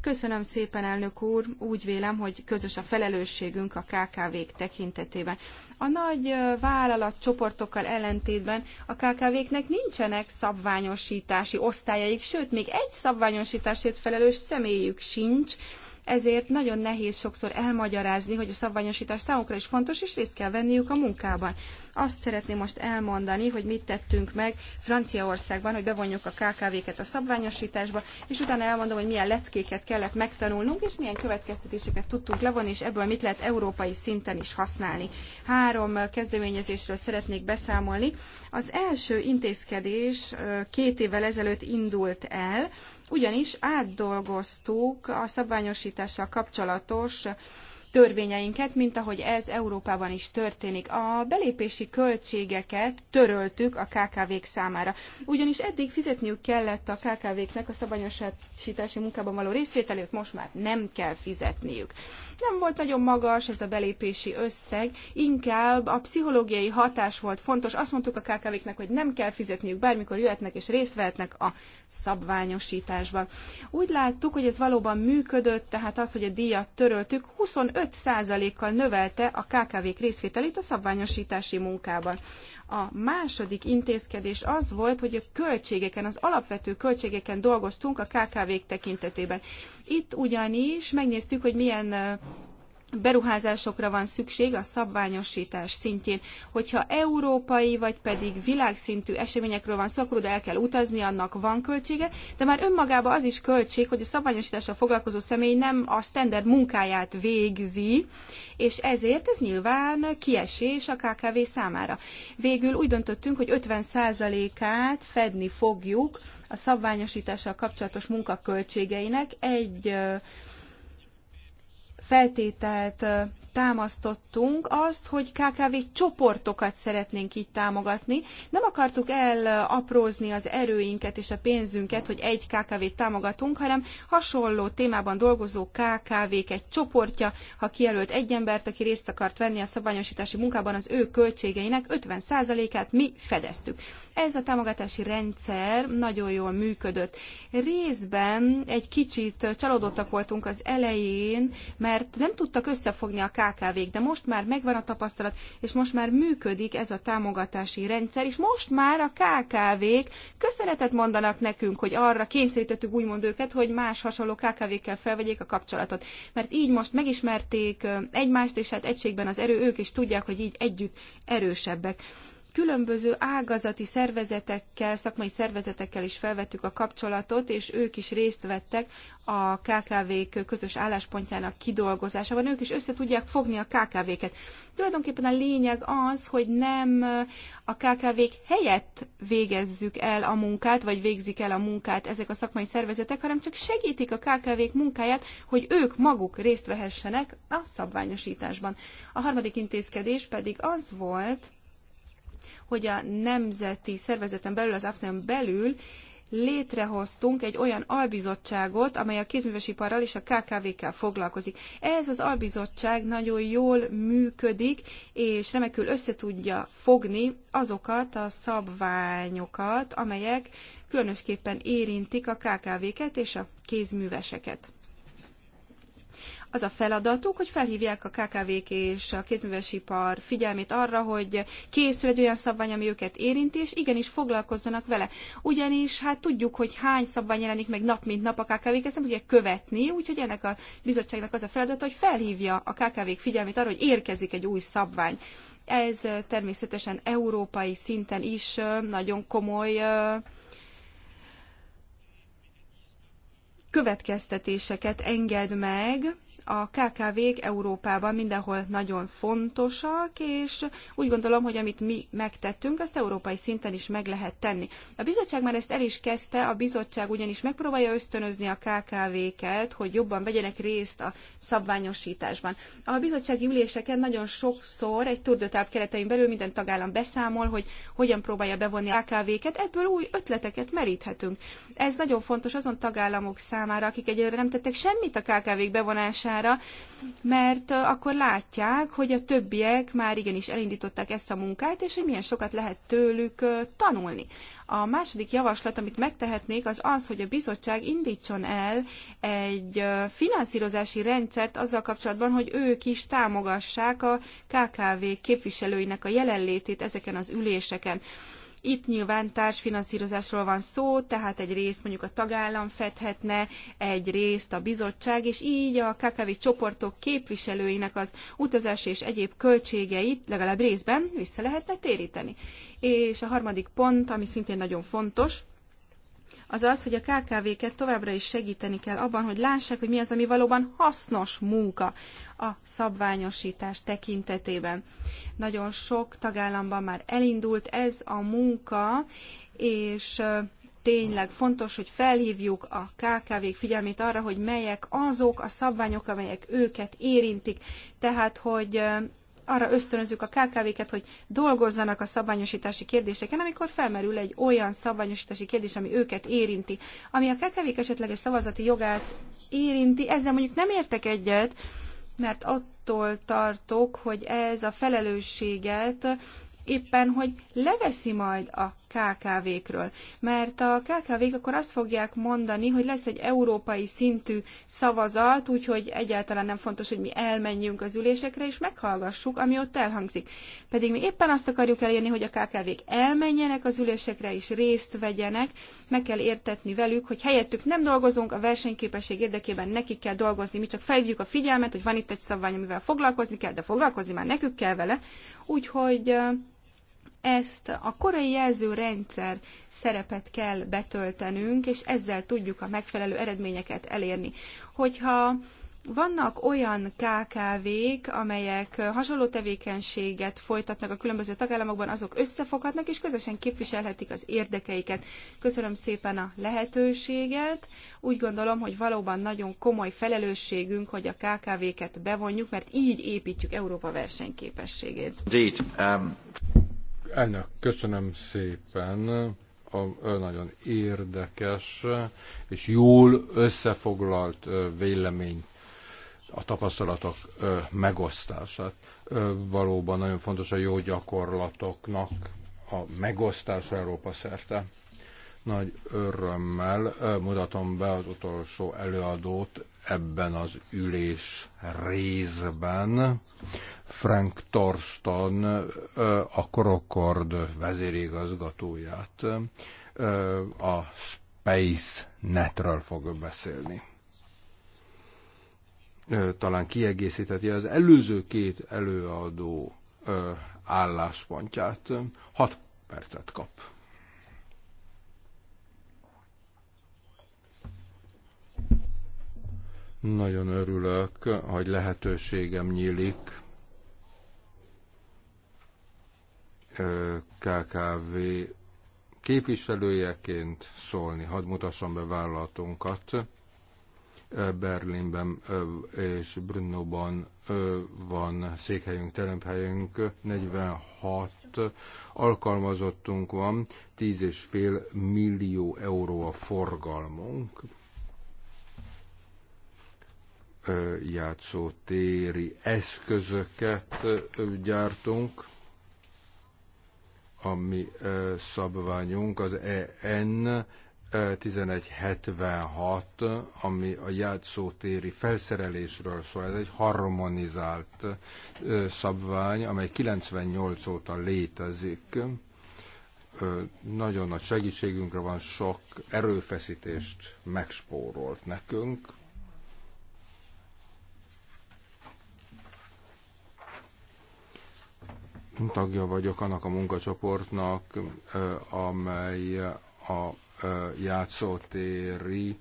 Köszönöm szépen, elnök úr. Úgy vélem, hogy közös a felelősségünk a KKV-k tekintetében. A nagy vállalatcsoportokkal ellentétben a KKV-knek nincsenek szabványosítási osztályaik, sőt, még egy szabványosításért felelős személyük sincs, ezért nagyon nehéz sokszor elmagyarázni, hogy a szabványosítás számukra is fontos, és részt kell venniük a munkában. Azt szeretném most elmondani, hogy mit tettünk meg Franciaországban, hogy bevonjuk a KKV-ket a szabványosításba, és utána elmondom, hogy milyen leckéket kellett megtanulnunk, és milyen következtetéseket tudtunk levonni, és ebből mit lehet európai szinten is használni. Három kezdeményezésről szeretnék beszámolni. Az első intézkedés két évvel ezelőtt indult el, ugyanis átdolgoztuk a szabványosítással kapcsolatos törvényeinket, mint ahogy ez Európában is történik. A belépési költségeket töröltük a KKV-k számára. Ugyanis eddig fizetniük kellett a KKV-knek a szabályosítási munkában való részvételét, most már nem kell fizetniük. Nem volt nagyon magas ez a belépési összeg, inkább a pszichológiai hatás volt fontos. Azt mondtuk a KKV-knek, hogy nem kell fizetniük, bármikor jöhetnek és részt vehetnek a szabványosításban. Úgy láttuk, hogy ez valóban működött, tehát az, hogy a díjat töröltük, 25 5%-kal növelte a KKV-k részvételét a szabványosítási munkában. A második intézkedés az volt, hogy a költségeken, az alapvető költségeken dolgoztunk a KKV-k tekintetében. Itt ugyanis megnéztük, hogy milyen beruházásokra van szükség a szabványosítás szintjén. Hogyha európai vagy pedig világszintű eseményekről van szó, akkor oda el kell utazni, annak van költsége, de már önmagában az is költség, hogy a szabványosítással foglalkozó személy nem a standard munkáját végzi, és ezért ez nyilván kiesés a KKV számára. Végül úgy döntöttünk, hogy 50%-át fedni fogjuk a szabványosítással kapcsolatos munkaköltségeinek egy feltételt támasztottunk azt, hogy KKV csoportokat szeretnénk így támogatni. Nem akartuk elaprózni az erőinket és a pénzünket, hogy egy KKV-t támogatunk, hanem hasonló témában dolgozó KKV-k egy csoportja, ha kijelölt egy embert, aki részt akart venni a szabványosítási munkában, az ő költségeinek 50%-át mi fedeztük ez a támogatási rendszer nagyon jól működött. Részben egy kicsit csalódottak voltunk az elején, mert nem tudtak összefogni a KKV-k, de most már megvan a tapasztalat, és most már működik ez a támogatási rendszer, és most már a KKV-k köszönetet mondanak nekünk, hogy arra kényszerítettük úgymond őket, hogy más hasonló KKV-kkel felvegyék a kapcsolatot. Mert így most megismerték egymást, és hát egységben az erő, ők is tudják, hogy így együtt erősebbek különböző ágazati szervezetekkel, szakmai szervezetekkel is felvettük a kapcsolatot, és ők is részt vettek a KKV-k közös álláspontjának kidolgozásában. Ők is össze tudják fogni a KKV-ket. Tulajdonképpen a lényeg az, hogy nem a KKV-k helyett végezzük el a munkát, vagy végzik el a munkát ezek a szakmai szervezetek, hanem csak segítik a KKV-k munkáját, hogy ők maguk részt vehessenek a szabványosításban. A harmadik intézkedés pedig az volt, hogy a nemzeti szervezeten belül, az AFNEM belül létrehoztunk egy olyan albizottságot, amely a kézművesiparral és a KKV-kkel foglalkozik. Ez az albizottság nagyon jól működik, és remekül összetudja fogni azokat a szabványokat, amelyek különösképpen érintik a KKV-ket és a kézműveseket. Az a feladatuk, hogy felhívják a KKV-k és a kézművesipar figyelmét arra, hogy készül egy olyan szabvány, ami őket érinti, és igenis foglalkozzanak vele. Ugyanis hát tudjuk, hogy hány szabvány jelenik meg nap mint nap a KKV-k, ezt nem tudják követni, úgyhogy ennek a bizottságnak az a feladata, hogy felhívja a KKV-k figyelmét arra, hogy érkezik egy új szabvány. Ez természetesen európai szinten is nagyon komoly következtetéseket enged meg, a KKV-k Európában mindenhol nagyon fontosak, és úgy gondolom, hogy amit mi megtettünk, azt európai szinten is meg lehet tenni. A bizottság már ezt el is kezdte, a bizottság ugyanis megpróbálja ösztönözni a KKV-ket, hogy jobban vegyenek részt a szabványosításban. A bizottsági üléseken nagyon sokszor egy turdotáp keretein belül minden tagállam beszámol, hogy hogyan próbálja bevonni a KKV-ket, ebből új ötleteket meríthetünk. Ez nagyon fontos azon tagállamok számára, akik egyelőre nem tettek semmit a KKV-k bevonására, számára, mert akkor látják, hogy a többiek már igenis elindították ezt a munkát, és hogy milyen sokat lehet tőlük tanulni. A második javaslat, amit megtehetnék, az az, hogy a bizottság indítson el egy finanszírozási rendszert azzal kapcsolatban, hogy ők is támogassák a KKV képviselőinek a jelenlétét ezeken az üléseken. Itt nyilván társfinanszírozásról van szó, tehát egy részt mondjuk a tagállam fedhetne, egy részt a bizottság, és így a KKV csoportok képviselőinek az utazás és egyéb költségeit legalább részben vissza lehetne téríteni. És a harmadik pont, ami szintén nagyon fontos, az az, hogy a KKV-ket továbbra is segíteni kell abban, hogy lássák, hogy mi az, ami valóban hasznos munka a szabványosítás tekintetében. Nagyon sok tagállamban már elindult ez a munka, és tényleg fontos, hogy felhívjuk a KKV-k figyelmét arra, hogy melyek azok a szabványok, amelyek őket érintik. Tehát, hogy arra ösztönözzük a KKV-ket, hogy dolgozzanak a szabványosítási kérdéseken, amikor felmerül egy olyan szabványosítási kérdés, ami őket érinti. Ami a KKV-k esetleges szavazati jogát érinti, ezzel mondjuk nem értek egyet, mert attól tartok, hogy ez a felelősséget éppen, hogy leveszi majd a KKV-kről. Mert a KKV-k akkor azt fogják mondani, hogy lesz egy európai szintű szavazat, úgyhogy egyáltalán nem fontos, hogy mi elmenjünk az ülésekre, és meghallgassuk, ami ott elhangzik. Pedig mi éppen azt akarjuk elérni, hogy a KKV-k elmenjenek az ülésekre, és részt vegyenek, meg kell értetni velük, hogy helyettük nem dolgozunk, a versenyképesség érdekében nekik kell dolgozni, mi csak felhívjuk a figyelmet, hogy van itt egy szabvány, amivel foglalkozni kell, de foglalkozni már nekük kell vele, úgyhogy ezt a korai jelző rendszer szerepet kell betöltenünk, és ezzel tudjuk a megfelelő eredményeket elérni. Hogyha vannak olyan KKV-k, amelyek hasonló tevékenységet folytatnak a különböző tagállamokban, azok összefoghatnak és közösen képviselhetik az érdekeiket. Köszönöm szépen a lehetőséget. Úgy gondolom, hogy valóban nagyon komoly felelősségünk, hogy a KKV-ket bevonjuk, mert így építjük Európa versenyképességét. Indeed, um... Elnök, köszönöm szépen a, a nagyon érdekes és jól összefoglalt vélemény a tapasztalatok megosztását. Valóban nagyon fontos a jó gyakorlatoknak a megosztás Európa szerte. Nagy örömmel mutatom be az utolsó előadót ebben az ülés részben. Frank Torston, a Korokord vezérigazgatóját a Space Netről fog beszélni. Talán kiegészítheti az előző két előadó álláspontját. Hat percet kap. Nagyon örülök, hogy lehetőségem nyílik KKV képviselőjeként szólni. Hadd mutassam be vállalatunkat. Berlinben és Brunóban van székhelyünk, teremhelyünk, 46 alkalmazottunk van, 10,5 millió euró a forgalmunk játszótéri eszközöket gyártunk, ami szabványunk az e EN 1176, ami a játszótéri felszerelésről szól. Ez egy harmonizált szabvány, amely 98 óta létezik. Nagyon nagy segítségünkre van, sok erőfeszítést megspórolt nekünk tagja vagyok annak a munkacsoportnak, amely a játszótéri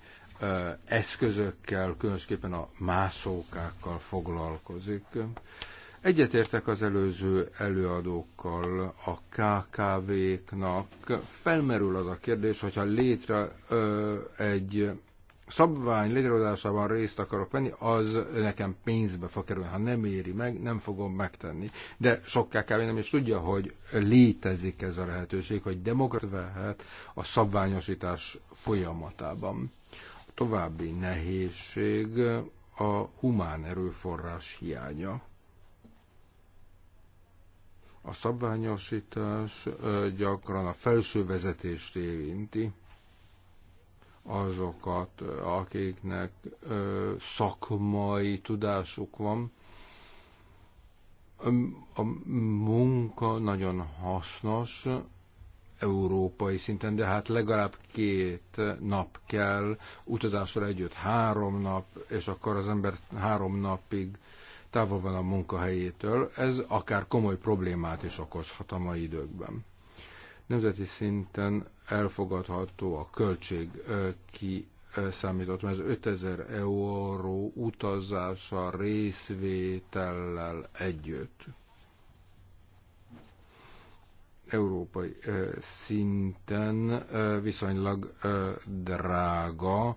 eszközökkel, különösképpen a mászókákkal foglalkozik. Egyetértek az előző előadókkal, a KKV-knak felmerül az a kérdés, hogyha létre ö, egy szabvány létrehozásában részt akarok venni, az nekem pénzbe fog kerülni. Ha nem éri meg, nem fogom megtenni. De sok KKV nem is tudja, hogy létezik ez a lehetőség, hogy demokrat vehet a szabványosítás folyamatában. A további nehézség a humán erőforrás hiánya. A szabványosítás gyakran a felső vezetést érinti azokat, akiknek szakmai tudásuk van. A munka nagyon hasznos európai szinten, de hát legalább két nap kell utazásra együtt, három nap, és akkor az ember három napig távol van a munkahelyétől. Ez akár komoly problémát is okozhat a mai időkben. Nemzeti szinten elfogadható a költség ki számított, mert ez 5000 euró utazása részvétellel együtt európai szinten viszonylag drága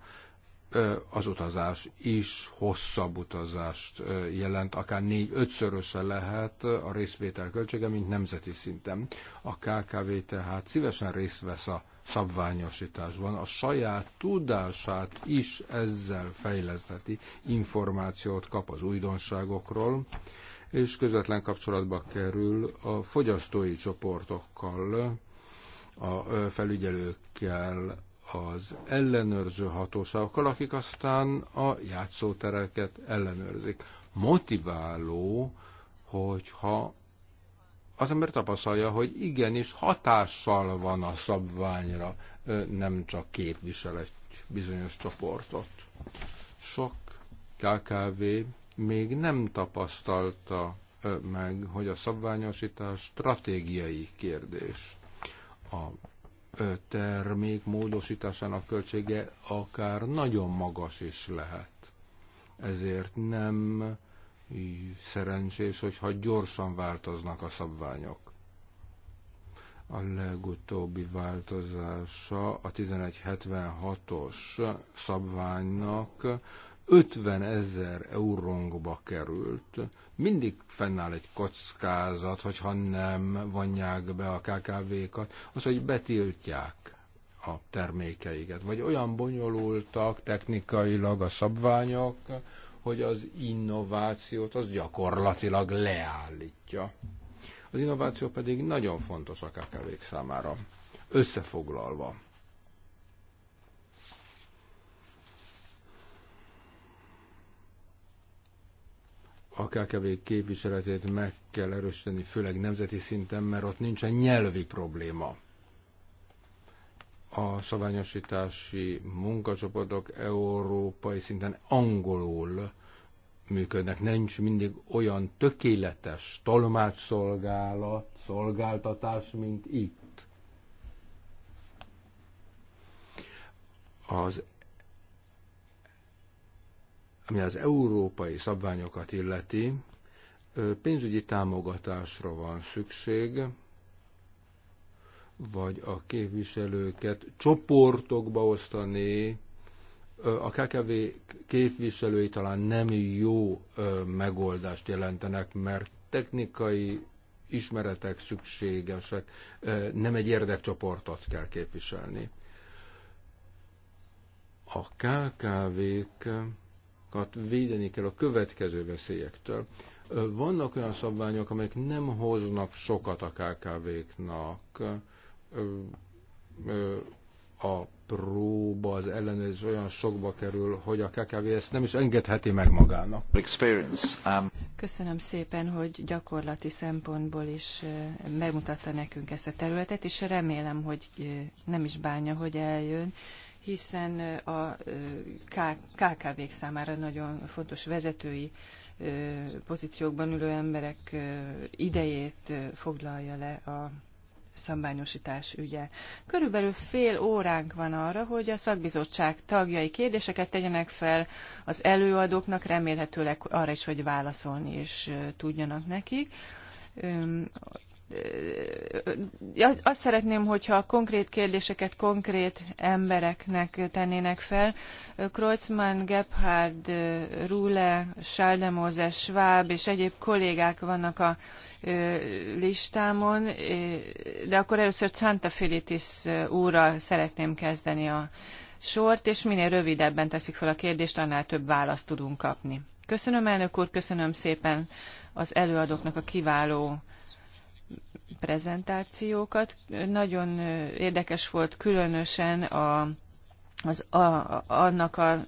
az utazás is hosszabb utazást jelent, akár négy-ötszöröse lehet a részvétel költsége, mint nemzeti szinten. A KKV tehát szívesen részt vesz a szabványosításban, a saját tudását is ezzel fejleszteti, információt kap az újdonságokról, és közvetlen kapcsolatba kerül a fogyasztói csoportokkal, a felügyelőkkel, az ellenőrző hatóságokkal, akik aztán a játszótereket ellenőrzik. Motiváló, hogyha az ember tapasztalja, hogy igenis hatással van a szabványra, nem csak képvisel egy bizonyos csoportot. Sok KKV még nem tapasztalta meg, hogy a szabványosítás stratégiai kérdés. A termék módosításának költsége akár nagyon magas is lehet. Ezért nem szerencsés, hogyha gyorsan változnak a szabványok. A legutóbbi változása a 1176-os szabványnak 50 ezer eurónkba került, mindig fennáll egy kockázat, hogyha nem vonják be a KKV-kat, az, hogy betiltják a termékeiket, vagy olyan bonyolultak technikailag a szabványok, hogy az innovációt az gyakorlatilag leállítja. Az innováció pedig nagyon fontos a kkv számára. Összefoglalva, a KKV képviseletét meg kell erősíteni, főleg nemzeti szinten, mert ott nincs egy nyelvi probléma. A szabványosítási munkacsoportok európai szinten angolul működnek. Nincs mindig olyan tökéletes tolmácsszolgálat, szolgáltatás, mint itt. Az ami az európai szabványokat illeti, pénzügyi támogatásra van szükség, vagy a képviselőket csoportokba osztani, a KKV képviselői talán nem jó megoldást jelentenek, mert technikai ismeretek szükségesek, nem egy érdekcsoportot kell képviselni. A KKV-k védeni kell a következő veszélyektől. Vannak olyan szabványok, amelyek nem hoznak sokat a KKV-knak. A próba, az ellenőrzés olyan sokba kerül, hogy a KKV ezt nem is engedheti meg magának. Um, Köszönöm szépen, hogy gyakorlati szempontból is megmutatta nekünk ezt a területet, és remélem, hogy nem is bánja, hogy eljön, hiszen a kkv számára nagyon fontos vezetői pozíciókban ülő emberek idejét foglalja le a szabványosítás ügye. Körülbelül fél óránk van arra, hogy a szakbizottság tagjai kérdéseket tegyenek fel az előadóknak, remélhetőleg arra is, hogy válaszolni is tudjanak nekik azt szeretném, hogyha a konkrét kérdéseket konkrét embereknek tennének fel. Kreuzmann, Gebhard, Rule, Schaldemose, Schwab és egyéb kollégák vannak a listámon, de akkor először Santa Filitis úrral szeretném kezdeni a sort, és minél rövidebben teszik fel a kérdést, annál több választ tudunk kapni. Köszönöm, elnök úr, köszönöm szépen az előadóknak a kiváló prezentációkat. Nagyon érdekes volt különösen a az, a, annak a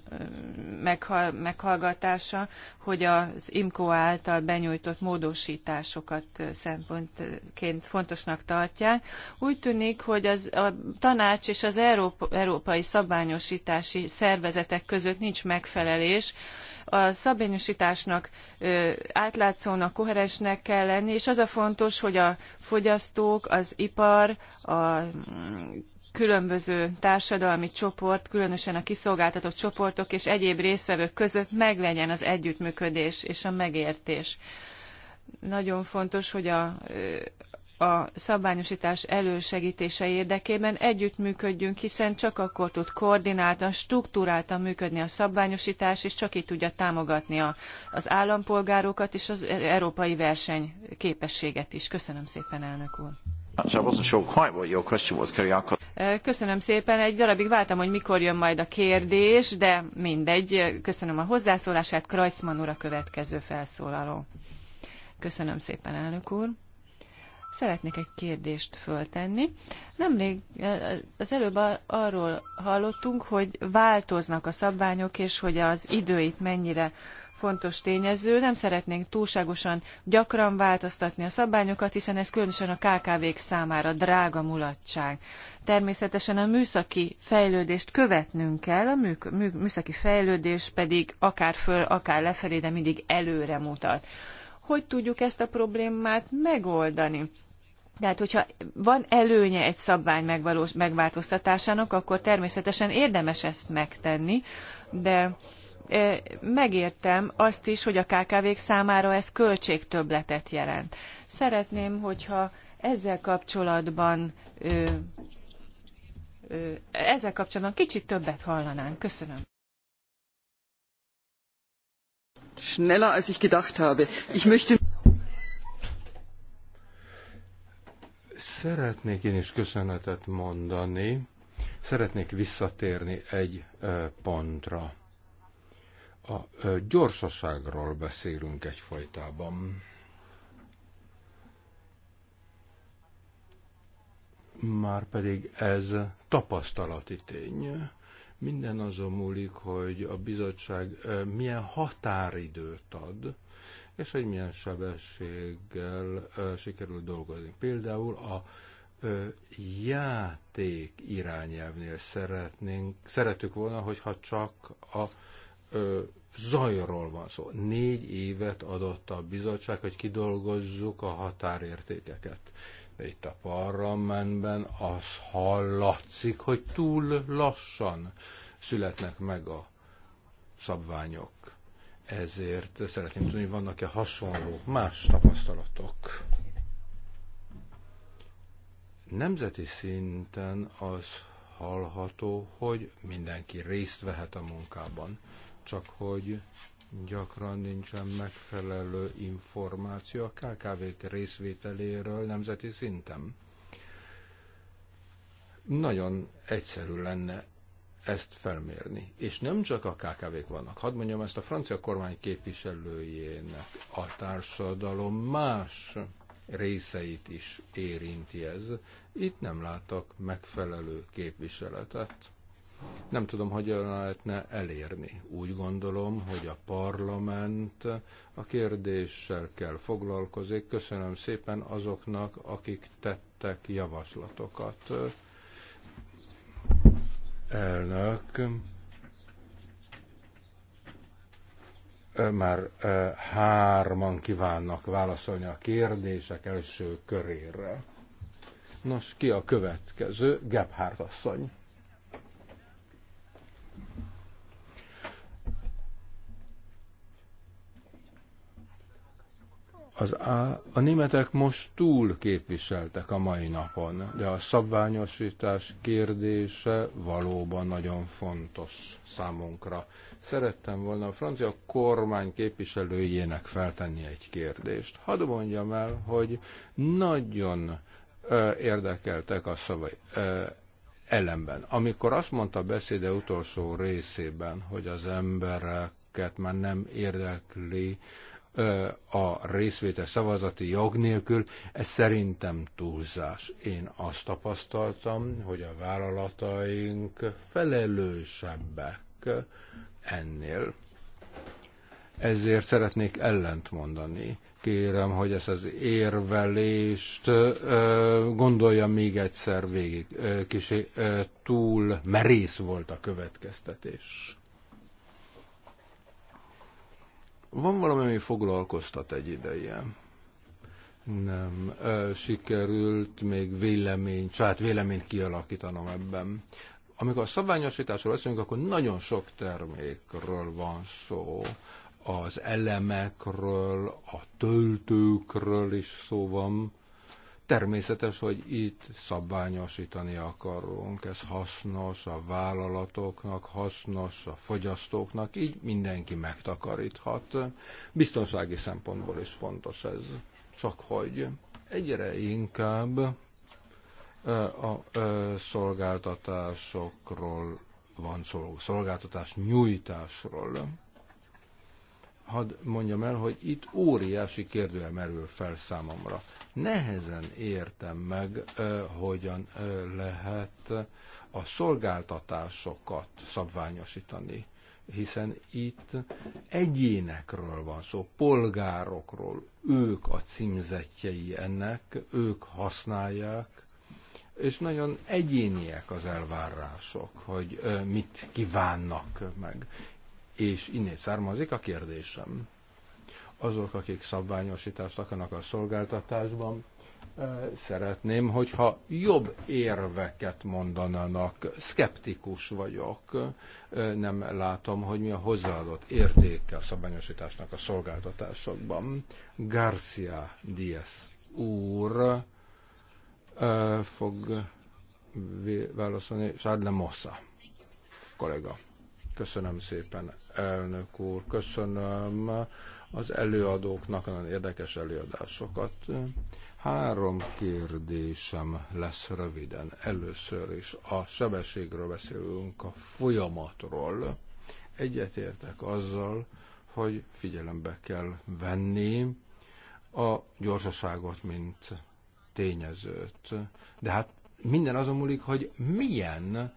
meghal, meghallgatása, hogy az IMCO által benyújtott módosításokat szempontként fontosnak tartják. Úgy tűnik, hogy az, a tanács és az Európa, európai szabványosítási szervezetek között nincs megfelelés, a szabványosításnak átlátszónak, koherensnek kell lenni, és az a fontos, hogy a fogyasztók, az ipar, a mm, különböző társadalmi csoport, különösen a kiszolgáltatott csoportok és egyéb résztvevők között meglegyen az együttműködés és a megértés. Nagyon fontos, hogy a, a szabványosítás elősegítése érdekében együttműködjünk, hiszen csak akkor tud koordináltan, struktúráltan működni a szabványosítás, és csak így tudja támogatni a, az állampolgárokat és az európai versenyképességet is. Köszönöm szépen, elnök úr! Köszönöm szépen, egy darabig vártam, hogy mikor jön majd a kérdés, de mindegy. Köszönöm a hozzászólását, Krajcman úr a következő felszólaló. Köszönöm szépen, elnök úr! Szeretnék egy kérdést föltenni. Nemrég az előbb arról hallottunk, hogy változnak a szabványok, és hogy az időit mennyire fontos tényező. Nem szeretnénk túlságosan gyakran változtatni a szabványokat, hiszen ez különösen a KKV-k számára drága mulatság. Természetesen a műszaki fejlődést követnünk kell, a mű, mű, műszaki fejlődés pedig akár föl, akár lefelé, de mindig előre mutat hogy tudjuk ezt a problémát megoldani. Tehát, hogyha van előnye egy szabvány megvalós, megváltoztatásának, akkor természetesen érdemes ezt megtenni, de e, megértem azt is, hogy a KKV-k számára ez költségtöbletet jelent. Szeretném, hogyha ezzel kapcsolatban ezzel kapcsolatban kicsit többet hallanánk. Köszönöm. schneller als ich gedacht habe. Ich möchte Szeretnék én is köszönetet mondani. Szeretnék visszatérni egy pontra. A gyorsaságról beszélünk egyfajtában. Már pedig ez tapasztalati tény minden azon múlik, hogy a bizottság milyen határidőt ad, és hogy milyen sebességgel sikerül dolgozni. Például a játék irányelvnél szeretnénk, szeretük volna, hogyha csak a zajról van szó. Négy évet adott a bizottság, hogy kidolgozzuk a határértékeket itt a parlamentben az hallatszik, hogy túl lassan születnek meg a szabványok. Ezért szeretném tudni, hogy vannak-e hasonló, más tapasztalatok. Nemzeti szinten az hallható, hogy mindenki részt vehet a munkában, csak hogy gyakran nincsen megfelelő információ a KKV-k részvételéről nemzeti szinten. Nagyon egyszerű lenne ezt felmérni. És nem csak a KKV-k vannak. Hadd mondjam ezt a francia kormány képviselőjének a társadalom más részeit is érinti ez. Itt nem látok megfelelő képviseletet. Nem tudom, hogyan lehetne elérni. Úgy gondolom, hogy a parlament a kérdéssel kell foglalkozik. Köszönöm szépen azoknak, akik tettek javaslatokat. Elnök, már eh, hárman kívánnak válaszolni a kérdések első körére. Nos, ki a következő? Gebhardt asszony. Az á, a németek most túl képviseltek a mai napon, de a szabványosítás kérdése valóban nagyon fontos számunkra. Szerettem volna a francia kormány képviselőjének feltenni egy kérdést. Hadd mondjam el, hogy nagyon ö, érdekeltek a szavai. Ö, ellenben. Amikor azt mondta a beszéde utolsó részében, hogy az embereket már nem érdekli a részvétel szavazati jog nélkül, ez szerintem túlzás. Én azt tapasztaltam, hogy a vállalataink felelősebbek ennél. Ezért szeretnék ellent mondani. Kérem, hogy ezt az érvelést gondolja még egyszer végig. Kicsi túl merész volt a következtetés. Van valami, ami foglalkoztat egy ideje. Nem sikerült még vélemény, saját véleményt kialakítanom ebben. Amikor a szabványosításról beszélünk, akkor nagyon sok termékről van szó. Az elemekről, a töltőkről is szó van Természetes, hogy itt szabványosítani akarunk, ez hasznos a vállalatoknak, hasznos a fogyasztóknak, így mindenki megtakaríthat. Biztonsági szempontból is fontos ez. Csak hogy egyre inkább a szolgáltatásokról van szó, szolgáltatás nyújtásról hadd mondjam el, hogy itt óriási kérdője merül fel számomra. Nehezen értem meg, hogyan lehet a szolgáltatásokat szabványosítani, hiszen itt egyénekről van szó, polgárokról, ők a címzetjei ennek, ők használják, és nagyon egyéniek az elvárások, hogy mit kívánnak meg. És innét származik a kérdésem. Azok, akik szabványosítást akarnak a szolgáltatásban, szeretném, hogyha jobb érveket mondanának. Skeptikus vagyok, nem látom, hogy mi a hozzáadott értéke a szabványosításnak a szolgáltatásokban. Garcia Díaz úr fog válaszolni, Sádle Mossa kollega. Köszönöm szépen, elnök úr, köszönöm az előadóknak nagyon érdekes előadásokat. Három kérdésem lesz röviden. Először is a sebességről beszélünk, a folyamatról. Egyetértek azzal, hogy figyelembe kell venni a gyorsaságot, mint tényezőt. De hát minden azon múlik, hogy milyen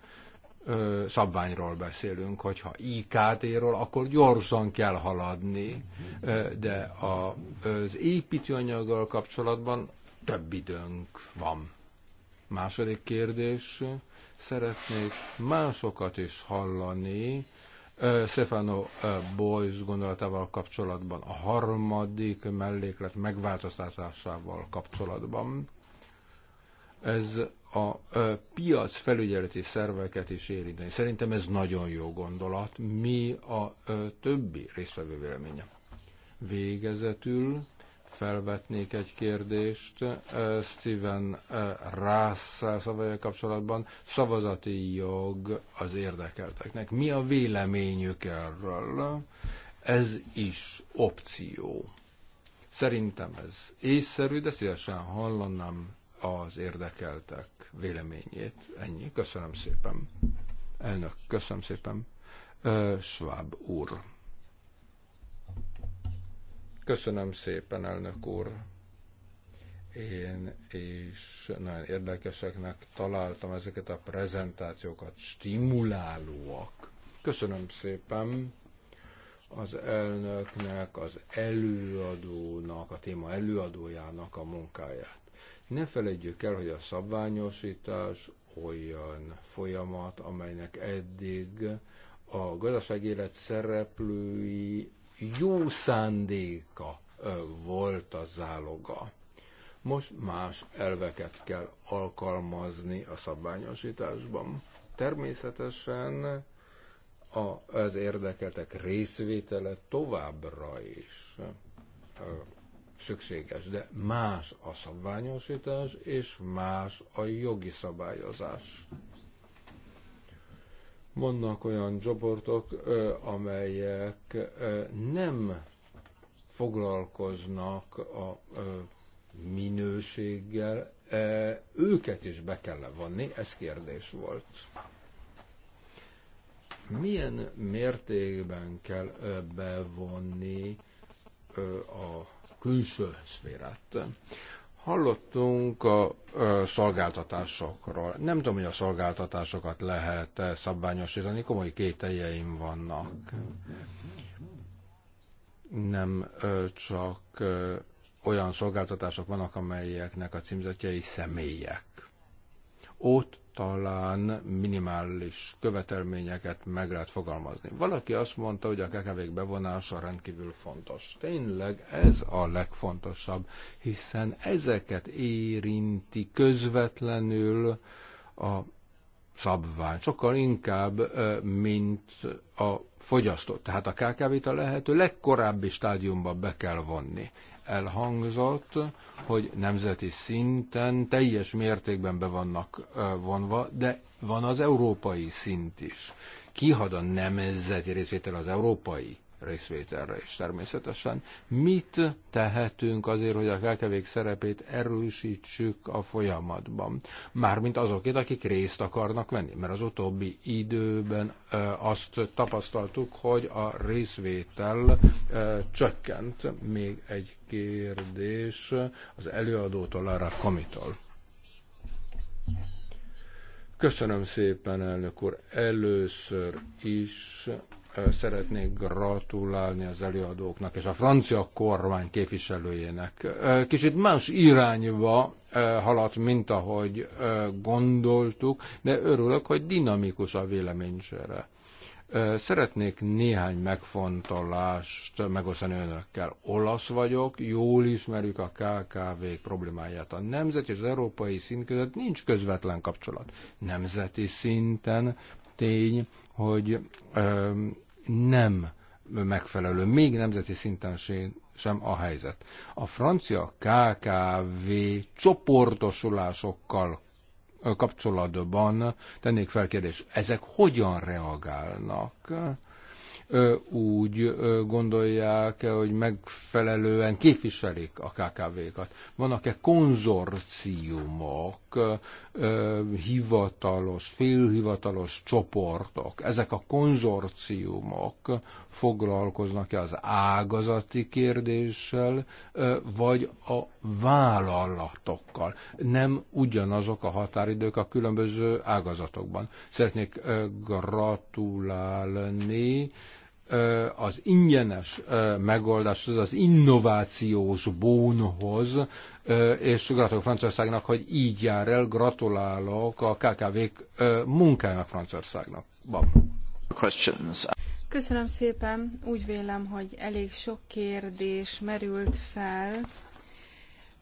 ö, szabványról beszélünk, hogyha IKT-ról, akkor gyorsan kell haladni, ö, de a, az építőanyaggal kapcsolatban több időnk van. Második kérdés, szeretnék másokat is hallani, Stefano Boys gondolatával kapcsolatban, a harmadik melléklet megváltoztatásával kapcsolatban. Ez a piac felügyeleti szerveket is érinteni. Szerintem ez nagyon jó gondolat. Mi a többi résztvevő véleménye? Végezetül felvetnék egy kérdést Steven Rász szavaival kapcsolatban. Szavazati jog az érdekelteknek. Mi a véleményük erről? Ez is opció. Szerintem ez észszerű, de szívesen hallanám az érdekeltek véleményét. Ennyi. Köszönöm szépen. Elnök, köszönöm szépen. Schwab úr. Köszönöm szépen, elnök úr. Én is nagyon érdekeseknek találtam ezeket a prezentációkat, stimulálóak. Köszönöm szépen az elnöknek, az előadónak, a téma előadójának a munkáját. Ne felejtjük el, hogy a szabványosítás olyan folyamat, amelynek eddig a gazdasági élet szereplői jó szándéka volt a záloga. Most más elveket kell alkalmazni a szabványosításban. Természetesen az érdekeltek részvétele továbbra is szükséges, de más a szabványosítás és más a jogi szabályozás. Vannak olyan csoportok, amelyek nem foglalkoznak a minőséggel, őket is be kell vonni, ez kérdés volt milyen mértékben kell bevonni a külső szférát. Hallottunk a szolgáltatásokról. Nem tudom, hogy a szolgáltatásokat lehet szabványosítani, komoly kételjeim vannak. Nem csak olyan szolgáltatások vannak, amelyeknek a címzetjei személyek ott talán minimális követelményeket meg lehet fogalmazni. Valaki azt mondta, hogy a kkv bevonása rendkívül fontos. Tényleg ez a legfontosabb, hiszen ezeket érinti közvetlenül a szabvány, sokkal inkább, mint a fogyasztó. Tehát a KKV-t a lehető legkorábbi stádiumban be kell vonni elhangzott, hogy nemzeti szinten teljes mértékben be vannak vonva, de van az európai szint is. Kihad a nemzeti részvétel az európai részvételre is természetesen. Mit tehetünk azért, hogy a felkevék szerepét erősítsük a folyamatban? Mármint azokért, akik részt akarnak venni, mert az utóbbi időben azt tapasztaltuk, hogy a részvétel csökkent. Még egy kérdés az előadótól, Lara Kamitól. Köszönöm szépen, elnök úr. Először is szeretnék gratulálni az előadóknak és a francia kormány képviselőjének. Kicsit más irányba haladt, mint ahogy gondoltuk, de örülök, hogy dinamikus a véleménysere. Szeretnék néhány megfontolást megosztani önökkel. Olasz vagyok, jól ismerjük a KKV problémáját. A nemzeti és az európai szint között nincs közvetlen kapcsolat. Nemzeti szinten tény, hogy nem megfelelő, még nemzeti szinten sem a helyzet. A francia KKV csoportosulásokkal kapcsolatban tennék fel kérdés, ezek hogyan reagálnak? Úgy gondolják hogy megfelelően képviselik a KKV-kat? Vannak-e konzorciumok hivatalos, félhivatalos csoportok, ezek a konzorciumok foglalkoznak-e az ágazati kérdéssel, vagy a vállalatokkal. Nem ugyanazok a határidők a különböző ágazatokban. Szeretnék gratulálni az ingyenes megoldáshoz, az innovációs bónhoz, és gratulálok Franciaországnak, hogy így jár el, gratulálok a KKV-k munkájának Franciaországnak. Bam. Questions. Köszönöm szépen. Úgy vélem, hogy elég sok kérdés merült fel.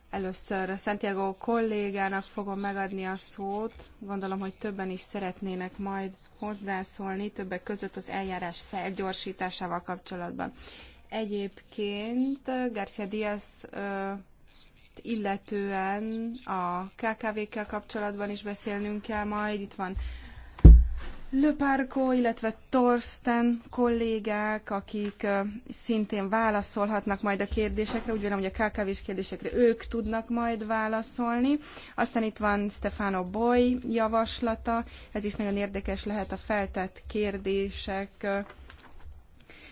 Először a Santiago kollégának fogom megadni a szót. Gondolom, hogy többen is szeretnének majd hozzászólni, többek között az eljárás felgyorsításával kapcsolatban. Egyébként Garcia Diaz illetően a KKV-kkel kapcsolatban is beszélnünk kell majd. Itt van Löpárkó, illetve Torsten kollégák, akik szintén válaszolhatnak majd a kérdésekre. Úgy vélem, hogy a KKV-s kérdésekre ők tudnak majd válaszolni. Aztán itt van Stefano Boy javaslata. Ez is nagyon érdekes lehet a feltett kérdések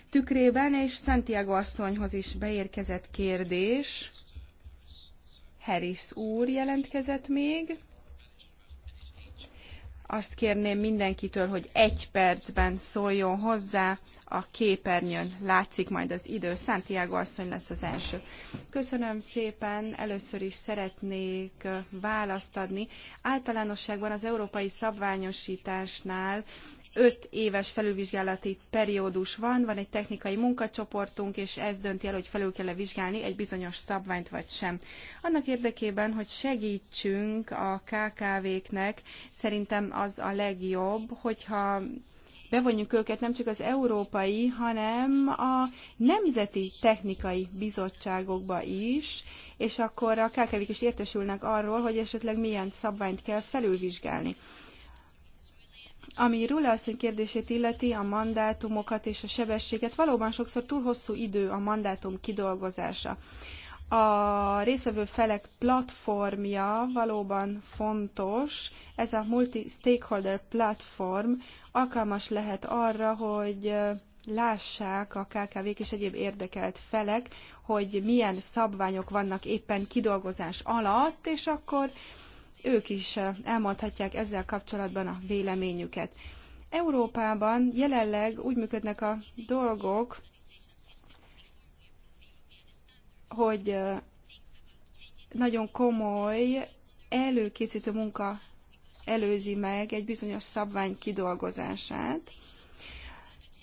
tükrében, és Santiago asszonyhoz is beérkezett kérdés. Harris úr jelentkezett még. Azt kérném mindenkitől, hogy egy percben szóljon hozzá, a képernyőn látszik majd az idő. Santiago asszony lesz az első. Köszönöm szépen, először is szeretnék uh, választ adni. Általánosságban az európai szabványosításnál öt éves felülvizsgálati periódus van, van egy technikai munkacsoportunk, és ez dönti el, hogy felül kell -e vizsgálni egy bizonyos szabványt vagy sem. Annak érdekében, hogy segítsünk a KKV-knek, szerintem az a legjobb, hogyha bevonjuk őket nem csak az európai, hanem a nemzeti technikai bizottságokba is, és akkor a KKV-k is értesülnek arról, hogy esetleg milyen szabványt kell felülvizsgálni. Ami Rule asszony kérdését illeti, a mandátumokat és a sebességet, valóban sokszor túl hosszú idő a mandátum kidolgozása. A részvevő felek platformja valóban fontos. Ez a multi-stakeholder platform alkalmas lehet arra, hogy lássák a KKV-k és egyéb érdekelt felek, hogy milyen szabványok vannak éppen kidolgozás alatt, és akkor ők is eh, elmondhatják ezzel kapcsolatban a véleményüket. Európában jelenleg úgy működnek a dolgok, hogy eh, nagyon komoly előkészítő munka előzi meg egy bizonyos szabvány kidolgozását,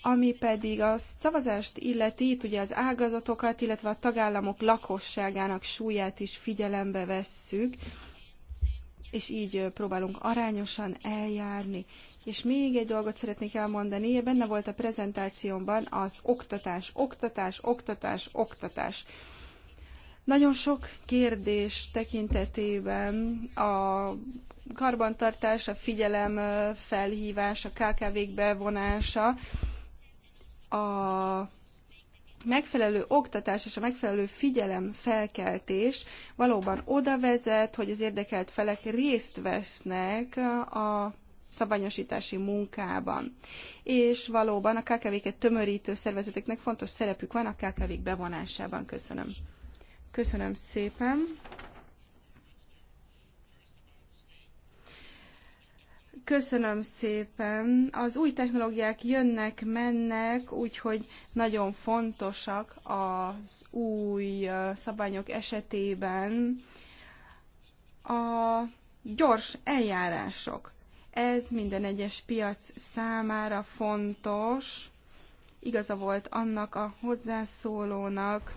ami pedig a szavazást illeti, itt ugye az ágazatokat, illetve a tagállamok lakosságának súlyát is figyelembe vesszük, és így próbálunk arányosan eljárni. És még egy dolgot szeretnék elmondani, benne volt a prezentációmban az oktatás, oktatás, oktatás, oktatás. Nagyon sok kérdés tekintetében a karbantartás, a figyelem felhívás, a KKV-k bevonása, a megfelelő oktatás és a megfelelő felkeltés valóban oda vezet, hogy az érdekelt felek részt vesznek a szabványosítási munkában. És valóban a KKV-ket tömörítő szervezeteknek fontos szerepük van a KKV-k bevonásában. Köszönöm. Köszönöm szépen. Köszönöm szépen. Az új technológiák jönnek, mennek, úgyhogy nagyon fontosak az új szabványok esetében a gyors eljárások. Ez minden egyes piac számára fontos. Igaza volt annak a hozzászólónak,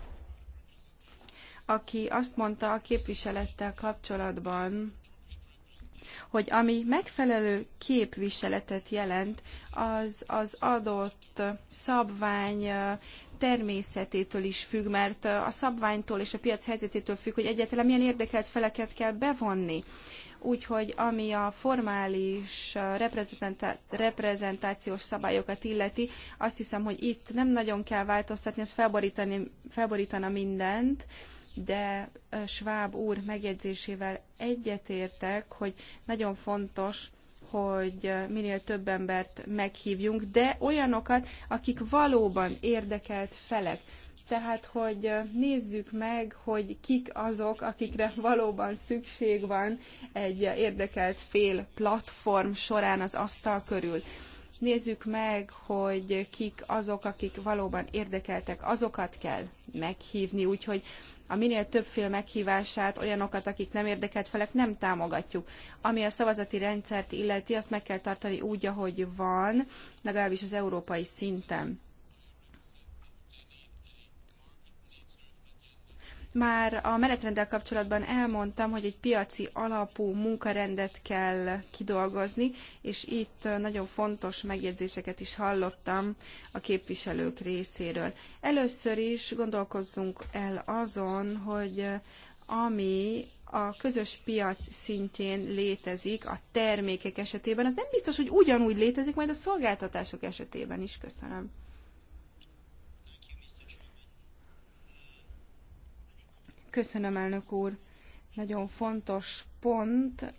aki azt mondta a képviselettel kapcsolatban, hogy ami megfelelő képviseletet jelent, az az adott szabvány természetétől is függ, mert a szabványtól és a piac helyzetétől függ, hogy egyáltalán milyen érdekelt feleket kell bevonni. Úgyhogy ami a formális reprezentációs szabályokat illeti, azt hiszem, hogy itt nem nagyon kell változtatni, ez felborítani, felborítana mindent, de Schwab úr megjegyzésével egyetértek, hogy nagyon fontos, hogy minél több embert meghívjunk, de olyanokat, akik valóban érdekelt felek. Tehát, hogy nézzük meg, hogy kik azok, akikre valóban szükség van egy érdekelt fél platform során az asztal körül. Nézzük meg, hogy kik azok, akik valóban érdekeltek, azokat kell meghívni, úgyhogy a minél több fél meghvását olyanokat, akik nem érdekelt felek nem támogatjuk. Ami a szavazati rendszert illeti, azt meg kell tartani úgy, ahogy van, legalábbis az európai szinten. Már a menetrenddel kapcsolatban elmondtam, hogy egy piaci alapú munkarendet kell kidolgozni, és itt nagyon fontos megjegyzéseket is hallottam a képviselők részéről. Először is gondolkozzunk el azon, hogy ami a közös piac szintjén létezik a termékek esetében, az nem biztos, hogy ugyanúgy létezik majd a szolgáltatások esetében is. Köszönöm. Köszönöm, elnök úr. Nagyon fontos pont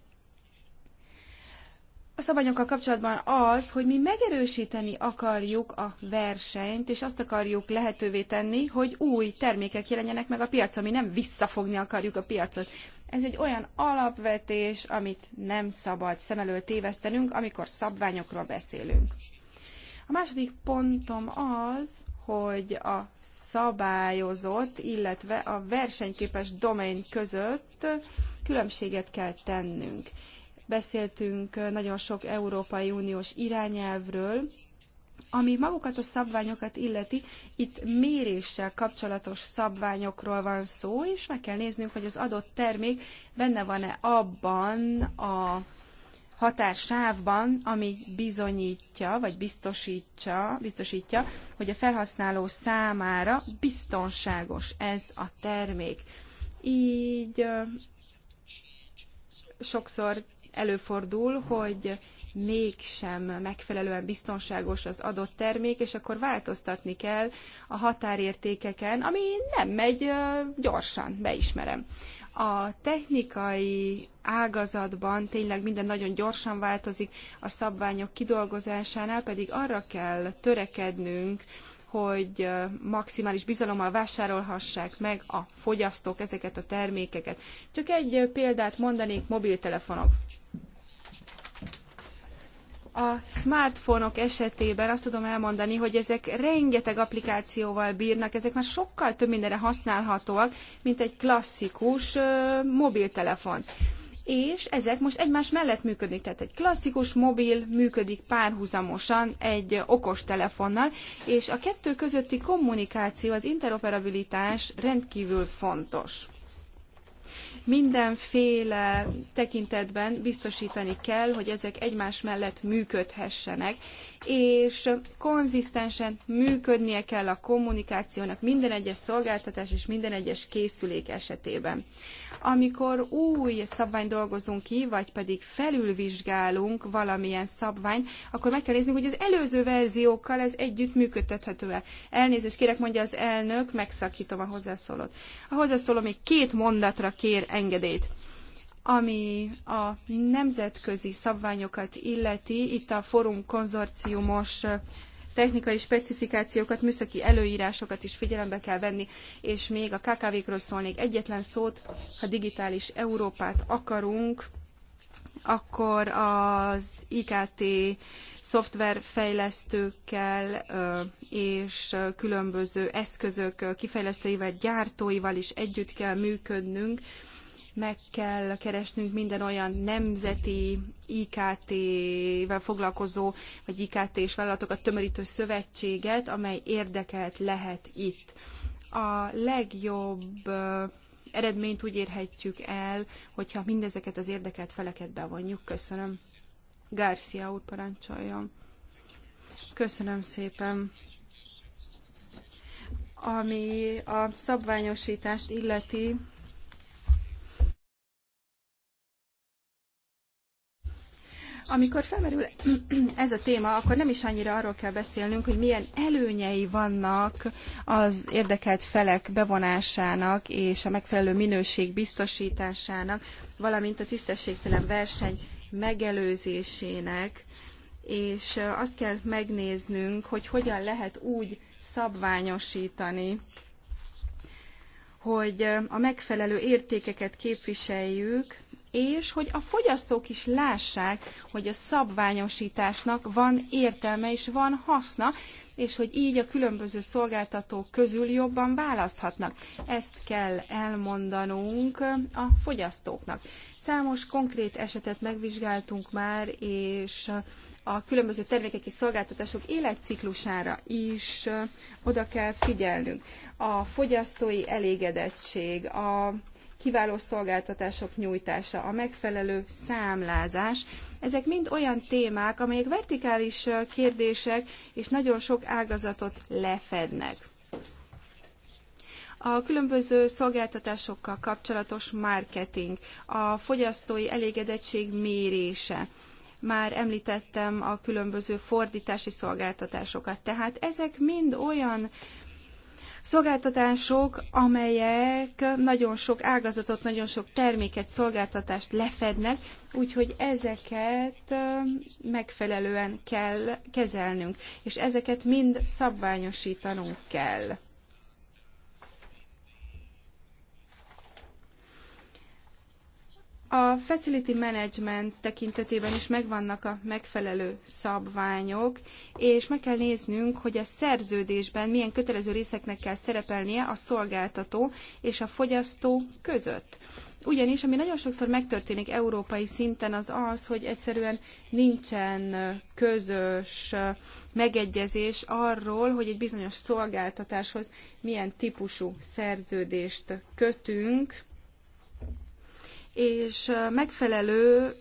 a szabályokkal kapcsolatban az, hogy mi megerősíteni akarjuk a versenyt, és azt akarjuk lehetővé tenni, hogy új termékek jelenjenek meg a piacon, mi nem visszafogni akarjuk a piacot. Ez egy olyan alapvetés, amit nem szabad szem elől tévesztenünk, amikor szabványokról beszélünk. A második pontom az, hogy a szabályozott, illetve a versenyképes domain között különbséget kell tennünk. Beszéltünk nagyon sok Európai Uniós irányelvről, ami magukat a szabványokat illeti, itt méréssel kapcsolatos szabványokról van szó, és meg kell néznünk, hogy az adott termék benne van-e abban a határsávban, ami bizonyítja, vagy biztosítja, biztosítja, hogy a felhasználó számára biztonságos ez a termék. Így sokszor előfordul, hogy mégsem megfelelően biztonságos az adott termék, és akkor változtatni kell a határértékeken, ami nem megy gyorsan, beismerem a technikai ágazatban tényleg minden nagyon gyorsan változik, a szabványok kidolgozásánál pedig arra kell törekednünk, hogy maximális bizalommal vásárolhassák meg a fogyasztók ezeket a termékeket. Csak egy példát mondanék, mobiltelefonok a smartfonok esetében azt tudom elmondani, hogy ezek rengeteg applikációval bírnak, ezek már sokkal több mindenre használhatóak, mint egy klasszikus ö, mobiltelefon. És ezek most egymás mellett működnek, tehát egy klasszikus mobil működik párhuzamosan egy okos telefonnal, és a kettő közötti kommunikáció, az interoperabilitás rendkívül fontos mindenféle tekintetben biztosítani kell, hogy ezek egymás mellett működhessenek, és konzisztensen működnie kell a kommunikációnak minden egyes szolgáltatás és minden egyes készülék esetében. Amikor új szabványt dolgozunk ki, vagy pedig felülvizsgálunk valamilyen szabványt, akkor meg kell néznünk, hogy az előző verziókkal ez együtt működtethető-e. Elnézést kérek, mondja az elnök, megszakítom a hozzászólót. A hozzászóló még két mondatra kér engedélyt. Ami a nemzetközi szabványokat illeti, itt a Forum konzorciumos technikai specifikációkat, műszaki előírásokat is figyelembe kell venni, és még a kkv król szólnék egyetlen szót, ha digitális Európát akarunk, akkor az IKT szoftverfejlesztőkkel és különböző eszközök kifejlesztőivel, gyártóival is együtt kell működnünk, meg kell keresnünk minden olyan nemzeti IKT-vel foglalkozó, vagy ikt és vállalatokat tömörítő szövetséget, amely érdekelt lehet itt. A legjobb eredményt úgy érhetjük el, hogyha mindezeket az érdekelt feleket bevonjuk. Köszönöm. Garcia úr parancsoljon. Köszönöm szépen ami a szabványosítást illeti, amikor felmerül ez a téma, akkor nem is annyira arról kell beszélnünk, hogy milyen előnyei vannak az érdekelt felek bevonásának és a megfelelő minőség biztosításának, valamint a tisztességtelen verseny megelőzésének, és azt kell megnéznünk, hogy hogyan lehet úgy szabványosítani, hogy a megfelelő értékeket képviseljük, és hogy a fogyasztók is lássák, hogy a szabványosításnak van értelme és van haszna, és hogy így a különböző szolgáltatók közül jobban választhatnak. Ezt kell elmondanunk a fogyasztóknak. Számos konkrét esetet megvizsgáltunk már, és a különböző termékek és szolgáltatások életciklusára is oda kell figyelnünk. A fogyasztói elégedettség, a kiváló szolgáltatások nyújtása, a megfelelő számlázás. Ezek mind olyan témák, amelyek vertikális kérdések, és nagyon sok ágazatot lefednek. A különböző szolgáltatásokkal kapcsolatos marketing, a fogyasztói elégedettség mérése, már említettem a különböző fordítási szolgáltatásokat. Tehát ezek mind olyan Szolgáltatások, amelyek nagyon sok ágazatot, nagyon sok terméket, szolgáltatást lefednek, úgyhogy ezeket megfelelően kell kezelnünk, és ezeket mind szabványosítanunk kell. A facility management tekintetében is megvannak a megfelelő szabványok, és meg kell néznünk, hogy a szerződésben milyen kötelező részeknek kell szerepelnie a szolgáltató és a fogyasztó között. Ugyanis, ami nagyon sokszor megtörténik európai szinten, az az, hogy egyszerűen nincsen közös megegyezés arról, hogy egy bizonyos szolgáltatáshoz milyen típusú szerződést kötünk, és megfelelő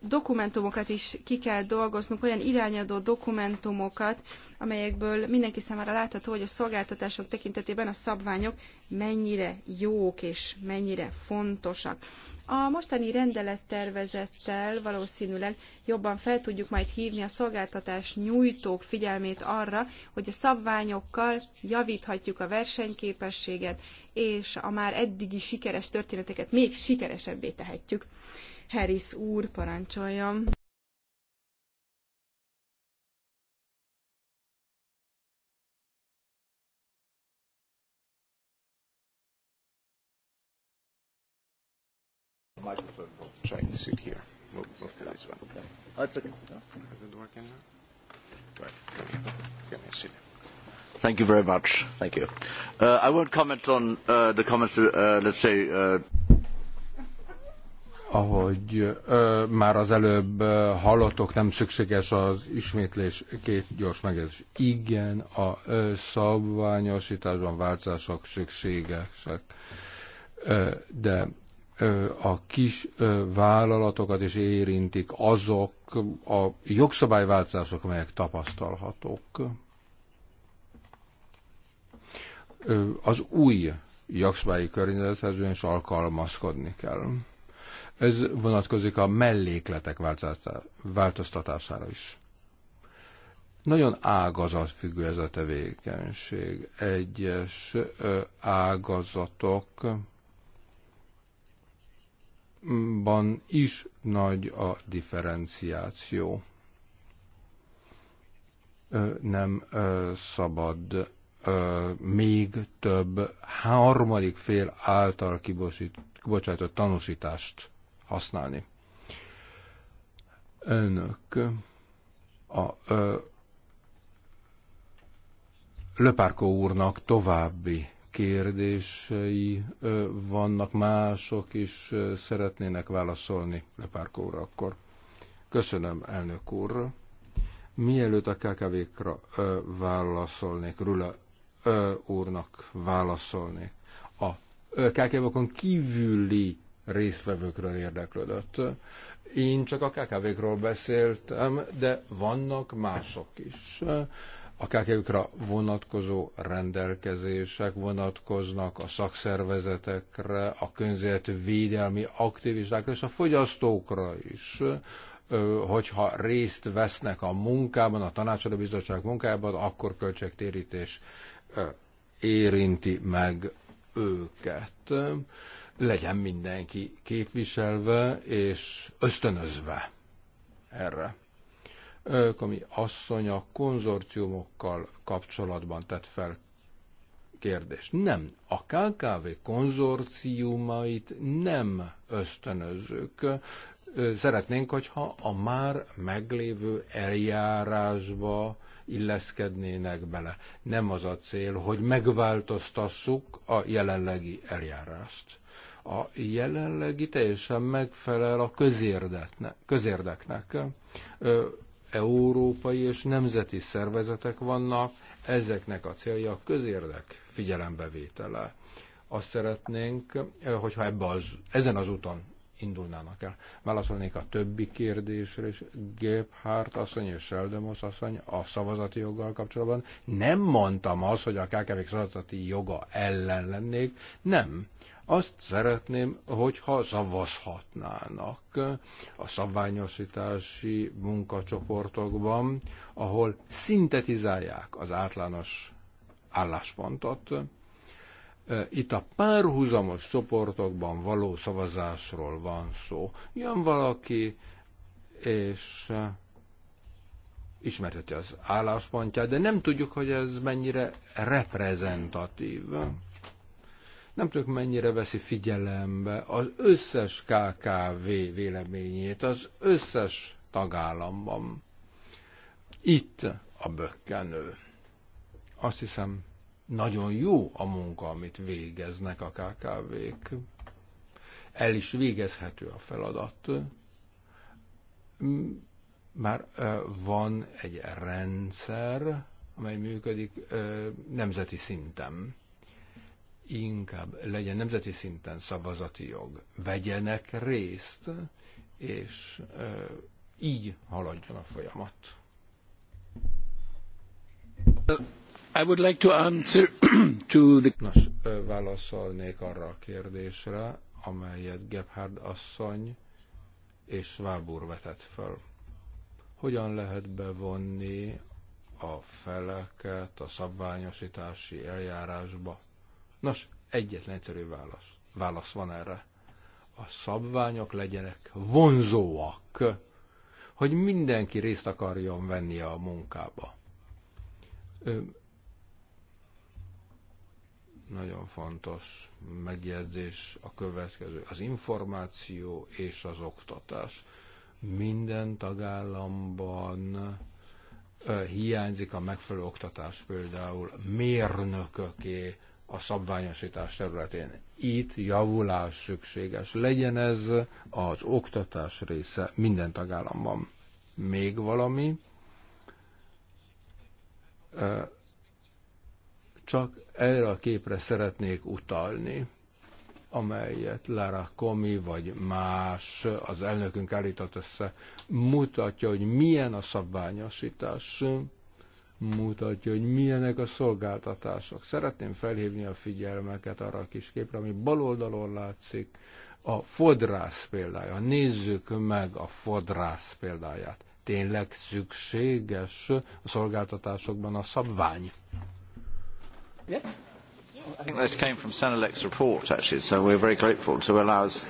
dokumentumokat is ki kell dolgoznunk, olyan irányadó dokumentumokat, amelyekből mindenki számára látható, hogy a szolgáltatások tekintetében a szabványok mennyire jók és mennyire fontosak. A mostani rendelettervezettel valószínűleg jobban fel tudjuk majd hívni a szolgáltatás nyújtók figyelmét arra, hogy a szabványokkal javíthatjuk a versenyképességet, és a már eddigi sikeres történeteket még sikeresebbé tehetjük. Harris úr, parancsoljon! sit here. Move, move to this one. Oh, it's okay. Is it working now? Right. Come here. Come here. Thank you very much. Thank you. Uh, I won't comment on uh, the comments, uh, let's say... Uh... Ahogy uh, már az előbb uh, hallottok, nem szükséges az ismétlés, két gyors megjegyzés. Igen, a uh, szabványosításban változások szükségesek, uh, de a kis vállalatokat is érintik azok a jogszabályváltozások, amelyek tapasztalhatók. Az új jogszabályi környezethez ugyanis alkalmazkodni kell. Ez vonatkozik a mellékletek változtatására is. Nagyon ágazatfüggő ez a tevékenység. Egyes ágazatok ban is nagy a differenciáció. Nem szabad még több harmadik fél által kibocsátott tanúsítást használni. Önök a Löpárkó úrnak további kérdései vannak, mások is szeretnének válaszolni Lepárkó úr akkor. Köszönöm, elnök úr. Mielőtt a KKV-kra válaszolnék, Rula úrnak válaszolnék, a KKV-kon kívüli résztvevőkről érdeklődött. Én csak a KKV-król beszéltem, de vannak mások is a KKV-kra vonatkozó rendelkezések vonatkoznak a szakszervezetekre, a védelmi aktivistákra és a fogyasztókra is hogyha részt vesznek a munkában, a tanácsadó bizottság munkájában, akkor költségtérítés érinti meg őket. Legyen mindenki képviselve és ösztönözve erre ami asszony a konzorciumokkal kapcsolatban tett fel kérdés. Nem, a KKV konzorciumait nem ösztönözzük. Szeretnénk, hogyha a már meglévő eljárásba illeszkednének bele. Nem az a cél, hogy megváltoztassuk a jelenlegi eljárást. A jelenlegi teljesen megfelel a közérdeknek európai és nemzeti szervezetek vannak, ezeknek a célja a közérdek figyelembevétele. Azt szeretnénk, eh, hogyha ebbe az, ezen az úton indulnának el. Válaszolnék a többi kérdésre, és Gebhardt asszony és Seldemosz asszony a szavazati joggal kapcsolatban. Nem mondtam azt, hogy a kkv szavazati joga ellen lennék, nem. Azt szeretném, hogyha szavazhatnának a szabványosítási munkacsoportokban, ahol szintetizálják az általános álláspontot. Itt a párhuzamos csoportokban való szavazásról van szó. Jön valaki, és ismerheti az álláspontját, de nem tudjuk, hogy ez mennyire reprezentatív. Nem tudok mennyire veszi figyelembe az összes KKV véleményét, az összes tagállamban. Itt a bökkenő. Azt hiszem, nagyon jó a munka, amit végeznek a KKV-k. El is végezhető a feladat. Már van egy rendszer, amely működik nemzeti szinten inkább legyen nemzeti szinten szavazati jog, vegyenek részt, és így haladjon a folyamat. I would like to answer to the... Nos, válaszolnék arra a kérdésre, amelyet Gebhard asszony és Schwab vetett föl. Hogyan lehet bevonni a feleket a szabványosítási eljárásba? Nos, egyetlen egyszerű válasz, válasz van erre. A szabványok legyenek vonzóak, hogy mindenki részt akarjon venni a munkába. Ö, nagyon fontos megjegyzés a következő. Az információ és az oktatás. Minden tagállamban hiányzik a megfelelő oktatás például mérnököké, a szabványosítás területén. Itt javulás szükséges. Legyen ez az oktatás része minden tagállamban. Még valami, csak erre a képre szeretnék utalni, amelyet Lara Komi vagy más az elnökünk állított össze, mutatja, hogy milyen a szabványosítás, mutatja, hogy milyenek a szolgáltatások. Szeretném felhívni a figyelmeket arra a kis képre, ami bal oldalon látszik, a fodrász példája. Nézzük meg a fodrász példáját. Tényleg szükséges a szolgáltatásokban a szabvány? Yeah. I think this came from Senelec's report, actually, so we're very grateful to allow us.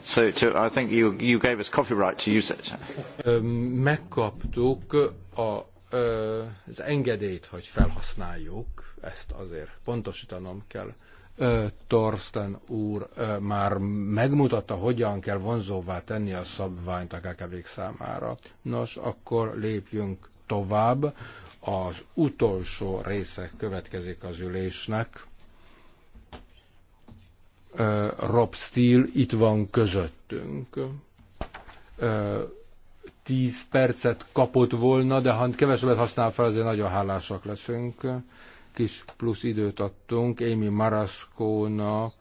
So to, I think you, you gave us copyright to use it. Megkaptuk a az engedélyt, hogy felhasználjuk, ezt azért pontosítanom kell. Torsten úr már megmutatta, hogyan kell vonzóvá tenni a szabványt a kkv számára. Nos, akkor lépjünk tovább. Az utolsó része következik az ülésnek. Rob Steele itt van közöttünk 10 percet kapott volna, de ha kevesebbet használ fel, azért nagyon hálásak leszünk. Kis plusz időt adtunk Amy Maraszkónak,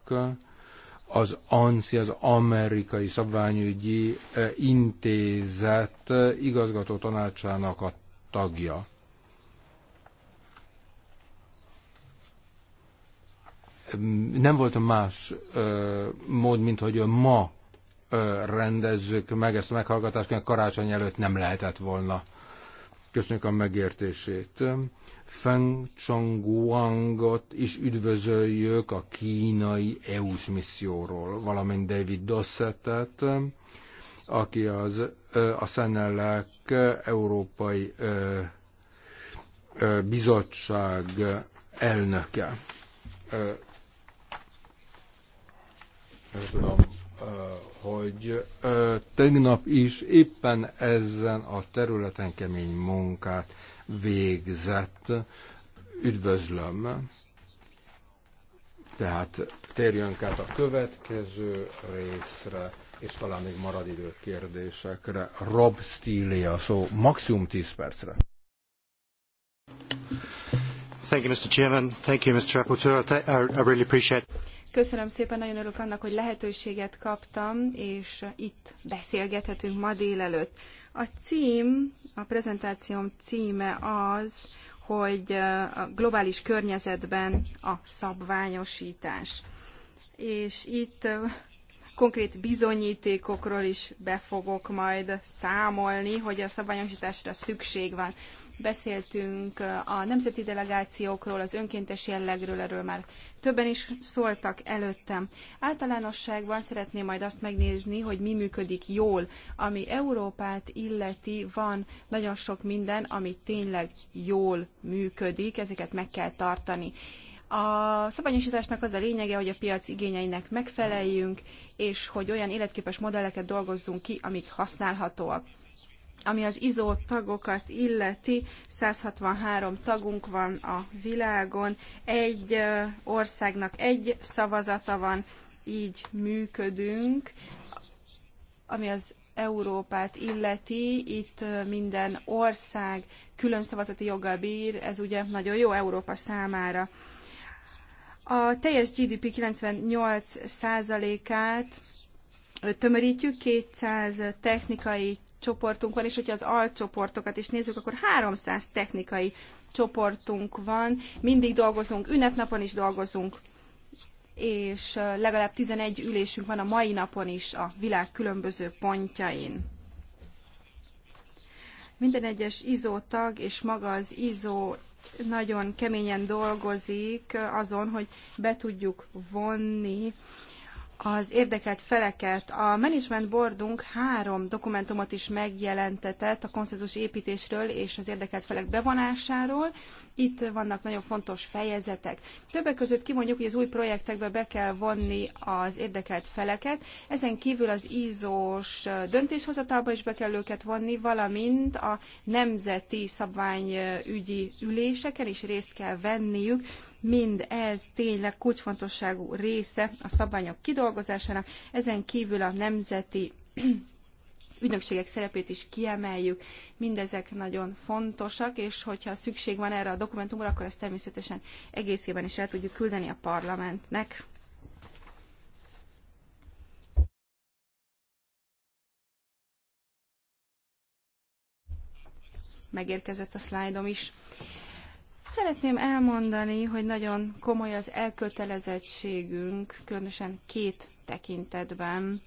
az ANSZI, az Amerikai Szabványügyi eh, Intézet igazgató tanácsának a tagja. Nem volt más eh, mód, mint hogy ma rendezzük meg ezt a meghallgatást, mert karácsony előtt nem lehetett volna. Köszönjük a megértését. Feng Chongguangot is üdvözöljük a kínai EU-s misszióról, valamint David Dossettet, aki az, a Szenellek Európai Bizottság elnöke. Tudom, hogy tegnap is éppen ezen a területen kemény munkát végzett. Üdvözlöm. Tehát térjünk át a következő részre, és talán még marad idő kérdésekre. Rob Steele, a szó, maximum 10 percre. Thank you, Mr. Chairman. Thank you, Mr. Rapporteur. I really appreciate it. Köszönöm szépen, nagyon örülök annak, hogy lehetőséget kaptam, és itt beszélgethetünk ma délelőtt. A cím, a prezentációm címe az, hogy a globális környezetben a szabványosítás. És itt konkrét bizonyítékokról is be fogok majd számolni, hogy a szabványosításra szükség van. Beszéltünk a nemzeti delegációkról, az önkéntes jellegről, erről már többen is szóltak előttem. Általánosságban szeretném majd azt megnézni, hogy mi működik jól. Ami Európát illeti, van nagyon sok minden, ami tényleg jól működik, ezeket meg kell tartani. A szabványosításnak az a lényege, hogy a piac igényeinek megfeleljünk, és hogy olyan életképes modelleket dolgozzunk ki, amik használhatóak. Ami az izó tagokat illeti, 163 tagunk van a világon, egy országnak egy szavazata van, így működünk. Ami az Európát illeti, itt minden ország külön szavazati joggal bír, ez ugye nagyon jó Európa számára. A teljes GDP 98%-át tömörítjük, 200 technikai csoportunk van, és hogyha az alcsoportokat is nézzük, akkor 300 technikai csoportunk van, mindig dolgozunk, ünnepnapon is dolgozunk, és legalább 11 ülésünk van a mai napon is a világ különböző pontjain. Minden egyes izó tag és maga az izó nagyon keményen dolgozik azon, hogy be tudjuk vonni az érdekelt feleket. A Management Boardunk három dokumentumot is megjelentetett a konszenzus építésről és az érdekelt felek bevonásáról. Itt vannak nagyon fontos fejezetek. Többek között kimondjuk, hogy az új projektekbe be kell vonni az érdekelt feleket. Ezen kívül az ízós döntéshozatalba is be kell őket vonni, valamint a nemzeti szabványügyi üléseken is részt kell venniük, mind ez tényleg kulcsfontosságú része a szabványok kidolgozásának, ezen kívül a nemzeti ügynökségek szerepét is kiemeljük. Mindezek nagyon fontosak, és hogyha szükség van erre a dokumentumra, akkor ezt természetesen egészében is el tudjuk küldeni a parlamentnek. Megérkezett a szlájdom is. Szeretném elmondani, hogy nagyon komoly az elkötelezettségünk, különösen két tekintetben.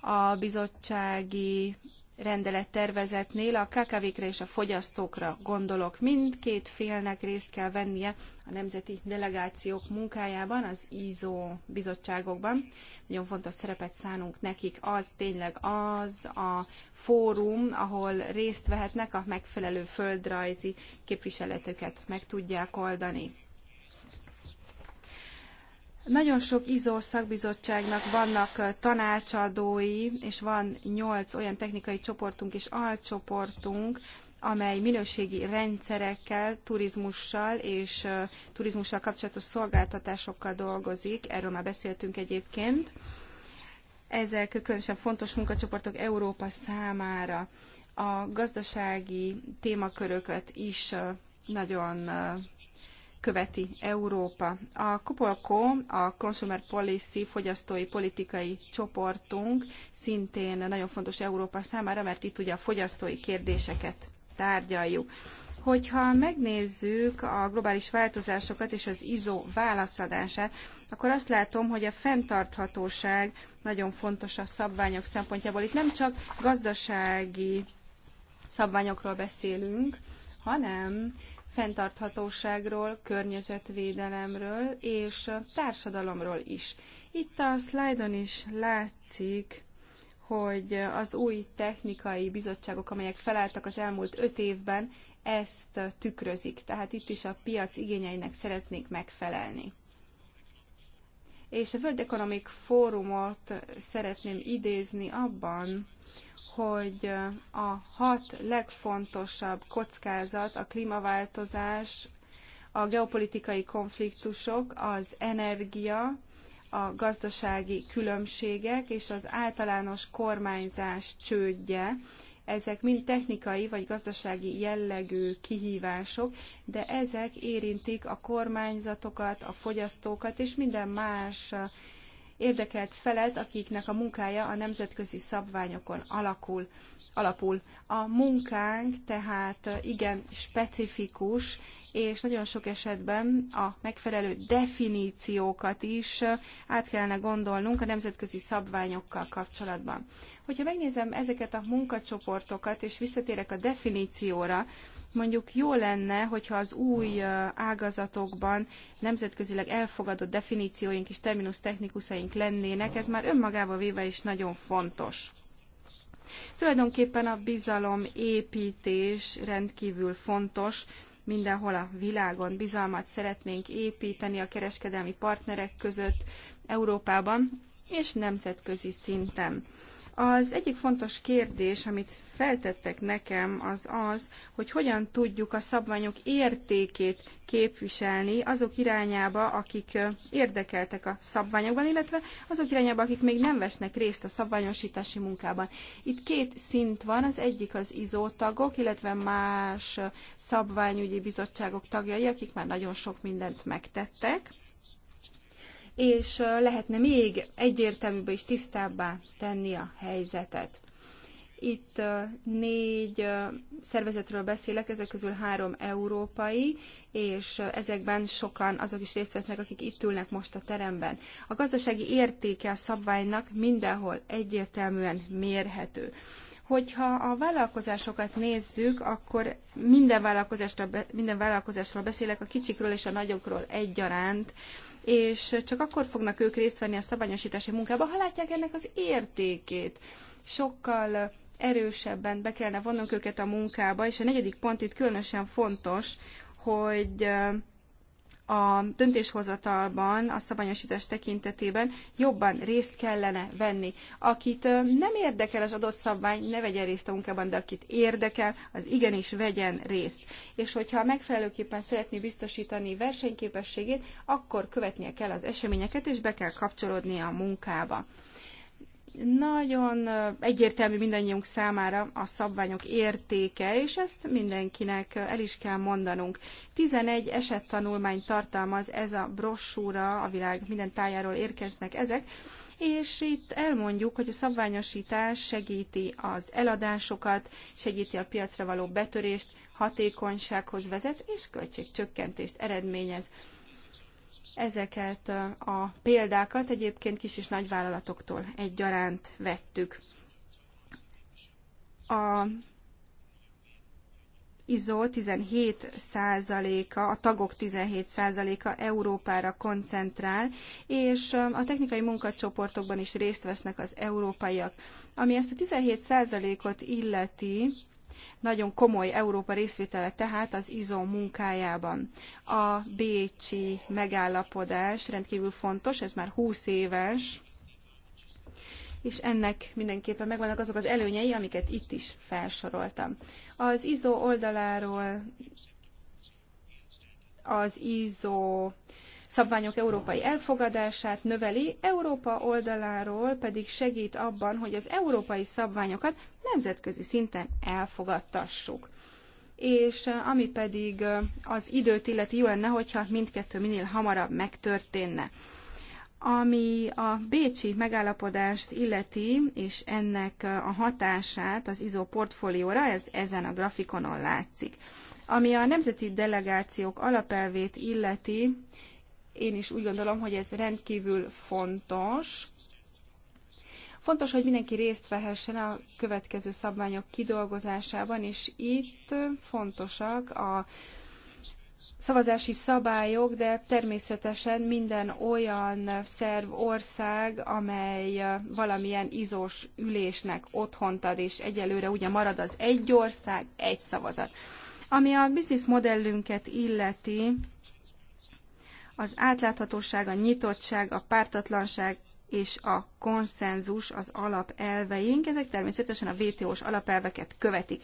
A bizottsági rendelettervezetnél a KKV-kre és a fogyasztókra gondolok. Mindkét félnek részt kell vennie a nemzeti delegációk munkájában, az ízó bizottságokban. Nagyon fontos szerepet szánunk nekik, az tényleg az a fórum, ahol részt vehetnek, a megfelelő földrajzi képviseletüket meg tudják oldani. Nagyon sok ISO szakbizottságnak vannak tanácsadói, és van nyolc olyan technikai csoportunk és alcsoportunk, amely minőségi rendszerekkel, turizmussal és turizmussal kapcsolatos szolgáltatásokkal dolgozik, erről már beszéltünk egyébként. Ezek különösen fontos munkacsoportok Európa számára. A gazdasági témaköröket is nagyon követi Európa. A Kopolko, a Consumer Policy fogyasztói politikai csoportunk szintén nagyon fontos Európa számára, mert itt ugye a fogyasztói kérdéseket tárgyaljuk. Hogyha megnézzük a globális változásokat és az ISO válaszadását, akkor azt látom, hogy a fenntarthatóság nagyon fontos a szabványok szempontjából. Itt nem csak gazdasági szabványokról beszélünk, hanem fenntarthatóságról, környezetvédelemről és társadalomról is. Itt a szlájdon is látszik hogy az új technikai bizottságok, amelyek felálltak az elmúlt öt évben, ezt tükrözik. Tehát itt is a piac igényeinek szeretnék megfelelni. És a World Economic Forumot szeretném idézni abban, hogy a hat legfontosabb kockázat a klímaváltozás, a geopolitikai konfliktusok, az energia, a gazdasági különbségek és az általános kormányzás csődje, ezek mind technikai vagy gazdasági jellegű kihívások, de ezek érintik a kormányzatokat, a fogyasztókat és minden más érdekelt felet, akiknek a munkája a nemzetközi szabványokon alakul, alapul. A munkánk tehát igen specifikus, és nagyon sok esetben a megfelelő definíciókat is át kellene gondolnunk a nemzetközi szabványokkal kapcsolatban. Hogyha megnézem ezeket a munkacsoportokat, és visszatérek a definícióra, Mondjuk jó lenne, hogyha az új ágazatokban nemzetközileg elfogadott definícióink és terminus technikusaink lennének, ez már önmagába véve is nagyon fontos. Tulajdonképpen a bizalom építés rendkívül fontos, mindenhol a világon bizalmat szeretnénk építeni a kereskedelmi partnerek között Európában és nemzetközi szinten. Az egyik fontos kérdés, amit feltettek nekem, az az, hogy hogyan tudjuk a szabványok értékét képviselni azok irányába, akik érdekeltek a szabványokban, illetve azok irányába, akik még nem vesznek részt a szabványosítási munkában. Itt két szint van, az egyik az ISO tagok, illetve más szabványügyi bizottságok tagjai, akik már nagyon sok mindent megtettek és lehetne még egyértelműbb és tisztábbá tenni a helyzetet. Itt négy szervezetről beszélek, ezek közül három európai, és ezekben sokan azok is részt vesznek, akik itt ülnek most a teremben. A gazdasági értéke a szabványnak mindenhol egyértelműen mérhető. Hogyha a vállalkozásokat nézzük, akkor minden, vállalkozásra, minden vállalkozásról beszélek, a kicsikről és a nagyokról egyaránt, és csak akkor fognak ők részt venni a szabályosítási munkában, ha látják ennek az értékét. Sokkal erősebben be kellene vonnunk őket a munkába, és a negyedik pont itt különösen fontos, hogy a döntéshozatalban, a szabványosítás tekintetében jobban részt kellene venni. Akit nem érdekel az adott szabvány, ne vegyen részt a munkában, de akit érdekel, az igenis vegyen részt. És hogyha megfelelőképpen szeretné biztosítani versenyképességét, akkor követnie kell az eseményeket, és be kell kapcsolódnia a munkába nagyon egyértelmű mindannyiunk számára a szabványok értéke, és ezt mindenkinek el is kell mondanunk. 11 esettanulmány tartalmaz ez a brossúra, a világ minden tájáról érkeznek ezek, és itt elmondjuk, hogy a szabványosítás segíti az eladásokat, segíti a piacra való betörést, hatékonysághoz vezet, és költségcsökkentést eredményez. Ezeket uh, a példákat egyébként kis és nagy vállalatoktól egyaránt vettük. A ISO 17%-a, a tagok 17%-a Európára koncentrál, és uh, a technikai munkacsoportokban is részt vesznek az európaiak. Ami ezt a 17%-ot illeti, nagyon komoly Európa részvétele tehát az IZO munkájában. A Bécsi megállapodás rendkívül fontos, ez már 20 éves, és ennek mindenképpen megvannak azok az előnyei, amiket itt is felsoroltam. Az IZO oldaláról az ISO szabványok európai elfogadását növeli, Európa oldaláról pedig segít abban, hogy az európai szabványokat nemzetközi szinten elfogadtassuk. És eh, ami pedig eh, az időt illeti, jó lenne, hogyha mindkettő minél hamarabb megtörténne. Ami a Bécsi megállapodást illeti, és ennek eh, a hatását az ISO portfólióra, ez ezen a grafikonon látszik. Ami a nemzeti delegációk alapelvét illeti, én is úgy gondolom, hogy ez rendkívül fontos. Fontos, hogy mindenki részt vehessen a következő szabványok kidolgozásában, és itt fontosak a szavazási szabályok, de természetesen minden olyan szerv ország, amely valamilyen izós ülésnek otthont ad, és egyelőre ugye marad az egy ország, egy szavazat. Ami a modellünket illeti, az átláthatóság, a nyitottság, a pártatlanság és a konszenzus az alapelveink. Ezek természetesen a WTO-s alapelveket követik.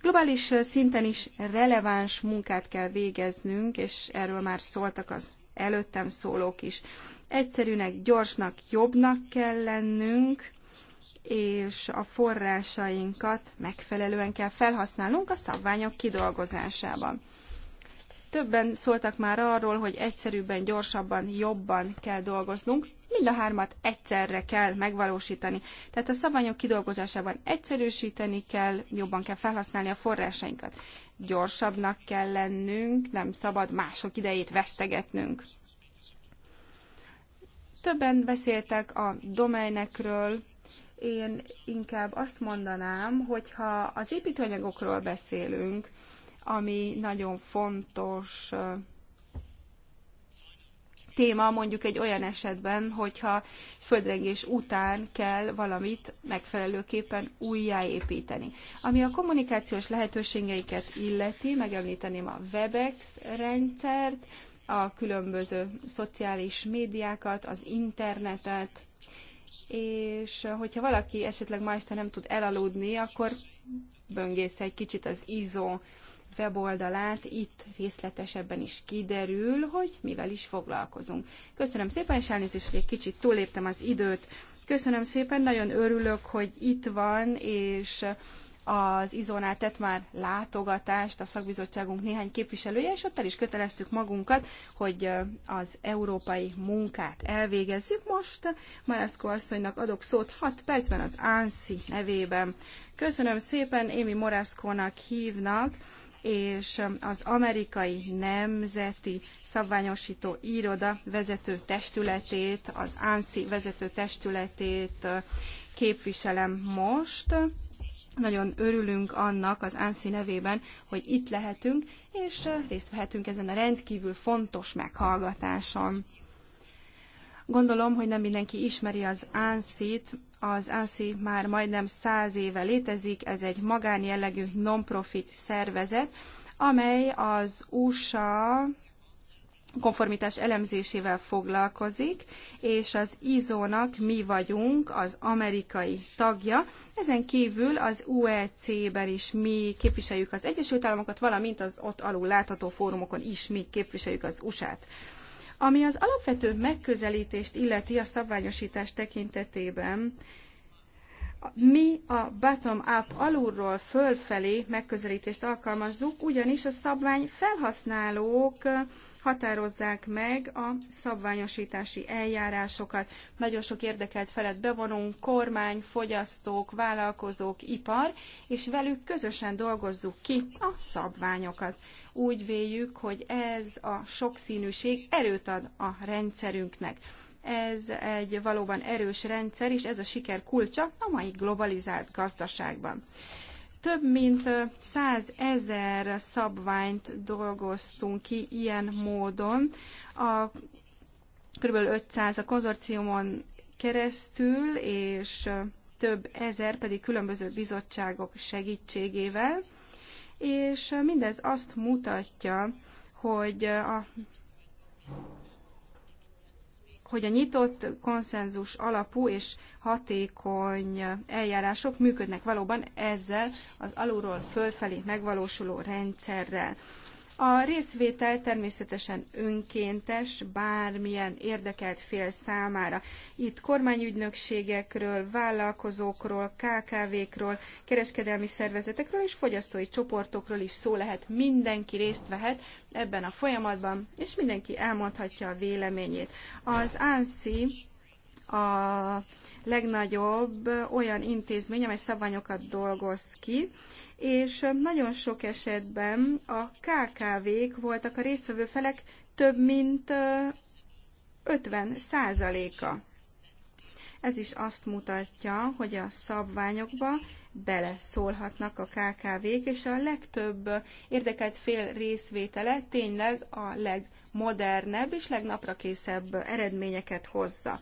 Globális szinten is releváns munkát kell végeznünk, és erről már szóltak az előttem szólók is. Egyszerűnek, gyorsnak, jobbnak kell lennünk, és a forrásainkat megfelelően kell felhasználnunk a szabványok kidolgozásában. Többen szóltak már arról, hogy egyszerűbben, gyorsabban, jobban kell dolgoznunk. Mind a hármat egyszerre kell megvalósítani. Tehát a szabványok kidolgozásában egyszerűsíteni kell, jobban kell felhasználni a forrásainkat. Gyorsabbnak kell lennünk, nem szabad mások idejét vesztegetnünk. Többen beszéltek a domainekről, én inkább azt mondanám, hogyha az építőanyagokról beszélünk, ami nagyon fontos téma mondjuk egy olyan esetben, hogyha földrengés után kell valamit megfelelőképpen újjáépíteni. Ami a kommunikációs lehetőségeiket illeti, megemlíteném a WebEx rendszert, a különböző szociális médiákat, az internetet, és hogyha valaki esetleg ma este nem tud elaludni, akkor böngész egy kicsit az izó weboldalát, itt részletesebben is kiderül, hogy mivel is foglalkozunk. Köszönöm szépen, és elnézést, hogy egy kicsit túléptem az időt. Köszönöm szépen, nagyon örülök, hogy itt van, és az izónál tett már látogatást a szakbizottságunk néhány képviselője, és ott el is köteleztük magunkat, hogy az európai munkát elvégezzük. Most Maraszko asszonynak adok szót 6 percben az ANSZI nevében. Köszönöm szépen, Émi Moraszkónak hívnak és az amerikai nemzeti szabványosító iroda vezető testületét, az ANSI vezető testületét képviselem most. Nagyon örülünk annak az ANSI nevében, hogy itt lehetünk, és részt vehetünk ezen a rendkívül fontos meghallgatáson. Gondolom, hogy nem mindenki ismeri az ansi t az ANSI már majdnem száz éve létezik, ez egy magánjellegű non-profit szervezet, amely az USA konformitás elemzésével foglalkozik, és az ISO-nak mi vagyunk az amerikai tagja. Ezen kívül az UEC-ben is mi képviseljük az Egyesült Államokat, valamint az ott alul látható fórumokon is mi képviseljük az USA-t. Ami az alapvető megközelítést illeti a szabványosítás tekintetében, mi a bottom-up alulról fölfelé megközelítést alkalmazzuk, ugyanis a szabvány felhasználók határozzák meg a szabványosítási eljárásokat. Nagyon sok érdekelt felet bevonunk, kormány, fogyasztók, vállalkozók, ipar, és velük közösen dolgozzuk ki a szabványokat. Úgy véljük, hogy ez a sokszínűség erőt ad a rendszerünknek. Ez egy valóban erős rendszer, és ez a siker kulcsa a mai globalizált gazdaságban több mint százezer szabványt dolgoztunk ki ilyen módon. A kb. 500 a konzorciumon keresztül, és több ezer pedig különböző bizottságok segítségével és mindez azt mutatja, hogy a hogy a nyitott konszenzus alapú és hatékony eljárások működnek valóban ezzel az alulról fölfelé megvalósuló rendszerrel. A részvétel természetesen önkéntes, bármilyen érdekelt fél számára. Itt kormányügynökségekről, vállalkozókról, KKV-król, kereskedelmi szervezetekről és fogyasztói csoportokról is szó lehet. Mindenki részt vehet ebben a folyamatban, és mindenki elmondhatja a véleményét. Az ANSZI a legnagyobb olyan intézmény, amely szabványokat dolgoz ki, és nagyon sok esetben a KKV-k voltak a résztvevő felek több mint 50 százaléka. Ez is azt mutatja, hogy a szabványokba beleszólhatnak a KKV-k, és a legtöbb érdekelt fél részvétele tényleg a legmodernebb és legnaprakészebb eredményeket hozza.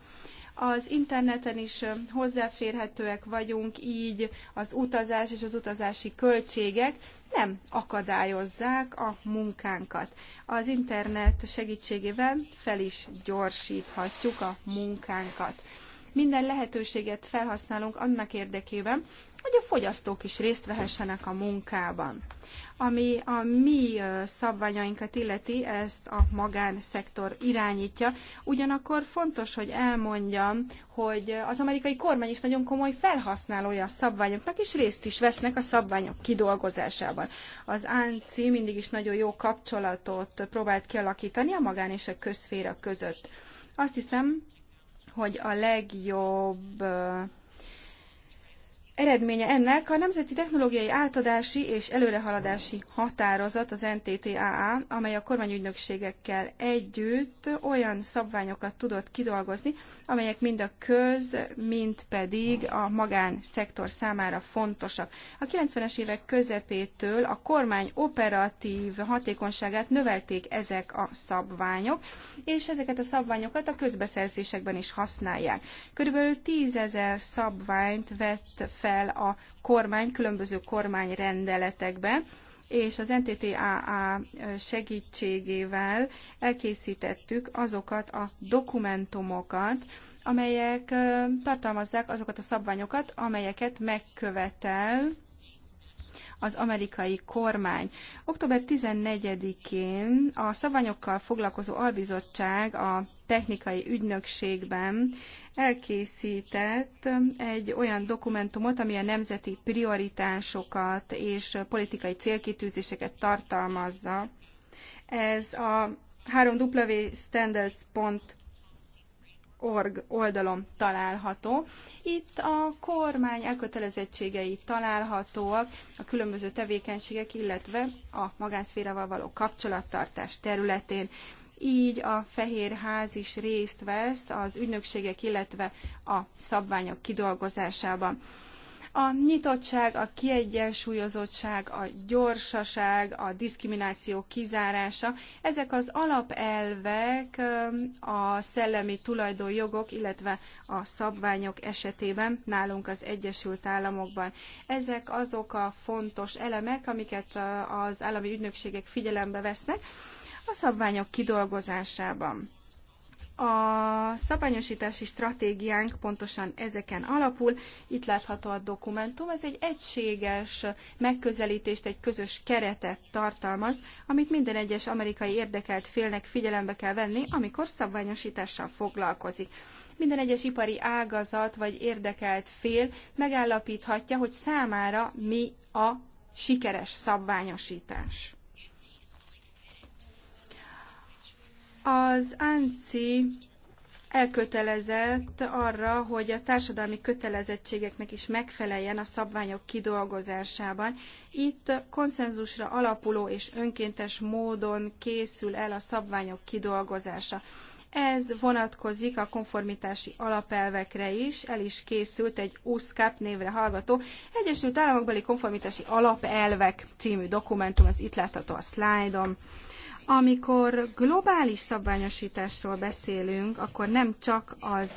Az interneten is hozzáférhetőek vagyunk, így az utazás és az utazási költségek nem akadályozzák a munkánkat. Az internet segítségével fel is gyorsíthatjuk a munkánkat. Minden lehetőséget felhasználunk annak érdekében, hogy a fogyasztók is részt vehessenek a munkában. Ami a mi szabványainkat illeti, ezt a magánszektor irányítja. Ugyanakkor fontos, hogy elmondjam, hogy az amerikai kormány is nagyon komoly felhasználója a szabványoknak, és részt is vesznek a szabványok kidolgozásában. Az ANCI mindig is nagyon jó kapcsolatot próbált kialakítani a magán és a közféra között. Azt hiszem, hogy a legjobb Eredménye ennek a Nemzeti Technológiai Átadási és Előrehaladási Határozat, az NTTAA, amely a kormányügynökségekkel együtt olyan szabványokat tudott kidolgozni, amelyek mind a köz, mind pedig a magánszektor számára fontosak. A 90-es évek közepétől a kormány operatív hatékonyságát növelték ezek a szabványok, és ezeket a szabványokat a közbeszerzésekben is használják. Körülbelül tízezer szabványt vett fel a kormány különböző kormányrendeletekbe, és az NTTAA segítségével elkészítettük azokat a dokumentumokat, amelyek tartalmazzák azokat a szabványokat, amelyeket megkövetel az amerikai kormány. Október 14-én a szavanyokkal foglalkozó albizottság a technikai ügynökségben elkészített egy olyan dokumentumot, ami a nemzeti prioritásokat és politikai célkitűzéseket tartalmazza. Ez a 3W standards pont org oldalon található. Itt a kormány elkötelezettségei találhatóak, a különböző tevékenységek, illetve a magánszférával való kapcsolattartás területén. Így a Fehér Ház is részt vesz az ügynökségek, illetve a szabványok kidolgozásában. A nyitottság, a kiegyensúlyozottság, a gyorsaság, a diszkrimináció kizárása, ezek az alapelvek a szellemi tulajdonjogok, illetve a szabványok esetében nálunk az Egyesült Államokban. Ezek azok a fontos elemek, amiket az állami ügynökségek figyelembe vesznek a szabványok kidolgozásában. A szabályosítási stratégiánk pontosan ezeken alapul. Itt látható a dokumentum, ez egy egységes megközelítést, egy közös keretet tartalmaz, amit minden egyes amerikai érdekelt félnek figyelembe kell venni, amikor szabványosítással foglalkozik. Minden egyes ipari ágazat vagy érdekelt fél megállapíthatja, hogy számára mi a sikeres szabványosítás. Az ANCI elkötelezett arra, hogy a társadalmi kötelezettségeknek is megfeleljen a szabványok kidolgozásában. Itt konszenzusra alapuló és önkéntes módon készül el a szabványok kidolgozása. Ez vonatkozik a konformitási alapelvekre is, el is készült egy USCAP névre hallgató Egyesült Államokbeli Konformitási Alapelvek című dokumentum, ez itt látható a szlájdon. Amikor globális szabványosításról beszélünk, akkor nem csak az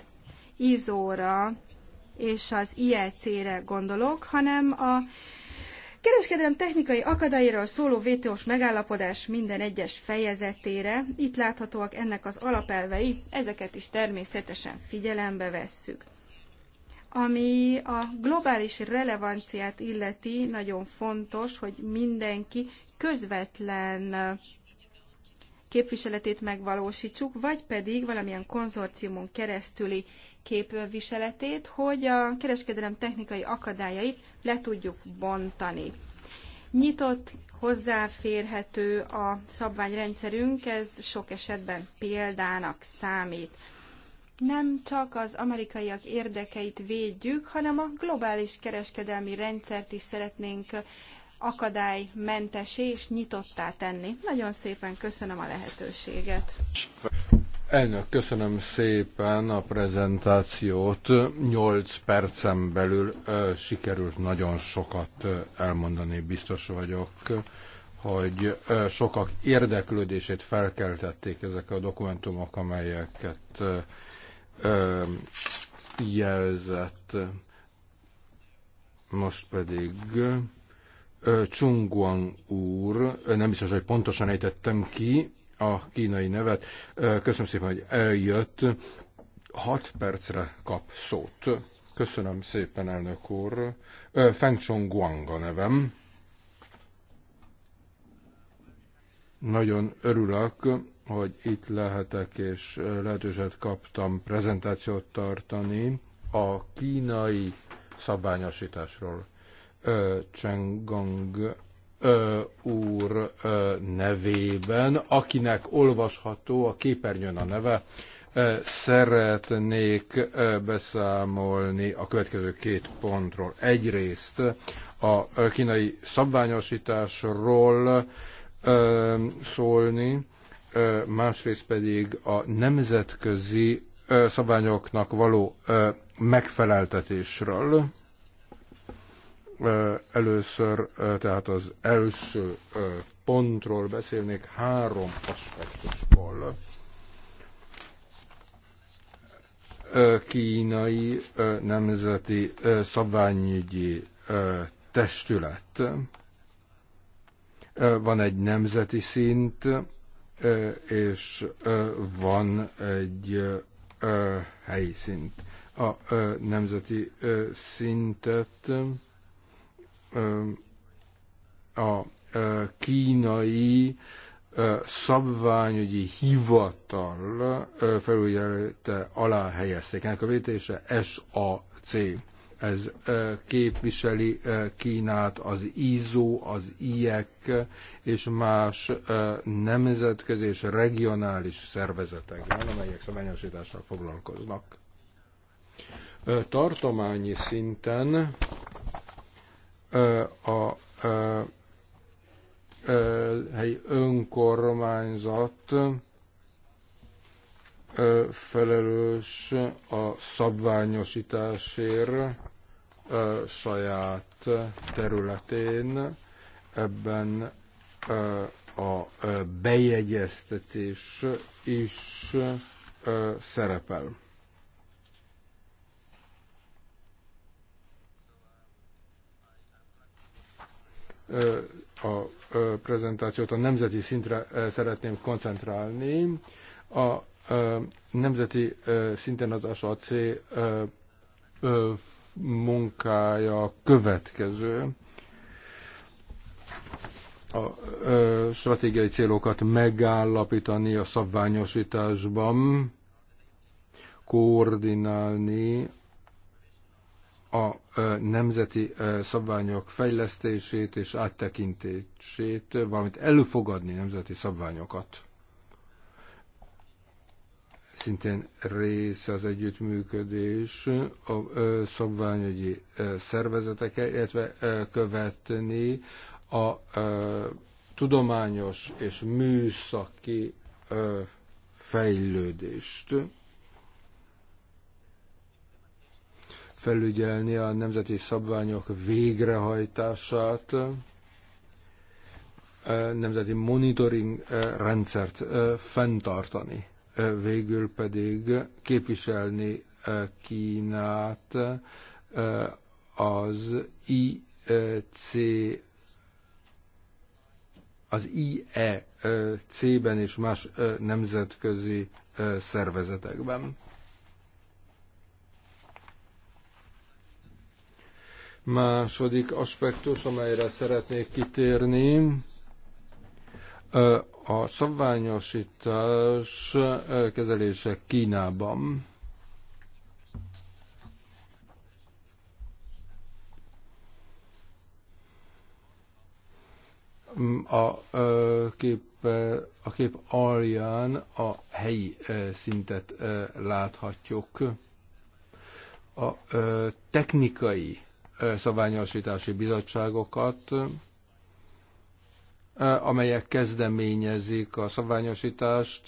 ISO-ra és az IEC-re gondolok, hanem a kereskedelem technikai akadályról szóló WTO-s megállapodás minden egyes fejezetére. Itt láthatóak ennek az alapelvei, ezeket is természetesen figyelembe vesszük. Ami a globális relevanciát illeti, nagyon fontos, hogy mindenki közvetlen képviseletét megvalósítsuk, vagy pedig valamilyen konzorciumon keresztüli képviseletét, hogy a kereskedelem technikai akadályait le tudjuk bontani. Nyitott, hozzáférhető a szabványrendszerünk, ez sok esetben példának számít nem csak az amerikaiak érdekeit védjük, hanem a globális kereskedelmi rendszert is szeretnénk akadálymentesé és nyitottá tenni. Nagyon szépen köszönöm a lehetőséget. Elnök, köszönöm szépen a prezentációt. 8 percen belül sikerült nagyon sokat elmondani, biztos vagyok hogy sokak érdeklődését felkeltették ezek a dokumentumok, amelyeket jelzett. Most pedig Csungguan úr, nem biztos, hogy pontosan ejtettem ki a kínai nevet. Köszönöm szépen, hogy eljött. Hat percre kap szót. Köszönöm szépen, elnök úr. Feng Chongguang a nevem. Nagyon örülök, hogy itt lehetek, és lehetőséget kaptam prezentációt tartani a kínai szabványosításról. Csengang úr nevében, akinek olvasható a képernyőn a neve, szeretnék beszámolni a következő két pontról. Egyrészt a kínai szabványosításról szólni, másrészt pedig a nemzetközi szabványoknak való megfeleltetésről. Először tehát az első pontról beszélnék három aspektusból. Kínai Nemzeti Szabványügyi Testület. Van egy nemzeti szint, és van egy helyi szint. A nemzeti szintet a kínai szabványügyi hivatal felügyelete alá helyezték. Ennek a vétése SAC. Ez képviseli Kínát az ISO, az IEC és más nemzetközi és regionális szervezetekben, amelyek szabványosítással foglalkoznak. Tartományi szinten a helyi önkormányzat felelős a szabványosításért saját területén ebben a bejegyeztetés is szerepel. a prezentációt a nemzeti szintre szeretném koncentrálni. A nemzeti szinten az ASAC munkája következő. A stratégiai célokat megállapítani a szabványosításban, koordinálni a nemzeti szabványok fejlesztését és áttekintését, valamint elfogadni nemzeti szabványokat. Szintén része az együttműködés a szabványügyi szervezetekkel, illetve követni a tudományos és műszaki fejlődést felügyelni a nemzeti szabványok végrehajtását, nemzeti monitoring rendszert fenntartani, végül pedig képviselni Kínát az IC e az IEC-ben és más nemzetközi szervezetekben. Második aspektus, amelyre szeretnék kitérni, a szabványosítás kezelése Kínában. a kép, a kép alján a helyi szintet láthatjuk. A technikai szabványosítási bizottságokat, amelyek kezdeményezik a szabványosítást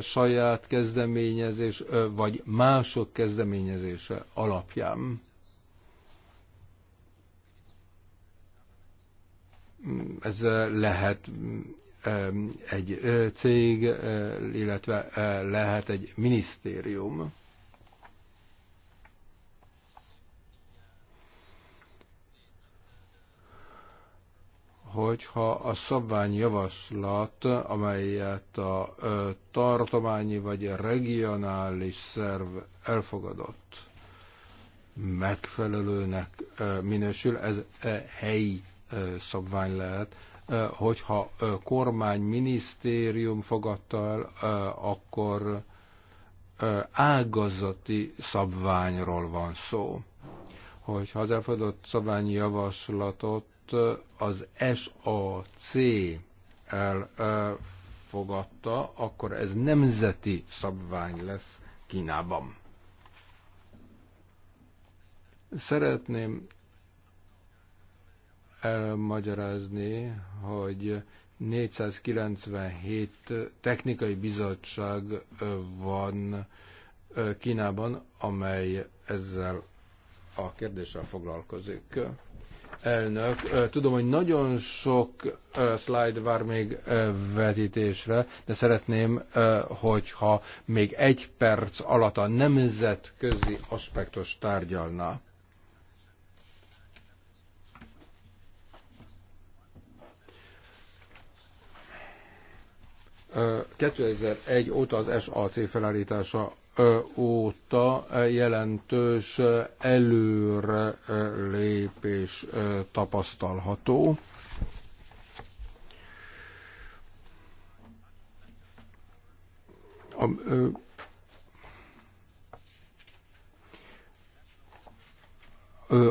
saját kezdeményezés vagy mások kezdeményezése alapján. Ez lehet egy cég, illetve lehet egy minisztérium. hogyha a szabványjavaslat, amelyet a tartományi vagy a regionális szerv elfogadott, megfelelőnek minősül, ez e, helyi szabvány lehet, hogyha kormány, minisztérium fogadta el, akkor ágazati szabványról van szó. Hogyha az elfogadott szabványi javaslatot az SAC elfogadta, akkor ez nemzeti szabvány lesz Kínában. Szeretném elmagyarázni, hogy 497 technikai bizottság van Kínában, amely ezzel a kérdéssel foglalkozik elnök. Tudom, hogy nagyon sok slide vár még vetítésre, de szeretném, hogyha még egy perc alatt a nemzetközi aspektus tárgyalna. Uh, 2001 óta az SAC felállítása óta jelentős előrelépés tapasztalható. A,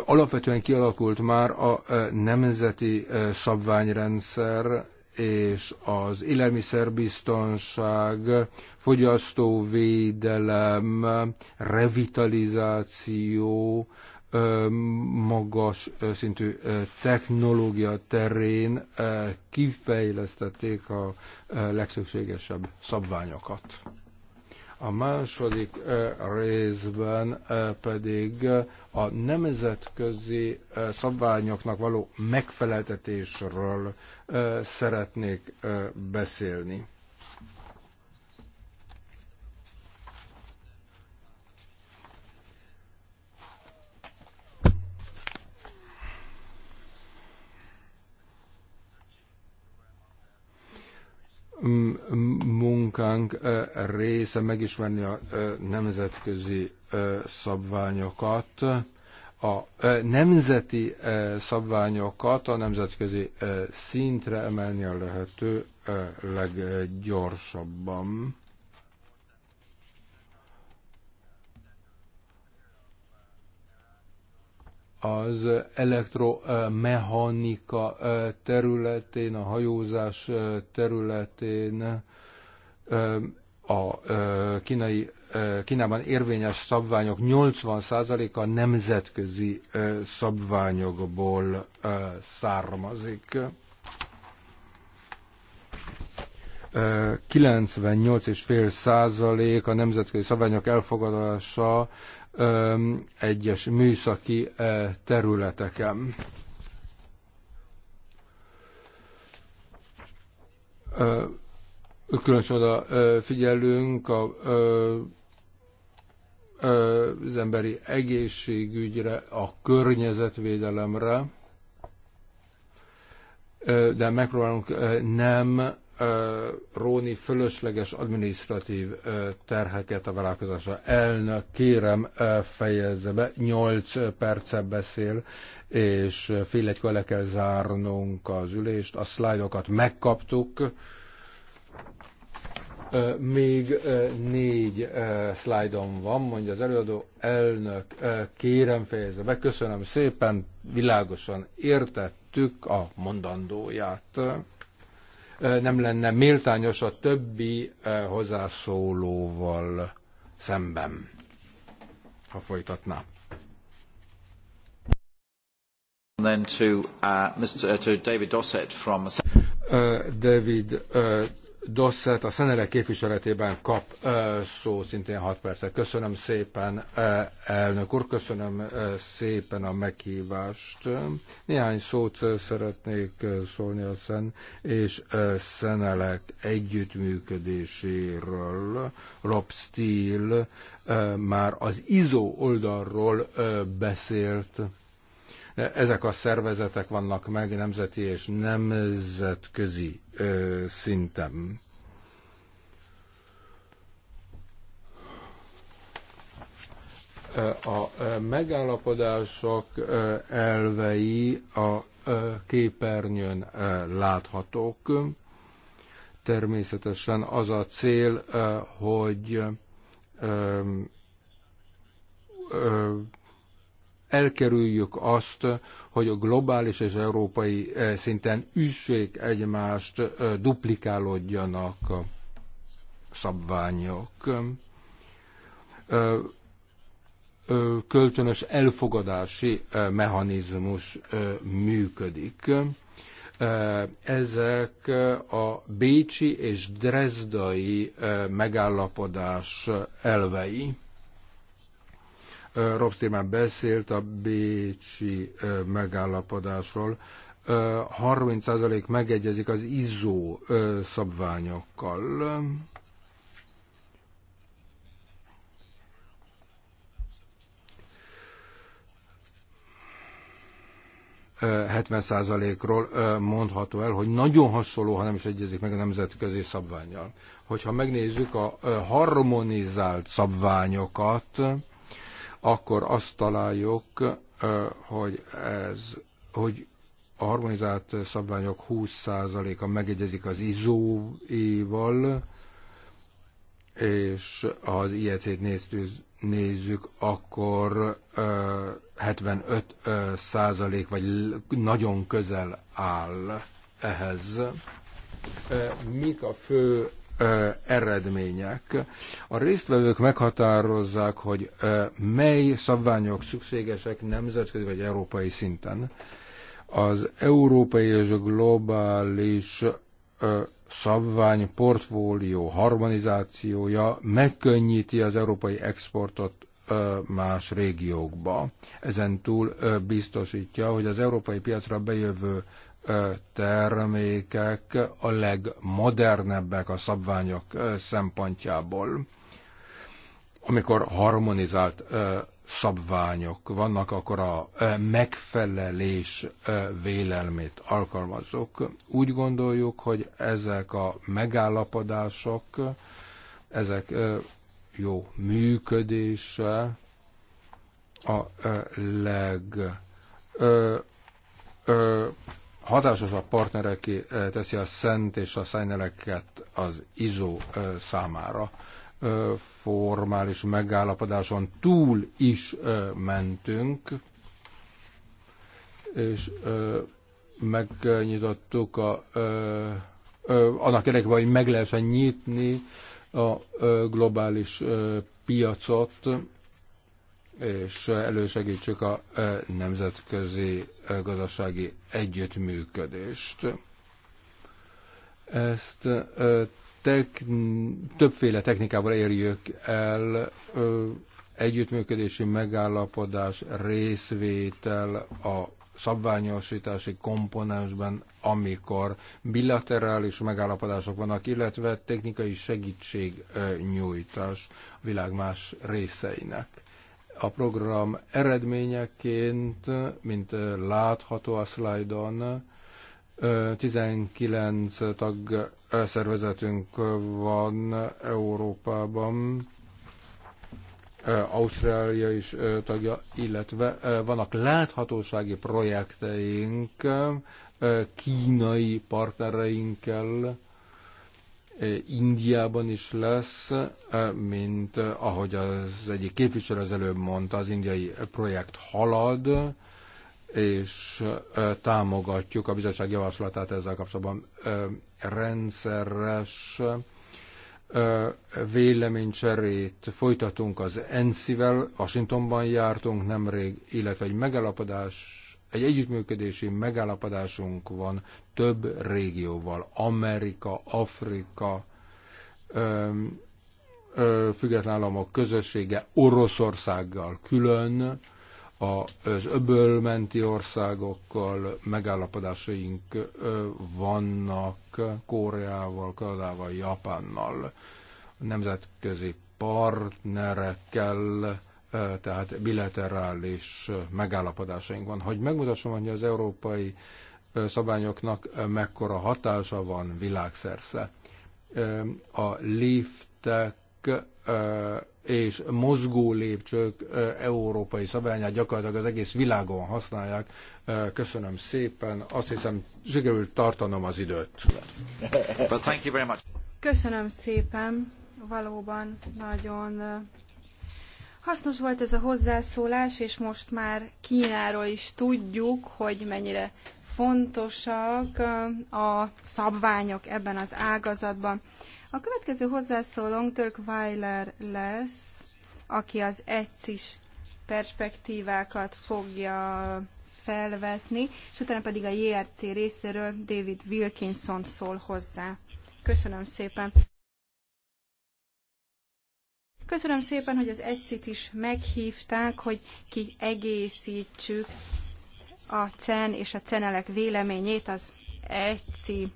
alapvetően kialakult már a nemzeti szabványrendszer, és az élelmiszerbiztonság, fogyasztóvédelem, revitalizáció, magas szintű technológia terén kifejlesztették a legszükségesebb szabványokat. A második eh, részben eh, pedig eh, a nemzetközi szabványoknak való megfeleltetésről szeretnék beszélni. munkánk része megismerni a nemzetközi szabványokat, a nemzeti szabványokat a nemzetközi szintre emelni a lehető leggyorsabban. az elektromechanika területén, a hajózás területén a kínai, Kínában érvényes szabványok 80%-a nemzetközi szabványokból származik. 98,5% a nemzetközi szabványok elfogadása egyes műszaki területeken. Különösen oda figyelünk a az emberi egészségügyre, a környezetvédelemre, de megpróbálunk nem róni fölösleges adminisztratív terheket a vállalkozásra. Elnök, kérem, fejezze be, 8 perce beszél, és fél egykor le kell zárnunk az ülést. A szlájdokat megkaptuk, még négy szlájdom van, mondja az előadó elnök, kérem fejezze be, köszönöm szépen, világosan értettük a mondandóját nem lenne méltányos a többi hozzászólóval szemben, ha folytatná. Then to, uh, Mr. Uh, to David Dossett from... David Dosszett a Szenere képviseletében kap szót, szó szintén 6 percet. Köszönöm szépen, elnök úr, köszönöm szépen a meghívást. Néhány szót szeretnék szólni a Szen és Szenelek együttműködéséről. Rob Steele már az ISO oldalról beszélt ezek a szervezetek vannak meg nemzeti és nemzetközi szinten. a megállapodások elvei a képernyőn láthatók. Természetesen az a cél, hogy elkerüljük azt, hogy a globális és európai eh, szinten üssék egymást, eh, duplikálódjanak a szabványok. Eh, kölcsönös elfogadási mechanizmus működik. Ezek a bécsi és drezdai megállapodás elvei Rob Stierman beszélt a bécsi megállapodásról. 30% megegyezik az izzó szabványokkal. Uh, 70%-ról uh, mondható el, hogy nagyon hasonló, ha nem is egyezik meg a nemzetközi szabványjal. Hogyha megnézzük a uh, harmonizált szabványokat, akkor azt találjuk, hogy ez, hogy a harmonizált szabványok 20%-a megegyezik az iso és ha az IEC-t nézzük, akkor 75 vagy nagyon közel áll ehhez. Mik a fő eredmények. A résztvevők meghatározzák, hogy mely szabványok szükségesek nemzetközi vagy európai szinten. Az európai és globális szabvány portfólió harmonizációja megkönnyíti az európai exportot más régiókba. Ezen túl biztosítja, hogy az európai piacra bejövő termékek a legmodernebbek a szabványok szempontjából. Amikor harmonizált szabványok vannak, akkor a megfelelés vélelmét alkalmazzuk. Úgy gondoljuk, hogy ezek a megállapodások, ezek jó működése a leg hatásosabb partnereké eh, teszi a szent és a szájneleket az izó eh, számára. Eh, formális megállapodáson túl is mentünk, és megnyitottuk a, annak érdekében, hogy meg lehessen nyitni a globális piacot, és elősegítsük a nemzetközi gazdasági együttműködést. Ezt tek, többféle technikával érjük el együttműködési megállapodás részvétel a szabványosítási komponensben, amikor bilaterális megállapodások vannak, illetve technikai segítség nyújtás a világ más részeinek. A program eredményeként, mint látható a szlájdon, 19 tag szervezetünk van Európában, Ausztrália is tagja, illetve vannak láthatósági projekteink kínai partnereinkkel, Indiában is lesz, mint ahogy az egyik képviselő az előbb mondta, az indiai projekt halad, és támogatjuk a bizottság javaslatát ezzel kapcsolatban rendszeres véleménycserét folytatunk az ensz vel Washingtonban jártunk nemrég, illetve egy megalapodás egy együttműködési megállapodásunk van több régióval, Amerika, Afrika, ö, ö, független államok közössége, Oroszországgal külön, az öbölmenti országokkal megállapodásaink vannak Koreával, Kanadával, Japánnal, nemzetközi partnerekkel tehát bilaterális megállapodásaink van. Hogy megmutassam, hogy az európai szabályoknak mekkora hatása van világszerze. A liftek és mozgó lépcsők európai szabályát gyakorlatilag az egész világon használják. Köszönöm szépen, azt hiszem sikerült tartanom az időt. Köszönöm szépen, valóban nagyon Hasznos volt ez a hozzászólás, és most már Kínáról is tudjuk, hogy mennyire fontosak a szabványok ebben az ágazatban. A következő hozzászólónk Dirk Weiler lesz, aki az ECIS perspektívákat fogja felvetni, és utána pedig a JRC részéről David Wilkinson szól hozzá. Köszönöm szépen! Köszönöm szépen, hogy az egyszit is meghívták, hogy kiegészítsük a CEN és a CENELEK véleményét az ECI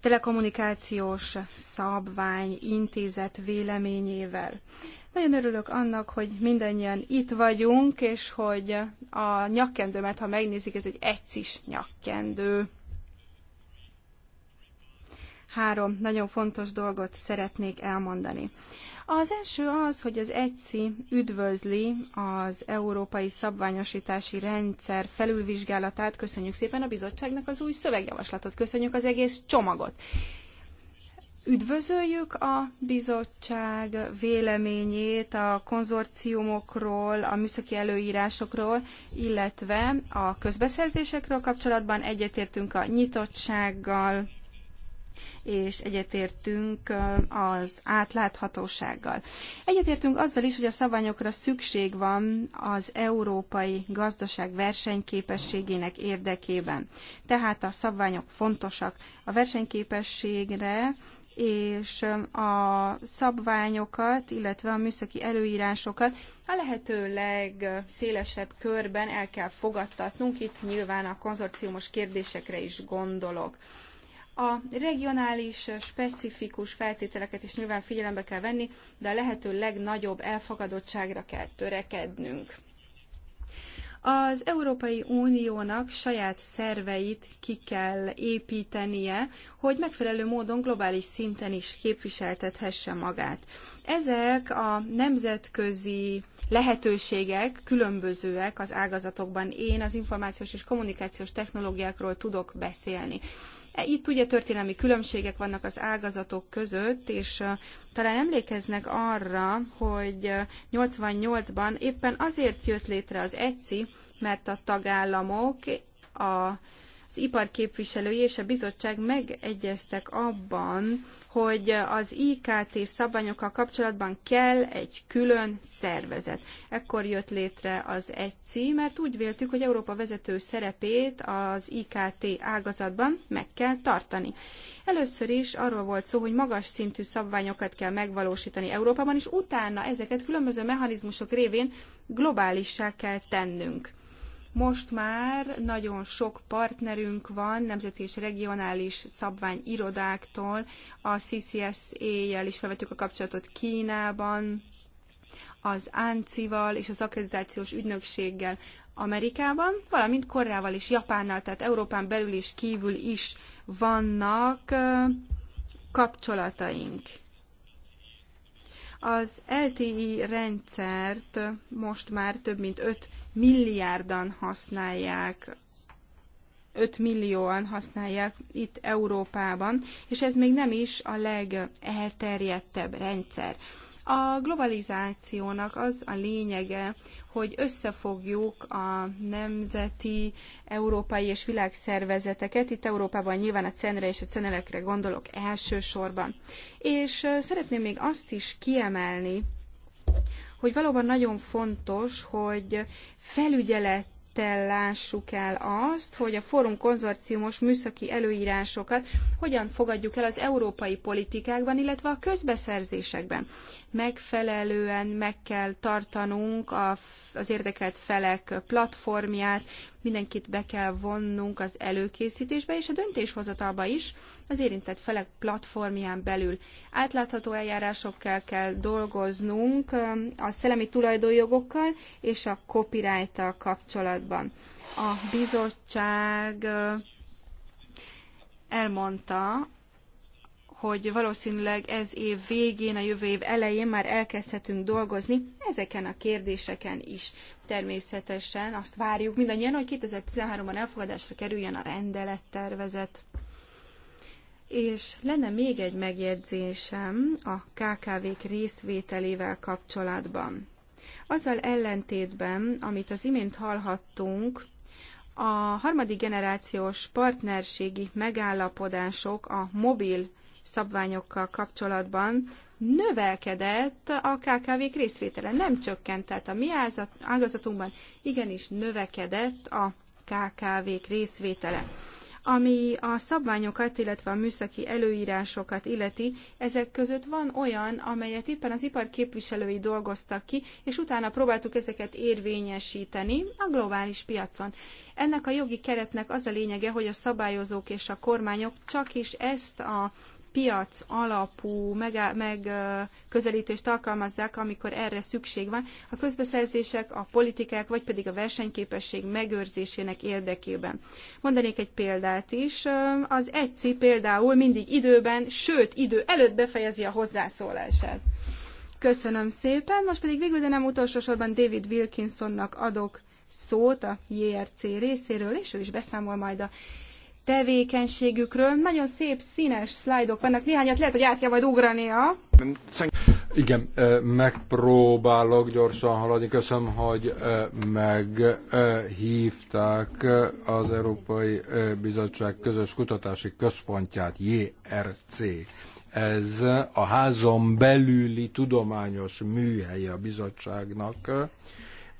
telekommunikációs szabvány intézet véleményével. Nagyon örülök annak, hogy mindannyian itt vagyunk, és hogy a nyakkendőmet, ha megnézik, ez egy egycis nyakkendő három nagyon fontos dolgot szeretnék elmondani. Az első az, hogy az ECI üdvözli az európai szabványosítási rendszer felülvizsgálatát. Köszönjük szépen a bizottságnak az új szövegjavaslatot, köszönjük az egész csomagot. Üdvözöljük a bizottság véleményét a konzorciumokról, a műszaki előírásokról, illetve a közbeszerzésekről kapcsolatban egyetértünk a nyitottsággal, és egyetértünk az átláthatósággal. Egyetértünk azzal is, hogy a szabványokra szükség van az európai gazdaság versenyképességének érdekében. Tehát a szabványok fontosak. A versenyképességre és a szabványokat, illetve a műszaki előírásokat a lehető legszélesebb körben el kell fogadtatnunk. Itt nyilván a konzorciumos kérdésekre is gondolok. A regionális, specifikus feltételeket is nyilván figyelembe kell venni, de a lehető legnagyobb elfogadottságra kell törekednünk. Az Európai Uniónak saját szerveit ki kell építenie, hogy megfelelő módon globális szinten is képviseltethesse magát. Ezek a nemzetközi lehetőségek különbözőek az ágazatokban. Én az információs és kommunikációs technológiákról tudok beszélni. E, itt ugye történelmi különbségek vannak az ágazatok között, és talán emlékeznek arra, hogy 88-ban éppen azért jött létre az ECI, mert a tagállamok a az iparképviselői és a bizottság megegyeztek abban, hogy az IKT szabványokkal kapcsolatban kell egy külön szervezet. Ekkor jött létre az ECI, mert úgy véltük, hogy Európa vezető szerepét az IKT ágazatban meg kell tartani. Először is arról volt szó, hogy magas szintű szabványokat kell megvalósítani Európában, és utána ezeket különböző mechanizmusok révén globálissá kell tennünk. Most már nagyon sok partnerünk van, nemzeti és regionális szabványirodáktól, a CCSA-jel is felvetjük a kapcsolatot Kínában, az ANCI-val és az akkreditációs ügynökséggel Amerikában, valamint Korrával és Japánnal, tehát Európán belül és kívül is vannak kapcsolataink. Az LTI rendszert most már több mint 5 milliárdan használják 5 millióan használják itt Európában, és ez még nem is a legelterjedtebb rendszer. A globalizációnak az a lényege, hogy összefogjuk a nemzeti, európai és világszervezeteket. Itt Európában nyilván a cenre és a cenelekre gondolok elsősorban. És szeretném még azt is kiemelni, hogy valóban nagyon fontos, hogy felügyelet lássuk el azt, hogy a fórum konzorciumos műszaki előírásokat hogyan fogadjuk el az európai politikákban, illetve a közbeszerzésekben megfelelően meg kell tartanunk az érdekelt felek platformját, mindenkit be kell vonnunk az előkészítésbe és a döntéshozatalba is az érintett felek platformján belül. Átlátható eljárásokkal kell dolgoznunk a szellemi tulajdonjogokkal és a copyright kapcsolatban. A bizottság elmondta hogy valószínűleg ez év végén, a jövő év elején már elkezdhetünk dolgozni ezeken a kérdéseken is. Természetesen azt várjuk mindannyian, hogy 2013-ban elfogadásra kerüljön a rendelettervezet. És lenne még egy megjegyzésem a KKV-k részvételével kapcsolatban. Azzal ellentétben, amit az imént hallhattunk, a harmadik generációs partnerségi megállapodások a mobil szabványokkal kapcsolatban növelkedett a KKV-k részvétele, nem csökkent, tehát a mi ágazatunkban igenis növekedett a KKV-k részvétele. Ami a szabványokat, illetve a műszaki előírásokat illeti, ezek között van olyan, amelyet éppen az ipar képviselői dolgoztak ki, és utána próbáltuk ezeket érvényesíteni a globális piacon. Ennek a jogi keretnek az a lényege, hogy a szabályozók és a kormányok csak is ezt a piac alapú megközelítést alkalmazzák, amikor erre szükség van, a közbeszerzések, a politikák, vagy pedig a versenyképesség megőrzésének érdekében. Mondanék egy példát is. Az ECI például mindig időben, sőt idő előtt befejezi a hozzászólását. Köszönöm szépen, most pedig végül, de nem utolsó sorban David Wilkinsonnak adok szót a JRC részéről, és ő is beszámol majd a tevékenységükről. Nagyon szép színes szlájdok vannak, néhányat lehet, hogy át kell majd ugrania. Igen, megpróbálok gyorsan haladni. Köszönöm, hogy meghívták az Európai Bizottság Közös Kutatási Központját, JRC. Ez a házon belüli tudományos műhelye a bizottságnak,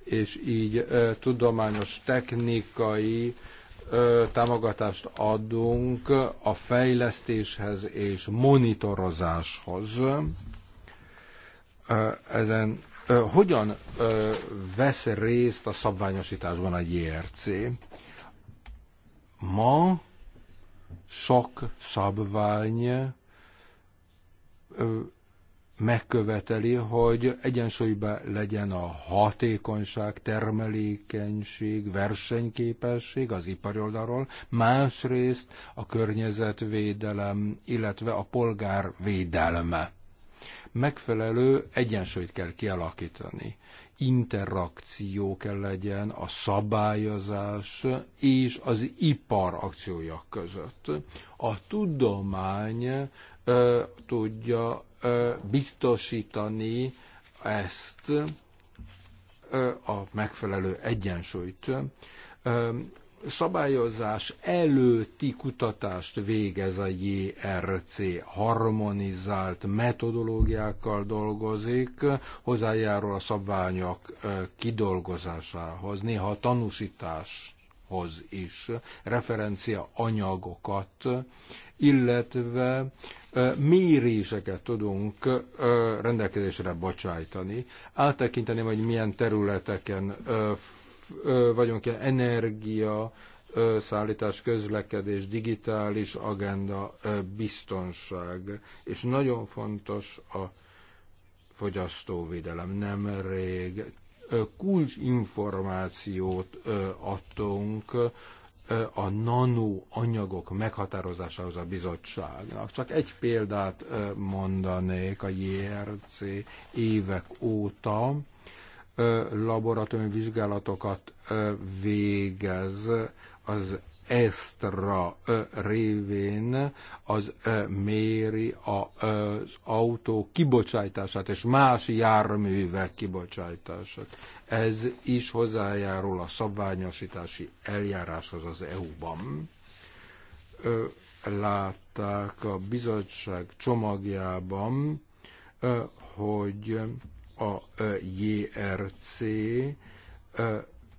és így tudományos technikai támogatást adunk a fejlesztéshez és monitorozáshoz. Ezen hogyan vesz részt a szabványosításban a JRC? E Ma sok szabvány megköveteli, hogy egyensúlyban legyen a hatékonyság, termelékenység, versenyképesség az ipari oldalról, másrészt a környezetvédelem, illetve a polgár védelme. Megfelelő egyensúlyt kell kialakítani. Interakció kell legyen a szabályozás és az ipar akciója között. A tudomány tudja biztosítani ezt a megfelelő egyensúlyt. Szabályozás előtti kutatást végez a JRC, harmonizált metodológiákkal dolgozik, hozzájárul a szabványok kidolgozásához, néha a tanúsításhoz is referencia anyagokat illetve méréseket tudunk rendelkezésre bocsájtani. Áttekinteném, hogy milyen területeken vagyunk -e energia, szállítás, közlekedés, digitális agenda, biztonság, és nagyon fontos a fogyasztóvédelem. Nem kulcsinformációt adtunk a anyagok meghatározásához a bizottságnak. Csak egy példát mondanék, a JRC évek óta laboratóriumi vizsgálatokat végez az extra révén az méri az autó kibocsátását és más járművek kibocsátását. Ez is hozzájárul a szabványosítási eljáráshoz az EU-ban látták a bizottság csomagjában, hogy a JRC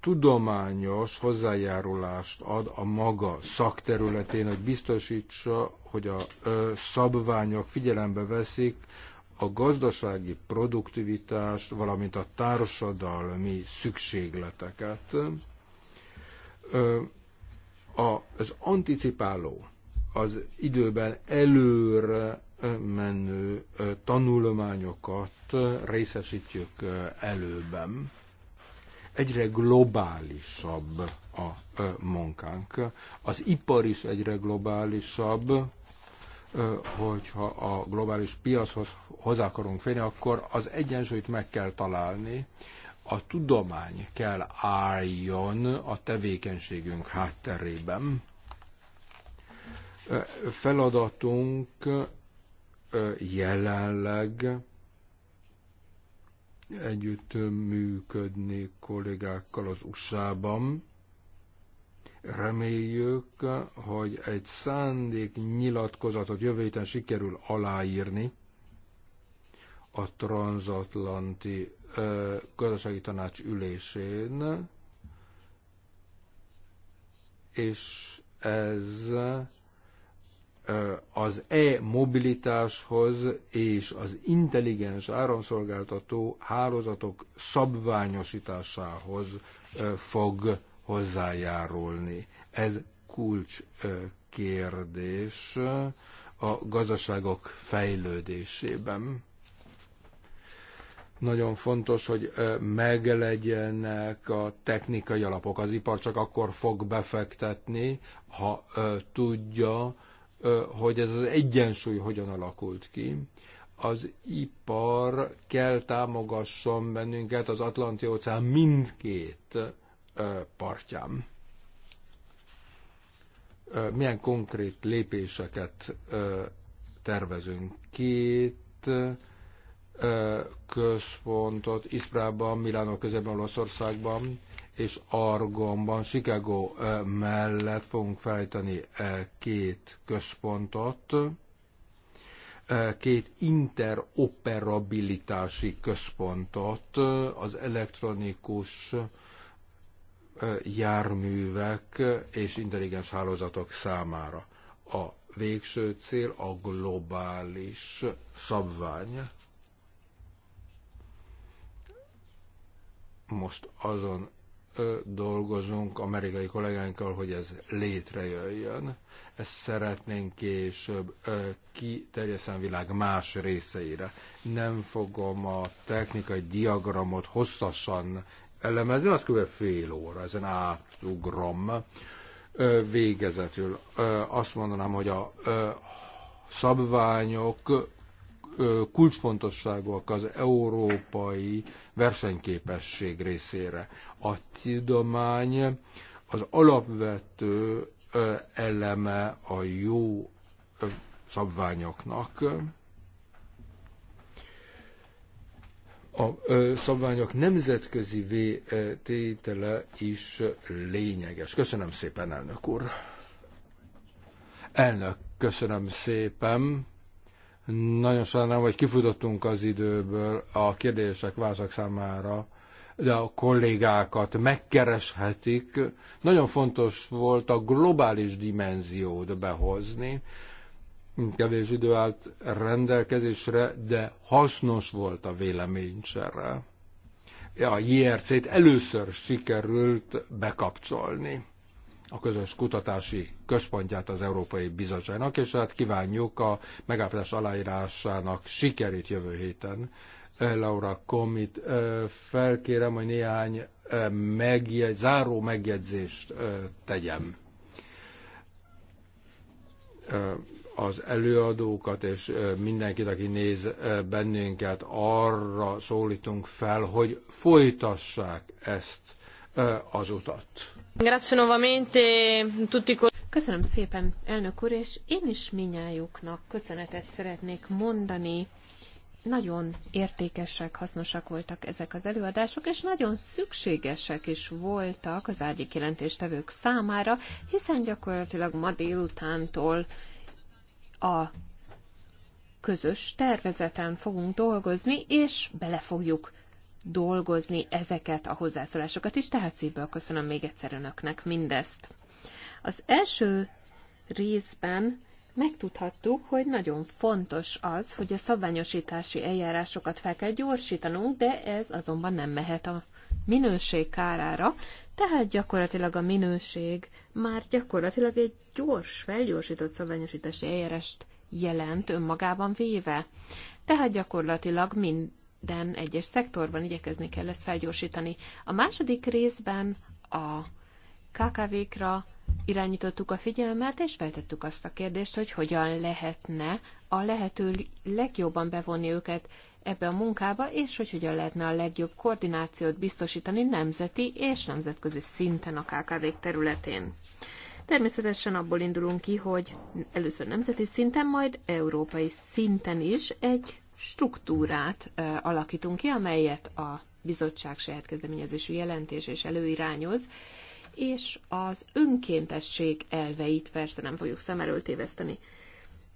tudományos hozzájárulást ad a maga szakterületén, hogy biztosítsa, hogy a szabványok figyelembe veszik a gazdasági produktivitást, valamint a társadalmi szükségleteket. Az anticipáló, az időben előre menő tanulmányokat részesítjük előben Egyre globálisabb a munkánk. Az ipar is egyre globálisabb, hogyha a globális piachoz hozzá akarunk férni, akkor az egyensúlyt meg kell találni, a tudomány kell álljon a tevékenységünk hátterében. Feladatunk jelenleg együtt működni kollégákkal az USA-ban. Reméljük, hogy egy nyilatkozatot jövő héten sikerül aláírni a transatlanti ö, gazdasági tanács ülésén, és ez az e-mobilitáshoz és az intelligens áramszolgáltató hálózatok szabványosításához fog hozzájárulni. Ez kulcs kérdés a gazdaságok fejlődésében. Nagyon fontos, hogy meglegyenek a technikai alapok. Az ipar csak akkor fog befektetni, ha tudja, hogy ez az egyensúly hogyan alakult ki. Az ipar kell támogasson bennünket az Atlanti-óceán mindkét partján milyen konkrét lépéseket tervezünk. Két központot, Iszprában, Milánó közében, Olaszországban és Argonban, Chicago mellett fogunk felállítani két központot, két interoperabilitási központot az elektronikus járművek és intelligens hálózatok számára. A végső cél a globális szabvány. Most azon dolgozunk amerikai kollégánkkal, hogy ez létrejöjjön. Ezt szeretnénk később kiterjeszteni a világ más részeire. Nem fogom a technikai diagramot hosszasan elemezni, az kb. fél óra, ezen átugrom. Végezetül azt mondanám, hogy a szabványok kulcsfontosságúak az európai versenyképesség részére. A tudomány az alapvető eleme a jó szabványoknak. A szabványok nemzetközi tétele is lényeges. Köszönöm szépen, elnök úr! Elnök, köszönöm szépen! Nagyon sajnálom, hogy kifutottunk az időből a kérdések válaszok számára, de a kollégákat megkereshetik. Nagyon fontos volt a globális dimenziót behozni. Kevés idő állt rendelkezésre, de hasznos volt a véleménycserrel. A JRC-t először sikerült bekapcsolni a közös kutatási központját az Európai Bizottságnak, és hát kívánjuk a megállapodás aláírásának sikerét jövő héten. Laura Komit felkérem, hogy néhány megjegy, záró megjegyzést tegyem az előadókat és mindenkit, aki néz bennünket, arra szólítunk fel, hogy folytassák ezt az utat. Köszönöm szépen, elnök úr, és én is minnyájuknak köszönetet szeretnék mondani. Nagyon értékesek, hasznosak voltak ezek az előadások, és nagyon szükségesek is voltak az árnyék jelentéstevők számára, hiszen gyakorlatilag ma délutántól a közös tervezeten fogunk dolgozni, és bele fogjuk dolgozni ezeket a hozzászólásokat is, tehát szívből köszönöm még egyszer önöknek mindezt. Az első részben megtudhattuk, hogy nagyon fontos az, hogy a szabványosítási eljárásokat fel kell gyorsítanunk, de ez azonban nem mehet a minőség kárára, tehát gyakorlatilag a minőség már gyakorlatilag egy gyors, felgyorsított szabványosítási eljárást jelent önmagában véve. Tehát gyakorlatilag mind minden egyes szektorban igyekezni kell ezt felgyorsítani. A második részben a KKV-kra irányítottuk a figyelmet, és feltettük azt a kérdést, hogy hogyan lehetne a lehető legjobban bevonni őket ebbe a munkába, és hogy hogyan lehetne a legjobb koordinációt biztosítani nemzeti és nemzetközi szinten a kkv területén. Természetesen abból indulunk ki, hogy először nemzeti szinten, majd európai szinten is egy struktúrát alakítunk ki, amelyet a bizottság saját kezdeményezésű jelentés és előirányoz, és az önkéntesség elveit persze nem fogjuk szem elől téveszteni.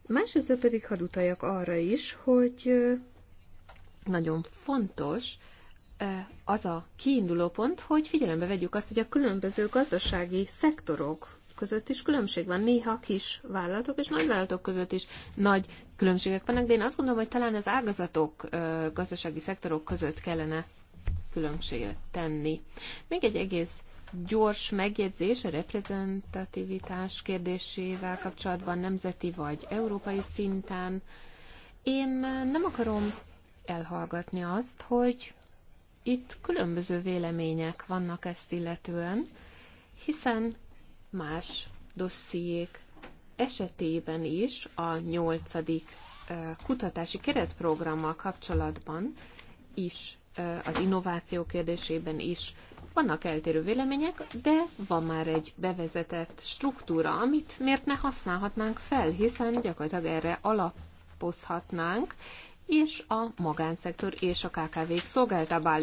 Másrészt pedig hadd utaljak arra is, hogy nagyon fontos az a kiinduló pont, hogy figyelembe vegyük azt, hogy a különböző gazdasági szektorok között is különbség van. Néha kis vállalatok és nagy vállalatok között is nagy különbségek vannak, de én azt gondolom, hogy talán az ágazatok, gazdasági szektorok között kellene különbséget tenni. Még egy egész gyors megjegyzés a reprezentativitás kérdésével kapcsolatban nemzeti vagy európai szinten. Én nem akarom elhallgatni azt, hogy itt különböző vélemények vannak ezt illetően, hiszen más dossziék esetében is a nyolcadik kutatási keretprogrammal kapcsolatban is az innováció kérdésében is vannak eltérő vélemények, de van már egy bevezetett struktúra, amit miért ne használhatnánk fel, hiszen gyakorlatilag erre alapozhatnánk, és a magánszektor és a KKV-k szolgáltába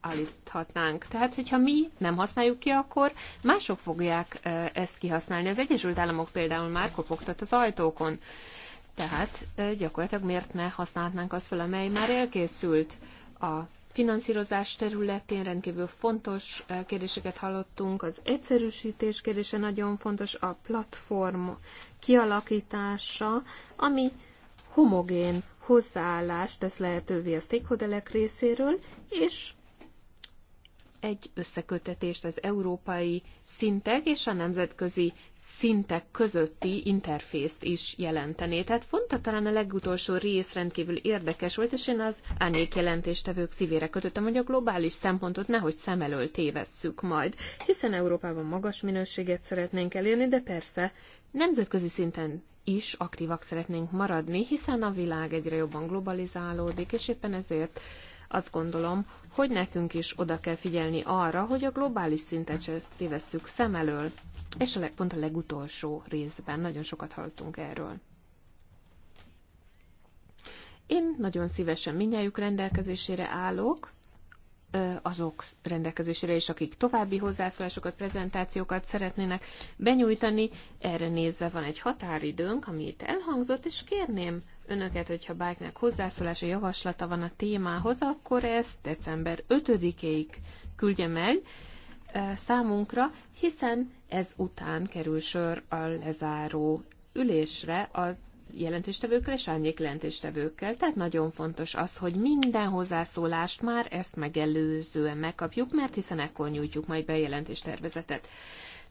állíthatnánk. Tehát, hogyha mi nem használjuk ki, akkor mások fogják ezt kihasználni. Az Egyesült Államok például már kopogtat az ajtókon. Tehát gyakorlatilag miért ne használhatnánk azt fel, amely már elkészült a finanszírozás területén rendkívül fontos kérdéseket hallottunk, az egyszerűsítés kérdése nagyon fontos, a platform kialakítása, ami homogén hozzáállást tesz lehetővé a stakeholderek részéről, és egy összekötetést az európai szintek és a nemzetközi szintek közötti interfészt is jelentené. Tehát fontos talán a legutolsó rész rendkívül érdekes volt, és én az árnyék jelentéstevők szívére kötöttem, hogy a globális szempontot nehogy szem elől tévesszük majd, hiszen Európában magas minőséget szeretnénk elérni, de persze nemzetközi szinten is aktívak szeretnénk maradni, hiszen a világ egyre jobban globalizálódik, és éppen ezért azt gondolom, hogy nekünk is oda kell figyelni arra, hogy a globális szintet se tévesszük szem elől, és a leg, pont a legutolsó részben nagyon sokat hallottunk erről. Én nagyon szívesen minnyájuk rendelkezésére állok, azok rendelkezésére is, akik további hozzászólásokat, prezentációkat szeretnének benyújtani. Erre nézve van egy határidőnk, ami itt elhangzott, és kérném önöket, hogyha bárkinek hozzászólása, javaslata van a témához, akkor ezt december 5-ig küldjem el számunkra, hiszen ez után kerül sor a lezáró ülésre az jelentéstevőkkel és árnyék jelentéstevőkkel. Tehát nagyon fontos az, hogy minden hozzászólást már ezt megelőzően megkapjuk, mert hiszen ekkor nyújtjuk majd be jelentéstervezetet.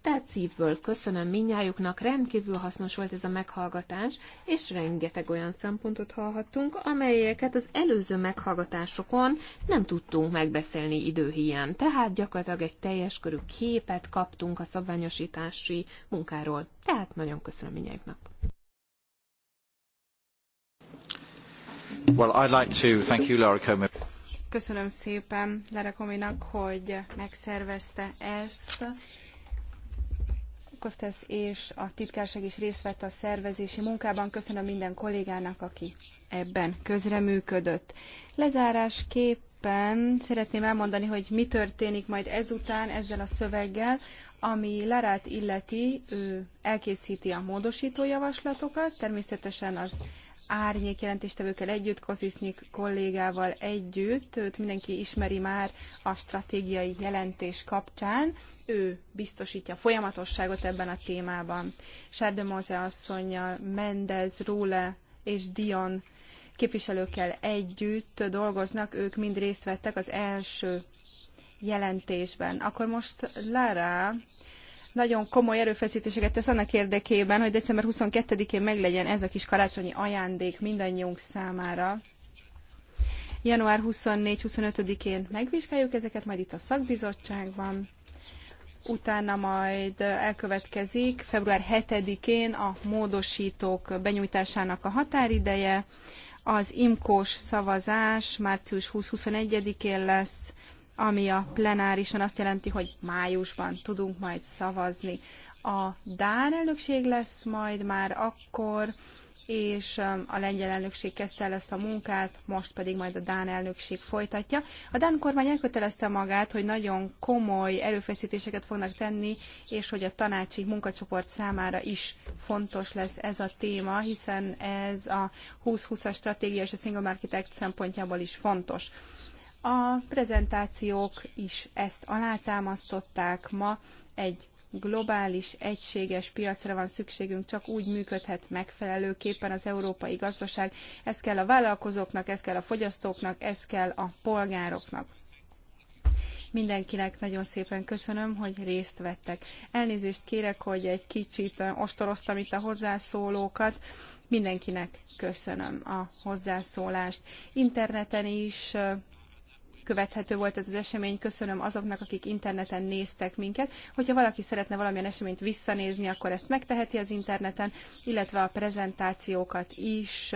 Tehát szívből köszönöm minnyájuknak, rendkívül hasznos volt ez a meghallgatás, és rengeteg olyan szempontot hallhattunk, amelyeket az előző meghallgatásokon nem tudtunk megbeszélni időhiány. Tehát gyakorlatilag egy teljes körű képet kaptunk a szabványosítási munkáról. Tehát nagyon köszönöm minnyájuknak. Well, I'd like to thank you, Laura Comer. Köszönöm szépen Lara Kominak, hogy megszervezte ezt. Kostesz és a titkárság is részt vett a szervezési munkában. Köszönöm minden kollégának, aki ebben közreműködött. Lezárásképpen szeretném elmondani, hogy mi történik majd ezután ezzel a szöveggel, ami Larát illeti, ő elkészíti a módosító javaslatokat, természetesen az árnyék jelentéstevőkkel együtt, Kozisznyik kollégával együtt, őt mindenki ismeri már a stratégiai jelentés kapcsán, ő biztosítja a folyamatosságot ebben a témában. Sárde Moze asszonynal, Mendez, Róle és Dion képviselőkkel együtt dolgoznak, ők mind részt vettek az első jelentésben. Akkor most Lara nagyon komoly erőfeszítéseket tesz annak érdekében, hogy december 22-én meglegyen ez a kis karácsonyi ajándék mindannyiunk számára. Január 24-25-én megvizsgáljuk ezeket, majd itt a szakbizottságban utána majd elkövetkezik február 7-én a módosítók benyújtásának a határideje, az imkós szavazás március 20-21-én lesz, ami a plenárison azt jelenti, hogy májusban tudunk majd szavazni. A Dán elnökség lesz majd már akkor, és um, a lengyel elnökség kezdte el ezt a munkát, most pedig majd a Dán elnökség folytatja. A Dán kormány elkötelezte magát, hogy nagyon komoly erőfeszítéseket fognak tenni, és hogy a tanácsi munkacsoport számára is fontos lesz ez a téma, hiszen ez a 2020-as stratégia és a Single Market Act szempontjából is fontos. A prezentációk is ezt alátámasztották ma. Egy globális, egységes piacra van szükségünk, csak úgy működhet megfelelőképpen az európai gazdaság. Ez kell a vállalkozóknak, ez kell a fogyasztóknak, ez kell a polgároknak. Mindenkinek nagyon szépen köszönöm, hogy részt vettek. Elnézést kérek, hogy egy kicsit ostoroztam itt a hozzászólókat. Mindenkinek köszönöm a hozzászólást. Interneten is követhető volt ez az esemény. Köszönöm azoknak, akik interneten néztek minket. Hogyha valaki szeretne valamilyen eseményt visszanézni, akkor ezt megteheti az interneten, illetve a prezentációkat is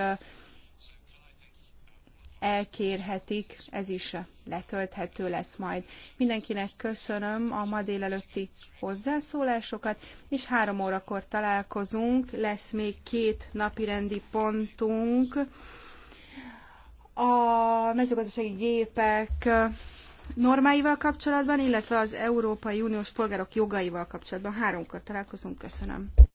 elkérhetik, ez is letölthető lesz majd. Mindenkinek köszönöm a ma délelőtti hozzászólásokat, és három órakor találkozunk, lesz még két napirendi pontunk, a mezőgazdasági gépek normáival kapcsolatban, illetve az Európai Uniós polgárok jogaival kapcsolatban. Háromkor találkozunk. Köszönöm.